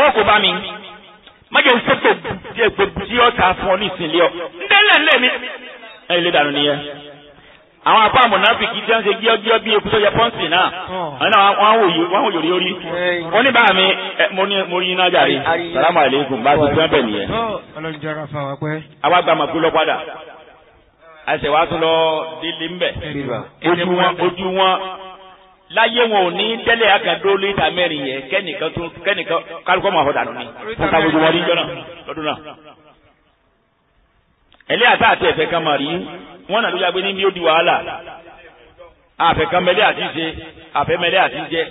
[SPEAKER 1] ọ̀ọ́ bá mi májẹ̀ ń sẹ́tò tí èpè tí ó ta fún ọ ní ìsìnlẹ̀ ọ. ńdẹ́lẹ̀ ńlẹ̀ mi. ẹ ilé dànù nìyẹn. àwọn apá àmọ̀nàfì kì í jẹ́ ń ṣe gíọ́gíọ́ bí eku tó yẹ pọ́ǹsì náà. àwọn náà wọ́n wòye wọ́n wòye orí orí. wọ́n ní báàmí mo ní mo rí iná jàre. salamu aleykum bá a ti fẹ́ bẹ̀ nìyẹn.
[SPEAKER 2] àwa gba màkú lọ padà.
[SPEAKER 1] àṣẹ wa tún lọ délé ńbẹ. ojú wọn ojú wọn láyé wọn ò ní tẹ́lẹ̀ àkàndó lítà mẹ́rin yẹn kẹ́nìkan tún kẹ́nìkan kálukọ́ máa fọdà lónìí fún tábùjú wọn rí jọ́nà lọ́dún náà. ẹlẹ́ àti àti ẹ̀fẹ́ kan máa rí wọn náà ló yàgbé ní bí ó di wàhálà
[SPEAKER 2] àfẹ́kan mẹ́lẹ́ àti ṣe àfẹ́ mẹ́lẹ́ àti jẹ́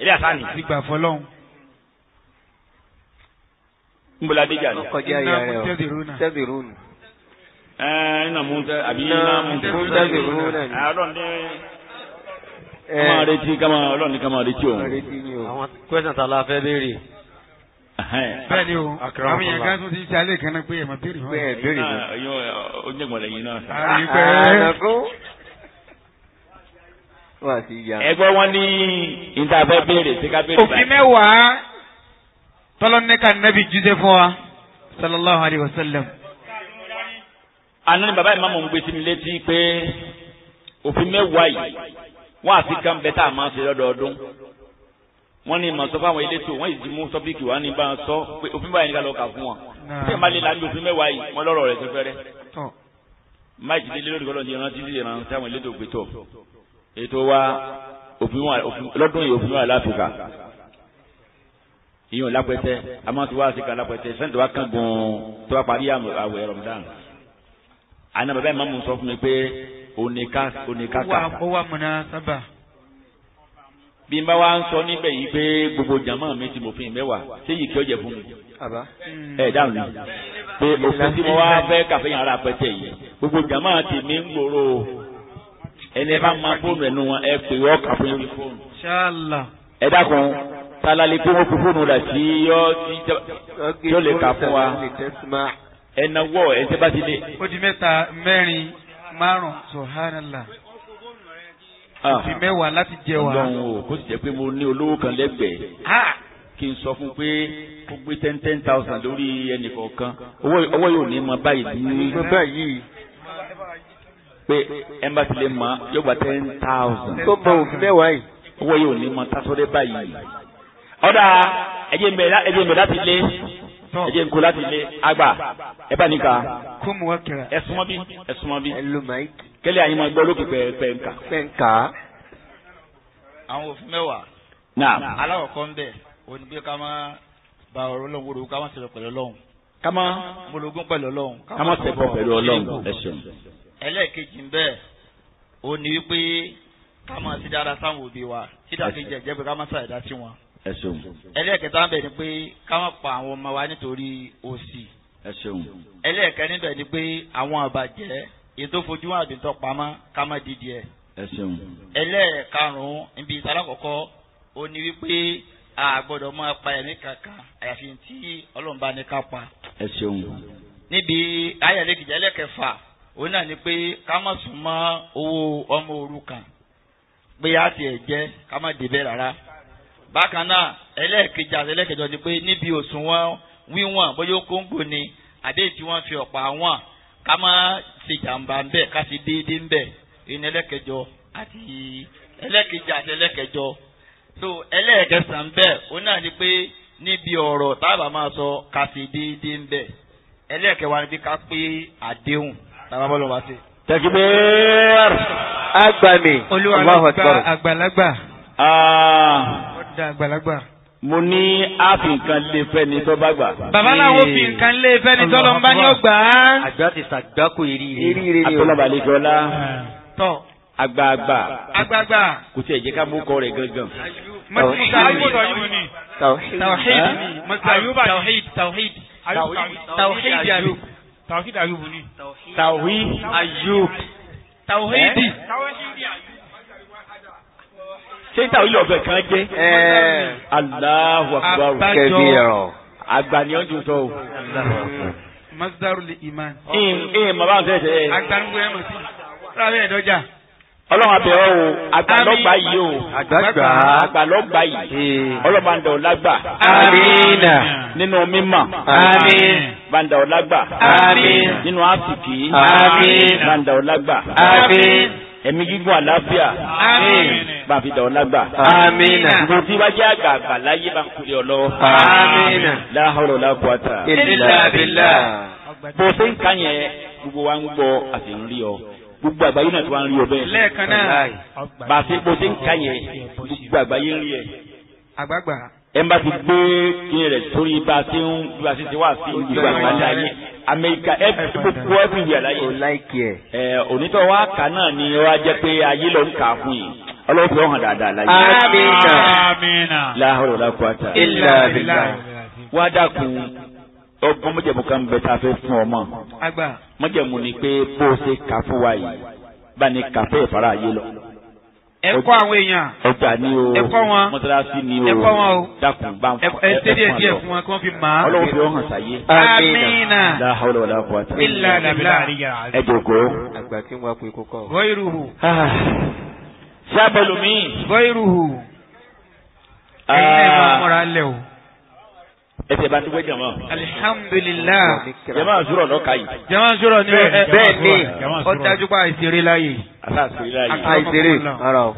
[SPEAKER 1] ẹlẹ́ àti àní. ìgbà
[SPEAKER 3] fọlọ́hún. ń bọ́lá déjà ni. ọkọjá ìyá rẹ o tẹ́sí rúnù. ẹ
[SPEAKER 1] ẹ iná tẹ àbí iná mú tẹ máa retí ká máa ọlọ́run ní ká máa retí òun. àwọn kwẹ́sàn tá a la fẹ́ béèrè.
[SPEAKER 2] bẹ́ẹ̀ni o àwọn yẹn ká tún ti ṣe alẹ́ kan náà pé ẹ̀ máa béèrè wọn. bẹ́ẹ̀ béèrè náà
[SPEAKER 3] o
[SPEAKER 1] ó ń jẹ̀gbọ́n lẹ́yìn náà. Ah, àyíkọ́ ẹgbẹ́ wọn ní níta fẹ́ béèrè sí ká béèrè báyìí. òfin
[SPEAKER 3] mẹ́wàá
[SPEAKER 1] tọ́lọ́nẹ́ka nẹ́bí jíṣẹ́ fún wa sallallahu alayhi wa sallam. àná ni bàbá ìmáàmù ń gbé mi létí pé òfin mẹ́wàá yìí wọ́n àti kan bẹ́ẹ̀ tá a máa ń ṣe lọ́dọọdún wọ́n ní màá sọ fún àwọn elétò wọ́n ìdí mú tọ́pìkì wá ní bá ń sọ pé òfin báyìí ní ká lọ kà fún wọn tí ẹ̀ má lè láńdó òfin mẹ́wàá yìí wọ́n lọ́rọ̀ rẹ̀ fẹ́fẹ́rẹ́ máìkì délé lórí kọ́lọ́ọ̀dì ìrántí sí ìrántí àwọn elétò pé tọ̀ ètò wa òfin wa lọ́dún yìí òfin wa láfíríkà ìyọ̀n lápẹ́tẹ́ a máa ti wá àṣekà lápẹ́tẹ́ sẹ́ńtì wa kàn gbọ̀n tó wá parí àwẹ̀ Ramadan àná oníkàkà. ó
[SPEAKER 3] wà múná sábà.
[SPEAKER 1] bí n bá wa ń sọ níbẹ̀ yìí pé gbogbo jàmọ́ mi ti mo fi mẹ́wàá ṣé yìí kí ó jẹ fún mi. Hmm. ẹ dáhùn mi pé òfin tí mo wá fẹ́ kàfé yàrá apẹ̀tẹ̀ yìí gbogbo jàmọ́ ti mi ń gbòòrò ẹni ẹ bá máa fóònù ẹnu wọn ẹ pè ọ́ kàfé yóò
[SPEAKER 2] fi ẹ dákun talali pé wọ́n fi fóònù rẹ̀ sí yọ tí yọ lè kà fún
[SPEAKER 1] wa ẹnáwó ẹ̀ tẹ́ bá ti lé.
[SPEAKER 3] ó di mẹ́ta mẹ́rin márùn-ún subhanallah fi ah. mẹ́wàá láti jẹ wa.
[SPEAKER 1] ọlọ́run o kó sì jẹ́ pé mo ní olówó kan lẹ́gbẹ̀ẹ́ kí n sọ fún pé kó gbé ten ten thousand lórí ẹnìkọ̀ọ̀kan owó yóò ní ma báyìí ní. báyìí pé ẹnbàtí lè ma yóò gba ten
[SPEAKER 2] thousand. tó bọ òfin
[SPEAKER 1] mẹ́wàá yìí. owó yóò ní ma tasọ́dẹ́ báyìí. ọ̀dà ẹ̀jẹ̀ ń bẹ láti lé
[SPEAKER 2] ẹ jẹ́ nkó láti ilé àgbà ẹ bá nìkan
[SPEAKER 1] ẹ súnmọ́ bí
[SPEAKER 3] ẹ súnmọ́ bí kẹ́lẹ́ àyìn máa gbọ́ lókè pẹ̀ǹkà. pẹ̀ǹkà.
[SPEAKER 1] àwọn òfin mẹ́wàá. naam. aláwọ̀ kan bẹ̀ òní pé ká máa ba ọ̀rọ̀ lọ́wọ́ wọ́n ká máa ṣẹlẹ̀ pẹ̀lú kama ká máa. mọ̀lógún pẹ̀lú Ọlọ́run. ká máa ẹ ṣeun. ẹlẹ́ẹ̀kejì ń bẹ̀ òní wípé ká máa sáwọn òbí wa sídàkejì ẹ̀jẹ̀ pé ká máa sí wọn ẹ ṣeun. ẹlẹ́ẹ̀kẹta ń bẹ̀ ni pé káwọn pa àwọn ọmọ wa nítorí òṣì. ẹ ṣeun. ẹlẹ́ẹ̀kẹ́ níbẹ̀ ni pé àwọn àbàjẹ́ ètò fojú wọn àbí tọpamọ́ ká má dìdì ẹ. ẹ ṣeun. ẹlẹ́ẹ̀karùn-ún ibi ìsàlákọ̀kọ́ ó ní wípé a gbọ́dọ̀ máa pa ẹ̀mí kankan àyàfi tí Ọlọ́run bá ní ká pa. ẹ ṣeun. níbi ayẹlẹ́kìjà ẹlẹ́kẹfà òun náà ni pé ká má sún mọ́ owó ọmọ òrukàn pé á
[SPEAKER 3] tiẹ̀ jẹ́ ká má débẹ̀ rárá
[SPEAKER 1] bákan náà ẹlẹ́ẹ̀kejì àti ẹlẹ́ẹ̀kẹjọ ni pé níbi òṣùwọ̀n wíwọ̀n bóyá kóńgò ni àdéhùn tí wọ́n fi ọ̀pá wọn ká má ṣe jàǹbá ń bẹ̀ ká ṣe déédéé ń bẹ̀ ìní ẹlẹ́ẹ̀kẹjọ àti ẹlẹ́ẹ̀kejì àti ẹlẹ́ẹ̀kẹjọ so ẹlẹ́ẹ̀kẹsàn bẹ́ẹ̀ ó náà ni pé níbi ọ̀rọ̀ tábà máa sọ ká ṣe déédéé ń bẹ̀ ẹlẹ́ẹ̀kẹwàá ni bí ká pé
[SPEAKER 3] dàgbàlagbà.
[SPEAKER 1] mo ní a fi nǹkan lé fẹ́ni tó bá gbà. bàbá náà ó fi nǹkan
[SPEAKER 3] lé fẹ́ni tó lọ ń bá ní ọgbà.
[SPEAKER 1] àgbà ti sàgbákò eré rẹ. àtọ́lábàlẹ̀ jọlá. tọ́. àgbààgbà. àgbààgbà. kò tiẹ̀ jẹ́ ká mú kọ rẹ̀ gangan. tawhid tawhid tawhid tawhid tawhid ayub tawhid ayub ni. tawhid ayub. tawhid eh?
[SPEAKER 2] ayub
[SPEAKER 1] ṣé táwọn ilé ọ̀fẹ́ kan jẹ́. Allahu akbar kẹbi ẹ̀rọ. àgbà ni ó o.
[SPEAKER 3] masdaru li iman. ee màbá ń sẹ́sẹ̀. agbanugbe ẹ̀ mọ̀ sí. rábẹ̀ ẹ̀dọ́jà. Ọlọ́run abẹ o àgbàlọ́gba
[SPEAKER 1] yìí o àgbàlọ́gba yìí Ọlọ́run bá ń da ọ lágbà. amiina. nínú mímọ. amiin. bá ń da ọ lágbà. amiin. nínú àsìkí. amiin. bá ọ lágbà. amiin ẹ̀mí gígùn àlàáfíà. àmín. bá a fi dàn lágbà. àmín. mo ti wájú àgbà àgbà láyé bá ń kúlẹ̀ ọ lọ. àmín. billah.
[SPEAKER 2] bó o ṣe ń kàn yẹn
[SPEAKER 1] gbogbo wa ń gbọ́ àti ń rí ọ gbogbo àgbáyé náà tó wá ń rí ọ bẹ́ẹ̀. lẹ́ẹ̀kan náà. bá a ṣe bó ṣe ń kàn yẹn gbogbo àgbáyé ń rí ẹ. àgbàgbà ẹ má ti gbé kíni rẹ̀ sórí bá a ń bí a ti ti sí ìgbà ìgbàlá yẹn amẹ́ríkà ẹ gbogbo ẹ fìwé àlàyé. ẹ. onítọ̀ wa kà náà ni ó wá jẹ́ pé ayé ló ń kà á fún yìí ọlọ́wọ́ fi hàn dáadáa láyé. amina amina. láhùrọ̀ lákùúta. ilà bìlà. wá dákun ọgbọ́n mọ̀jẹ̀mú kan bẹ tá a fẹ́ fún ọmọ. mọ̀jẹ̀mú ni pé bó o ṣe kà fún wa yìí bá ní kà fẹ́ ìfara ayé lọ ẹ̀kọ́ àwọn èèyàn. ọjà ni o ẹ̀kọ́ wọn mọ́tàlásí ni o ẹ̀kọ́ wọn o dákun bá ń fọ ẹ ṣe díẹ̀ díẹ̀ fún
[SPEAKER 2] wọn kí wọ́n fi mọ̀ ọ́. ọlọ́run fi ó
[SPEAKER 1] hàn sáyé. amiina la hawla wala quwwata illa billah.
[SPEAKER 2] ẹ
[SPEAKER 3] jókòó. àgbà kí wọn kú ikú kọ.
[SPEAKER 2] gọ́ìrùhù. sábẹ́lùmí. gọ́ìrùhù. ẹ̀yin náà máa múra lẹ́ o
[SPEAKER 1] ẹsẹ̀ bá ti wé alihamdulilah. jama zoro lọ ka yi. jama ni ẹ bẹ́ẹ̀
[SPEAKER 2] ni ó dájú
[SPEAKER 3] pa àìsèré láàyè. àìsèré ara o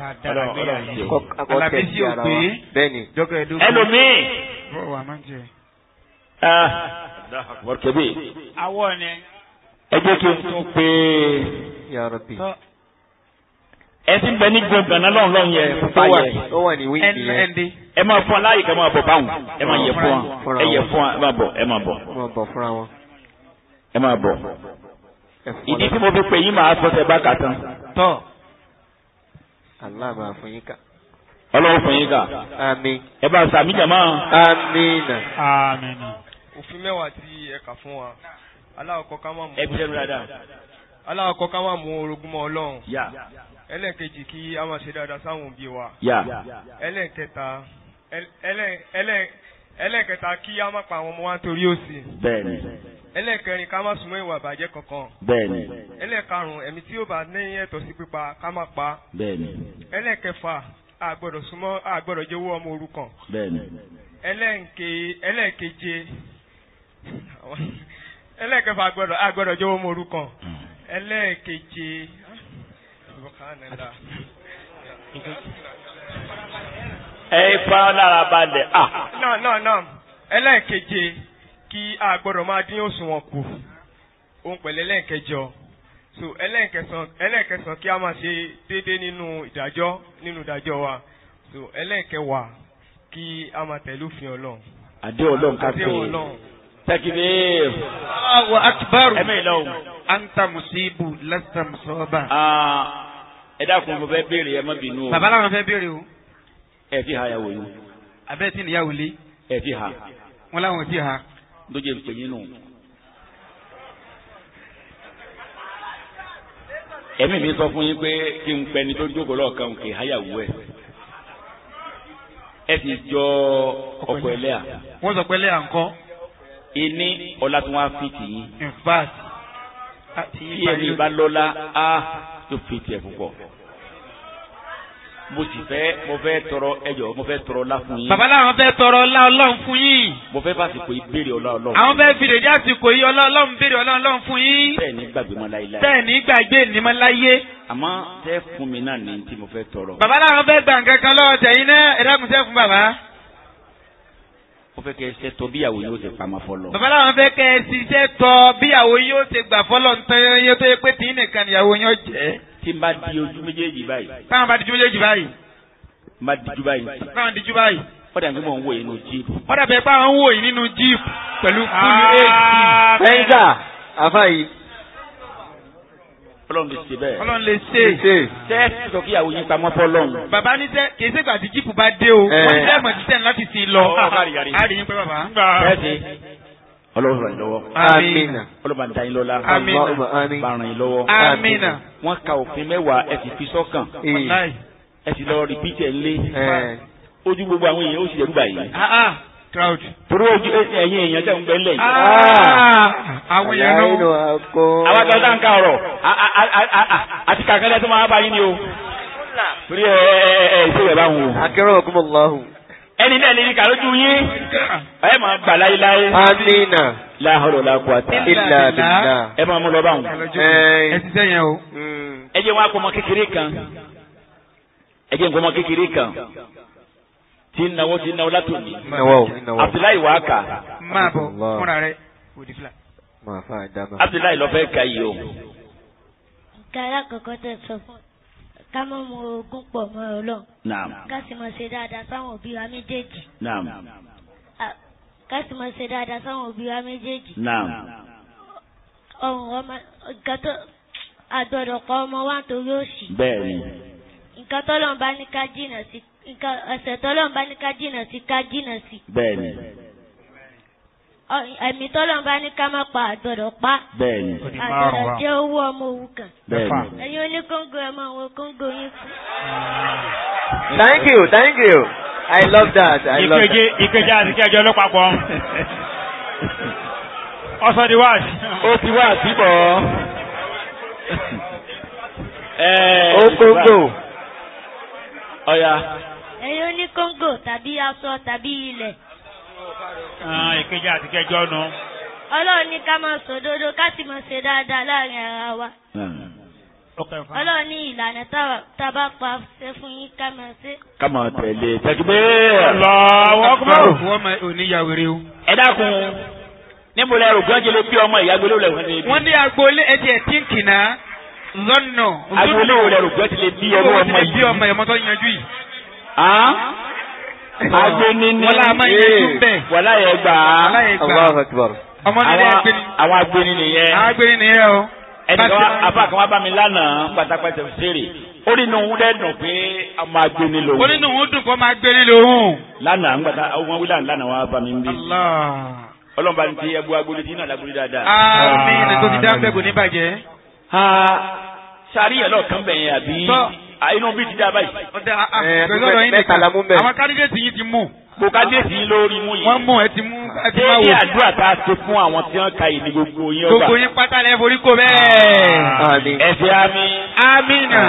[SPEAKER 2] alábísí ò ẹlòmíì.
[SPEAKER 3] wọ́n kẹ́bí. ni. ẹ jẹ́ kí n tún
[SPEAKER 1] pé. yàrá bíi ẹtí bẹ ní gbọngàn náà lọ́n lọ́n yẹ tó wà ní ẹnìyẹn ẹ máa fún aláyè ká máa bọ̀ báwọn ẹ máa yẹ fún wa ẹ yẹ fún wa ẹ máa bọ̀ ẹ máa bọ̀ ẹ máa bọ̀
[SPEAKER 2] ìdí tí mo fi pè yín máa sọ sẹ bá kà tọ́ aláàbà fún yín kà.
[SPEAKER 3] ọlọ́run fún yín kà.
[SPEAKER 1] àmín. ẹ bá sàmì jàmá. àmín nà. àmín
[SPEAKER 3] nà. òfin mẹ́wàá tí ẹ kà fún wa aláwọ̀ kọ́ ká má mú. orogún mọ́ ọlọ́run ẹlẹ́ẹ̀kejì kí a máa ṣe dáadáa sáwọn òbí wa. ẹlẹ́ẹ̀kẹta ẹlẹ́ẹ̀kẹta kí a máa pa àwọn ọmọ wa nítorí òṣì. bẹ́ẹ̀ni. ẹlẹ́ẹ̀kẹrin ká má súnmọ́ ìwà ìbàjẹ́ kankan. bẹ́ẹ̀ni. ẹlẹ́ẹ̀karùn-ún ẹ̀mí tí yóò bá ní ẹ̀tọ́ sí pípa ká má pa. bẹ́ẹ̀ni. ẹlẹ́ẹ̀kẹfà àgbọ̀dọ̀ súnmọ́ àgbọ̀dọ̀ jẹ́wọ́ ọmọ òrukàn. bẹ́ẹ̀ni. ẹlẹ́ẹ̀ke ẹlẹ́ẹ̀keje ẹlẹ́ẹ̀kẹfà àgbọ̀dọ̀ àgbọ̀dọ̀ jẹ́wọ́ ọmọ òrukàn. Hmm. ẹlẹ́ẹ̀keje ẹ faralára balẹ̀ à. náà náà náà ẹlẹ́ẹ̀keje kí a gbọ́dọ̀ máa dín òṣùwọ̀n kù òun pẹ̀lú ẹlẹ́ẹ̀kẹjọ so ẹlẹ́ẹ̀kẹsàn kí a máa ṣe déédéé nínú ìdájọ́ nínú ìdájọ́ wa so ẹlẹ́ẹ̀kẹwàá kí a máa tẹ̀lé òfin ọlọ́run.
[SPEAKER 1] àdé ọlọ́run ká pé tẹkibir.
[SPEAKER 2] Allahu
[SPEAKER 3] akbar. ẹ̀mí ìlọ́wọ́. anta
[SPEAKER 1] musibu lasta musoba. aa. Ah ẹ dákun mo fẹ́ béèrè ẹ má bínú o. bàbá làwọn fẹ́ béèrè o. ẹ fi ha yàwó yín. abẹ́rẹ́ tí nìyàwó lé. ẹ fi ha. wọn làwọn ò fi ha. lójú èpè yín nù.
[SPEAKER 2] ẹ̀mí mi sọ fún
[SPEAKER 1] yín pé kí n pẹ́ni tó jókòó lọ́ọ̀kan kì í háyàwó ẹ̀. ẹ sì jọ ọkọ̀ ẹlẹ́à. wọ́n sọ pé ẹlẹ́à ń kọ́. iní ọlá tí wọ́n á fi tì yín. in fact. tí ẹni bá lọ́la á. Ah, yóò fi tiẹ̀ púpọ̀ mo sì fẹ́ mo fẹ́ tọrọ ẹjọ́ mo fẹ́ tọrọ ọlá fún yín. bàbá làwọn fẹ́ tọrọ ọlá ọlọ́run fún yín. mo fẹ́ fàsìkò yìí béèrè ọlá ọlọ́run. àwọn fẹ́ fìdè dí àsìkò yìí ọlá ọlọ́run béèrè ọlá ọlọ́run fún yín. bẹ́ẹ̀ ni gbàgbé mọ́ láyé láyé. bẹ́ẹ̀ ni gbàgbé ni mọ́ láyé. àmọ́ tẹ́ fún mi náà ní tí mo fẹ́ tọrọ. bàbá làwọn fẹ́ gbà nǹkan kan lọ́wọ́ tẹ̀yìn náà ẹ̀dá ó fẹ́ kẹ́ ẹ ṣiṣẹ́ tọ bíyàwó yóò ṣe pamọ́ fọlọ. bàbá làwọn fẹ́ kẹ́ ẹ ṣiṣẹ́ tọ bíyàwó yóò ṣe gbà fọlọ ntẹ́yẹ yẹn tó yẹ pé tí nìkan ìyàwó yẹn jẹ́. tí n bá di ojú méjèèjì báyìí. táwọn bá di ojú méjèèjì báyìí. n bá di ju báyìí. táwọn di ju báyìí. ọ̀dà bí mo ń wò yìí nínú jíìpù. ọ̀dà bẹ́ẹ̀ pé ń wò yìí nínú jíìpù pẹ̀lú kúlù ah, ọlọ́run lè ṣe bẹ́ẹ̀. ọlọ́run lè ṣe. tẹ́ẹ̀sì sọ kí ìyàwó yín pamọ́ fọ́ lọ́hùn. bàbá ní tẹ kì í ṣe gbàdí jíìpù bá dé o wọ́n ti dẹ́ẹ̀mọ̀ ti tẹ̀ láti sin lọ. a rí yín pé bàbá. tẹ́ẹ̀sì ọlọ́run ràn yín lọ́wọ́. amina. ọlọ́run bá ń da yín lọ́la. amina. bá ràn yín lọ́wọ́. amina. wọ́n ka òfin mẹ́wàá ẹ sì fi sọ́kàn. Eh. ẹ sì lọ rìpítẹ̀ ńlé. Eh. ojú gbogbo àwọn èèyàn ó sì yẹ crowd. torí ojú ẹ̀yin èèyàn tẹ̀ ń lẹ̀ ah, ah. àwọn èèyàn náà àwọn àgbà tá n ká ọ̀rọ̀ àti kàkẹ́lẹ́ tó máa bá yín ni o.
[SPEAKER 2] torí ẹ ẹ
[SPEAKER 1] ìṣe rẹ̀ báwọn o. akẹ́rọ̀ ọ̀kúnmọ̀ lọ́hùn. ẹni náà níbi kàlójú yín ẹ máa gbà láéláé. amina. láhùrọ̀ làkúwàtà. ilà ẹ máa mú lọ ẹ ti sẹ́yìn o. Mm. ẹ jẹ́ wọn akọmọ kékeré kan. ẹ jẹ́ kékeré kan. tí ń nawọ́ tí ń nawọ́ látòmí. abdullahi wàá kà.
[SPEAKER 3] máa bọ̀ fúnra rẹ̀ òdì fila. abdullahi lọ fẹ́ ka yìí o.
[SPEAKER 2] kàrà kọ̀kọ́ tẹ̀ sọ ká mọ̀ mọ ogún pọ̀ mọ́ ọ lọ. ká sì mọ̀ ṣe dáadáa sáwọn òbí wa méjèèjì. ká sì mọ̀ ṣe dáadáa sáwọn òbí wa méjèèjì. ọ̀hún ọmọ gàtọ́ àgbọ̀dọ̀ kọ́ ọmọ wa torí òṣì. bẹ́ẹ̀ nǹkan tọ́lọ́run bá ní ká jìnà sí nǹkan ẹ̀ṣẹ̀ tọ́lọ́run bá ní ká jìnà sí ká jìnà sí. bẹ́ẹ̀ni. ẹ̀mí tọ́lọ́run bá ní ká má pa àgbọ̀dọ̀ pa. bẹ́ẹ̀ni. àgbọ̀dọ̀ jẹ́ owó ọmọ òwú kan. bẹ́ẹ̀ni. ẹ̀yin oní kóńgò ẹ̀ máa wọ kóńgò yín fún. thank you thank you i love that i love that. ìkejì àti
[SPEAKER 1] kẹjọ ló papọ̀ ọsọ di wáàsí. ó ti wáàsí bọ̀ ọ́.
[SPEAKER 2] ó kóńgò. ọya. ẹ̀yin oní kóńgò tàbí aṣọ tàbí ilẹ̀. Ah, ìkejì àti kẹjọ nu. ọlọ́run ní ká máa sòdodo ká sì máa ṣe dáadáa ara wa. ọlọ́run ní ìlànà taba pa ṣe fún yín ká máa ṣe.
[SPEAKER 1] ká máa tẹ̀lé tẹ́gbẹ́. lọ́wọ́ wọ́n máa ò ní
[SPEAKER 3] yàwèrè o. ẹ
[SPEAKER 1] dákun níbo bí ọmọ ìyá wọ́n ní
[SPEAKER 3] lọ́nà agolo nínú òun dẹ́dùn pé a máa lòun.
[SPEAKER 1] ó rí òun dùn kó máa gbé lòun. lánàá ń gbàtà wọn wí lánàá wàá bá mi ń bí. ọlọ́run bá ní ti ẹgbẹ́ agolo tí náà lágbóni dáadáa. àmín ètò ti dá ń bẹ̀gùn ní bàjẹ́. Ha, sáré yẹn lọ́ọ̀kan bẹ̀yẹn àbí ah, inú bí ti dá báyìí. Ah, ah. eh, mẹ́tàlá mú bẹ́ẹ̀. àwọn kádídéètì yìí ti mú. mo kádídéètì yìí lórí mú yìí. wọ́n mú ẹ ti mú ẹ ti máa wò. ṣé àdúrà tá a ṣe fún àwọn tí wọ́n ka ìdí gbogbo yín ọgbà. gbogbo yín pátá lẹ forí kò bẹ́ẹ̀.
[SPEAKER 3] ẹsẹ̀ àmì. amina.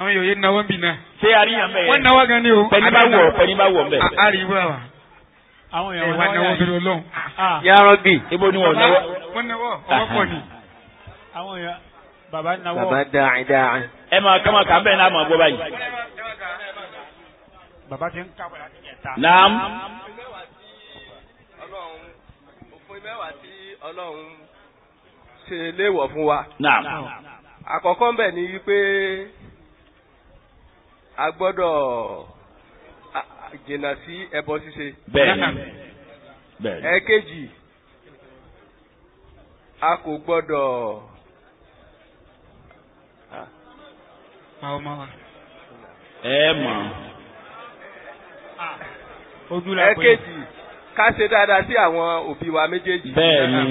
[SPEAKER 1] àwọn yòòyè náwó ń bì náà. ṣé àríyàn bẹ́ẹ̀. wọ́n náwó gan ni o. pẹ̀lú bá wọ̀ pẹ̀lú bá wọ̀ ń bẹ̀.
[SPEAKER 3] àríwá wa
[SPEAKER 2] àwọn
[SPEAKER 1] èèyàn eh, wọn náwó dúró lọ́hùn. yàrá bì. ibo ni wọn náwó. wọn náwó ọwọ́ pọ̀ ni
[SPEAKER 2] àwọn èèyàn bàbá náwó. bàbá dáa dáa. ẹ máa kọ́ máa kà bẹ́ẹ̀ náà máa gbọ́ báyìí. bàbá ti ń kàwé láti jẹta. naam.
[SPEAKER 3] òfin mẹ́wàá tí ọlọ́run fún wa. naam. àkọ́kọ́ ń ni wípé a gbọ́dọ̀ jìnnà sí ẹbọ ṣíṣe. bẹ́ẹ̀ni bẹ́ẹ̀ni. ẹ̀kejì a kò gbọ́dọ̀. ẹ mọ̀. ẹ̀kejì ká ṣe dáadáa sí àwọn òbí wa méjèèjì. bẹ́ẹ̀ni.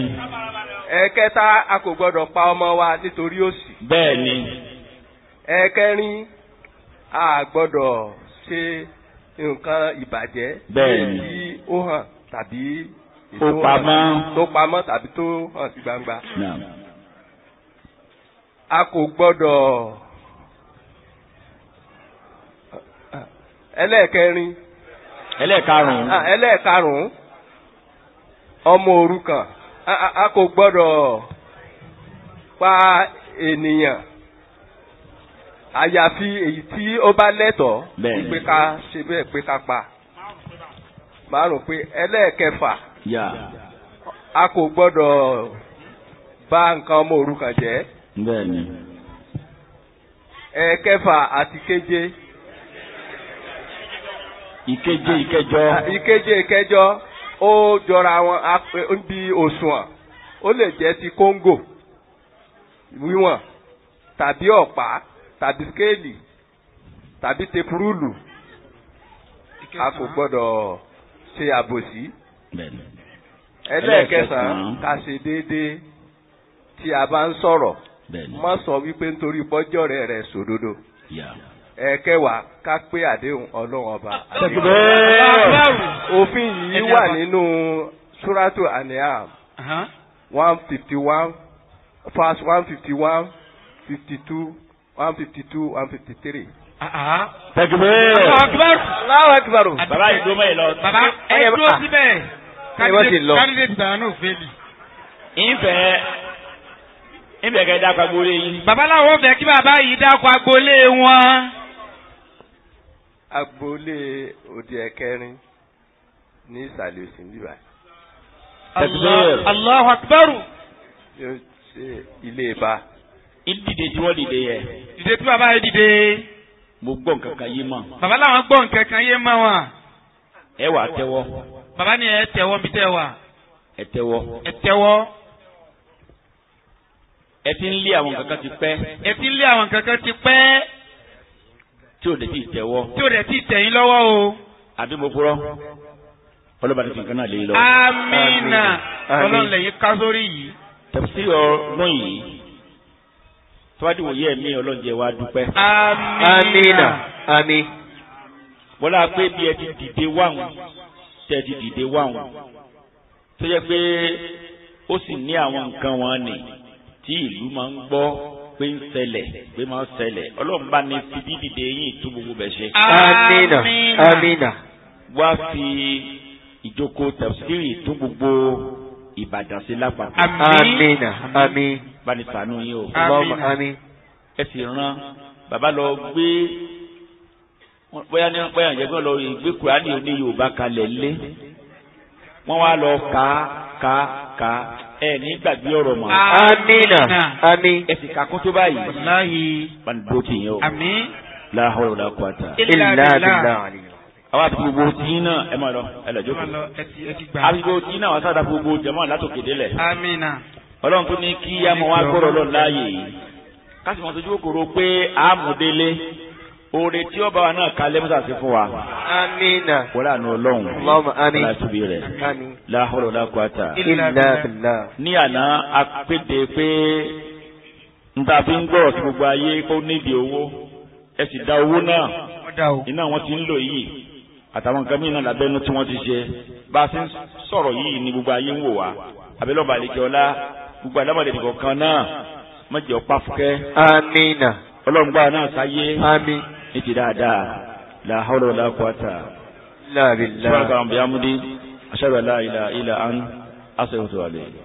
[SPEAKER 3] ẹ̀kẹta a kò gbọ́dọ̀ pa ọmọ wa nítorí òṣì. bẹ́ẹ̀ni. ẹ̀kẹrin a gbọ́dọ̀ ṣe nǹkan ìbàjẹ́. bẹ́ẹ̀ni. èyí ó hàn tàbí. tó pamọ́. tó pamọ́ tàbí tó hàn sí gbangba. a kò gbọ́dọ̀ ẹlẹ́ẹ̀kẹrin ẹlẹ́ẹ̀karùn-ún ah, ẹlẹ́ẹ̀karùn-ún ọmọ òrukàn a kò gbọ́dọ̀ pa ènìyàn àyàfi èyí tí ó bá lẹ́tọ̀ọ́ pé ká ṣe bẹ́ẹ̀ pé ká pa márùn pé ẹlẹ́ẹ̀kẹfà a kò gbọ́dọ̀ bá nǹkan ọmọ òrukàn jẹ́ ẹ̀ẹ̀kẹfà àti keje. ìkeje ìkẹjọ. ìkeje ìkẹjọ ó jọra wọn níbi òṣùwọ̀n ó lè jẹ́ ti kóńgò wíwọ̀n tàbí ọ̀pá tàbí skéèlì tàbí tepurúlù a kò gbọ́dọ̀ ṣe àbòsí. ẹlẹ́ẹ̀kẹsàn-án ká ṣe déédéé tí a bá ń sọ̀rọ̀ má sọ wípé nítorí bọ́jọ́ rẹ̀ rẹ̀ sòdodo. Yeah ẹ̀kẹwàá ká pé àdéhùn ọlọ́run ọba. òfin yìí wà nínú suratu aniam one fifty one verse one fifty one fifty two one fifty two one fifty three.
[SPEAKER 2] Tẹ̀gbẹ́.
[SPEAKER 1] Aláwọ̀ ẹ̀kúbárò. Bàbá yìí dúró mẹ́yìn lọ. Bàbá ẹ dúró síbẹ̀. Kádídéètì
[SPEAKER 3] bàbá náà fẹ́lì.
[SPEAKER 1] Ìfẹ́ ìfẹ́ kẹ́ dákọ̀ agboolé yìí. Babaláwo fẹ́ kí bàbá yìí dákọ̀ agboolé wọn
[SPEAKER 3] agboolé òde ẹ̀kẹrin ní ìsàlẹ̀ òsì níbà. Allahu akbar. Yóò ṣe ilé ìbá.
[SPEAKER 1] Ìdìde tí wọ́n dìde yẹ. Dìde tí bàbá yẹ dìde. Mo gbọ́ nǹkan kan yé mọ̀. Bàbá làwọn gbọ́ nǹkan kan yé mọ̀ wọn. Ẹ wà tẹ́wọ́. Bàbá ni ẹ tẹ́wọ́ mi tẹ́ wà. Ẹ tẹ́wọ́. Ẹ tẹ́wọ́. Ẹ ti ń lé àwọn kankan ti pẹ́.
[SPEAKER 3] Ẹ ti ń lé àwọn kankan ti pẹ́
[SPEAKER 1] tí ò lè ti tẹ̀wọ́. tí ò
[SPEAKER 3] lè ti tẹ̀yìn lọ́wọ́ o.
[SPEAKER 1] àbí mo purọ́ ọlọ́ba ti fi nǹkan náà lé lọ. amina ọlọ́lẹ̀yìn
[SPEAKER 2] kásórí
[SPEAKER 3] yìí. tẹ̀sí
[SPEAKER 1] ọgbọ́n yìí tọ́wádìí wòye mi ọlọ́njẹ wa dúpẹ́.
[SPEAKER 2] amina
[SPEAKER 1] ami. bọ́lá pé bí ẹ ti dìde wáhùn tẹ́ ẹ ti dìde wáhùn tó yẹ pé ó sì ní àwọn nǹkan wọn nì tí ìlú máa ń gbọ́ pé ń ṣẹlẹ̀ pé máa ń ṣẹlẹ̀ ọlọ́run bá ní fi dídìde yín ìtú gbogbo bẹ̀ ṣe. amina amina. wá fi ìjókòó tafsiri tún gbogbo ìbàdàn sí lápapọ̀. amina amin. bani sànú yín o. amin. ẹ sì ràn bàbá lọ gbé bóyá ní bóyá ìjẹ́gbẹ́ lọ gbé kúránì oní yorùbá kalẹ̀ lé wọ́n wá lọ kà á kà ẹ ní gbàgbé ọ̀rọ̀ mọ́. amina ami. ẹ sì kakún tó báyìí. wàláhi. bó ti yẹ o. ami. la hawla wala quwwata. illa billahi. àwa àti gbogbo tí náà ẹ máa lọ ẹ lọ jókòó. àti gbogbo tí náà wà sáà dá gbogbo jẹmọ́ látòkè délẹ̀. amina. ọlọ́run tó ní kí amọ̀ wa gbọ́dọ̀ lọ láàyè yìí. kásìmọ̀ sojú kòrò pé àmúdélé oore tí ọba wa náà kalẹ̀ mọ́tà sí fún wa.
[SPEAKER 3] amina. wọ́n rà ní ọlọ́run.
[SPEAKER 1] lọ́mọ ami. wọ́n rà tóbi rẹ̀. láhùrọ̀
[SPEAKER 3] lákùátà. illa billah.
[SPEAKER 1] ní àná apéde pé nta fi ń gbọ́ sí gbogbo ayé kó nídìí owó ẹ sì da owó náà iná wọn ti ń lò yìí àtàwọn nǹkan mìíràn lábẹ́nu tí wọ́n ti ṣe bá a ti ń sọ̀rọ̀ yìí ni gbogbo ayé ń wò wá abẹ́lọ́ba àlejò ọlá gbogbo àlámọ̀lẹ́ nìkan kan náà mọ̀jẹ̀ ọ̀pá fúkẹ́. amina. ọlọ́run gbára náà sáyé. amina ní ti dáadáa la
[SPEAKER 2] hawla wala quwwata illa billah subhanaka wa bihamdi ashhadu an la ilaha illa anta astaghfiruka wa atubu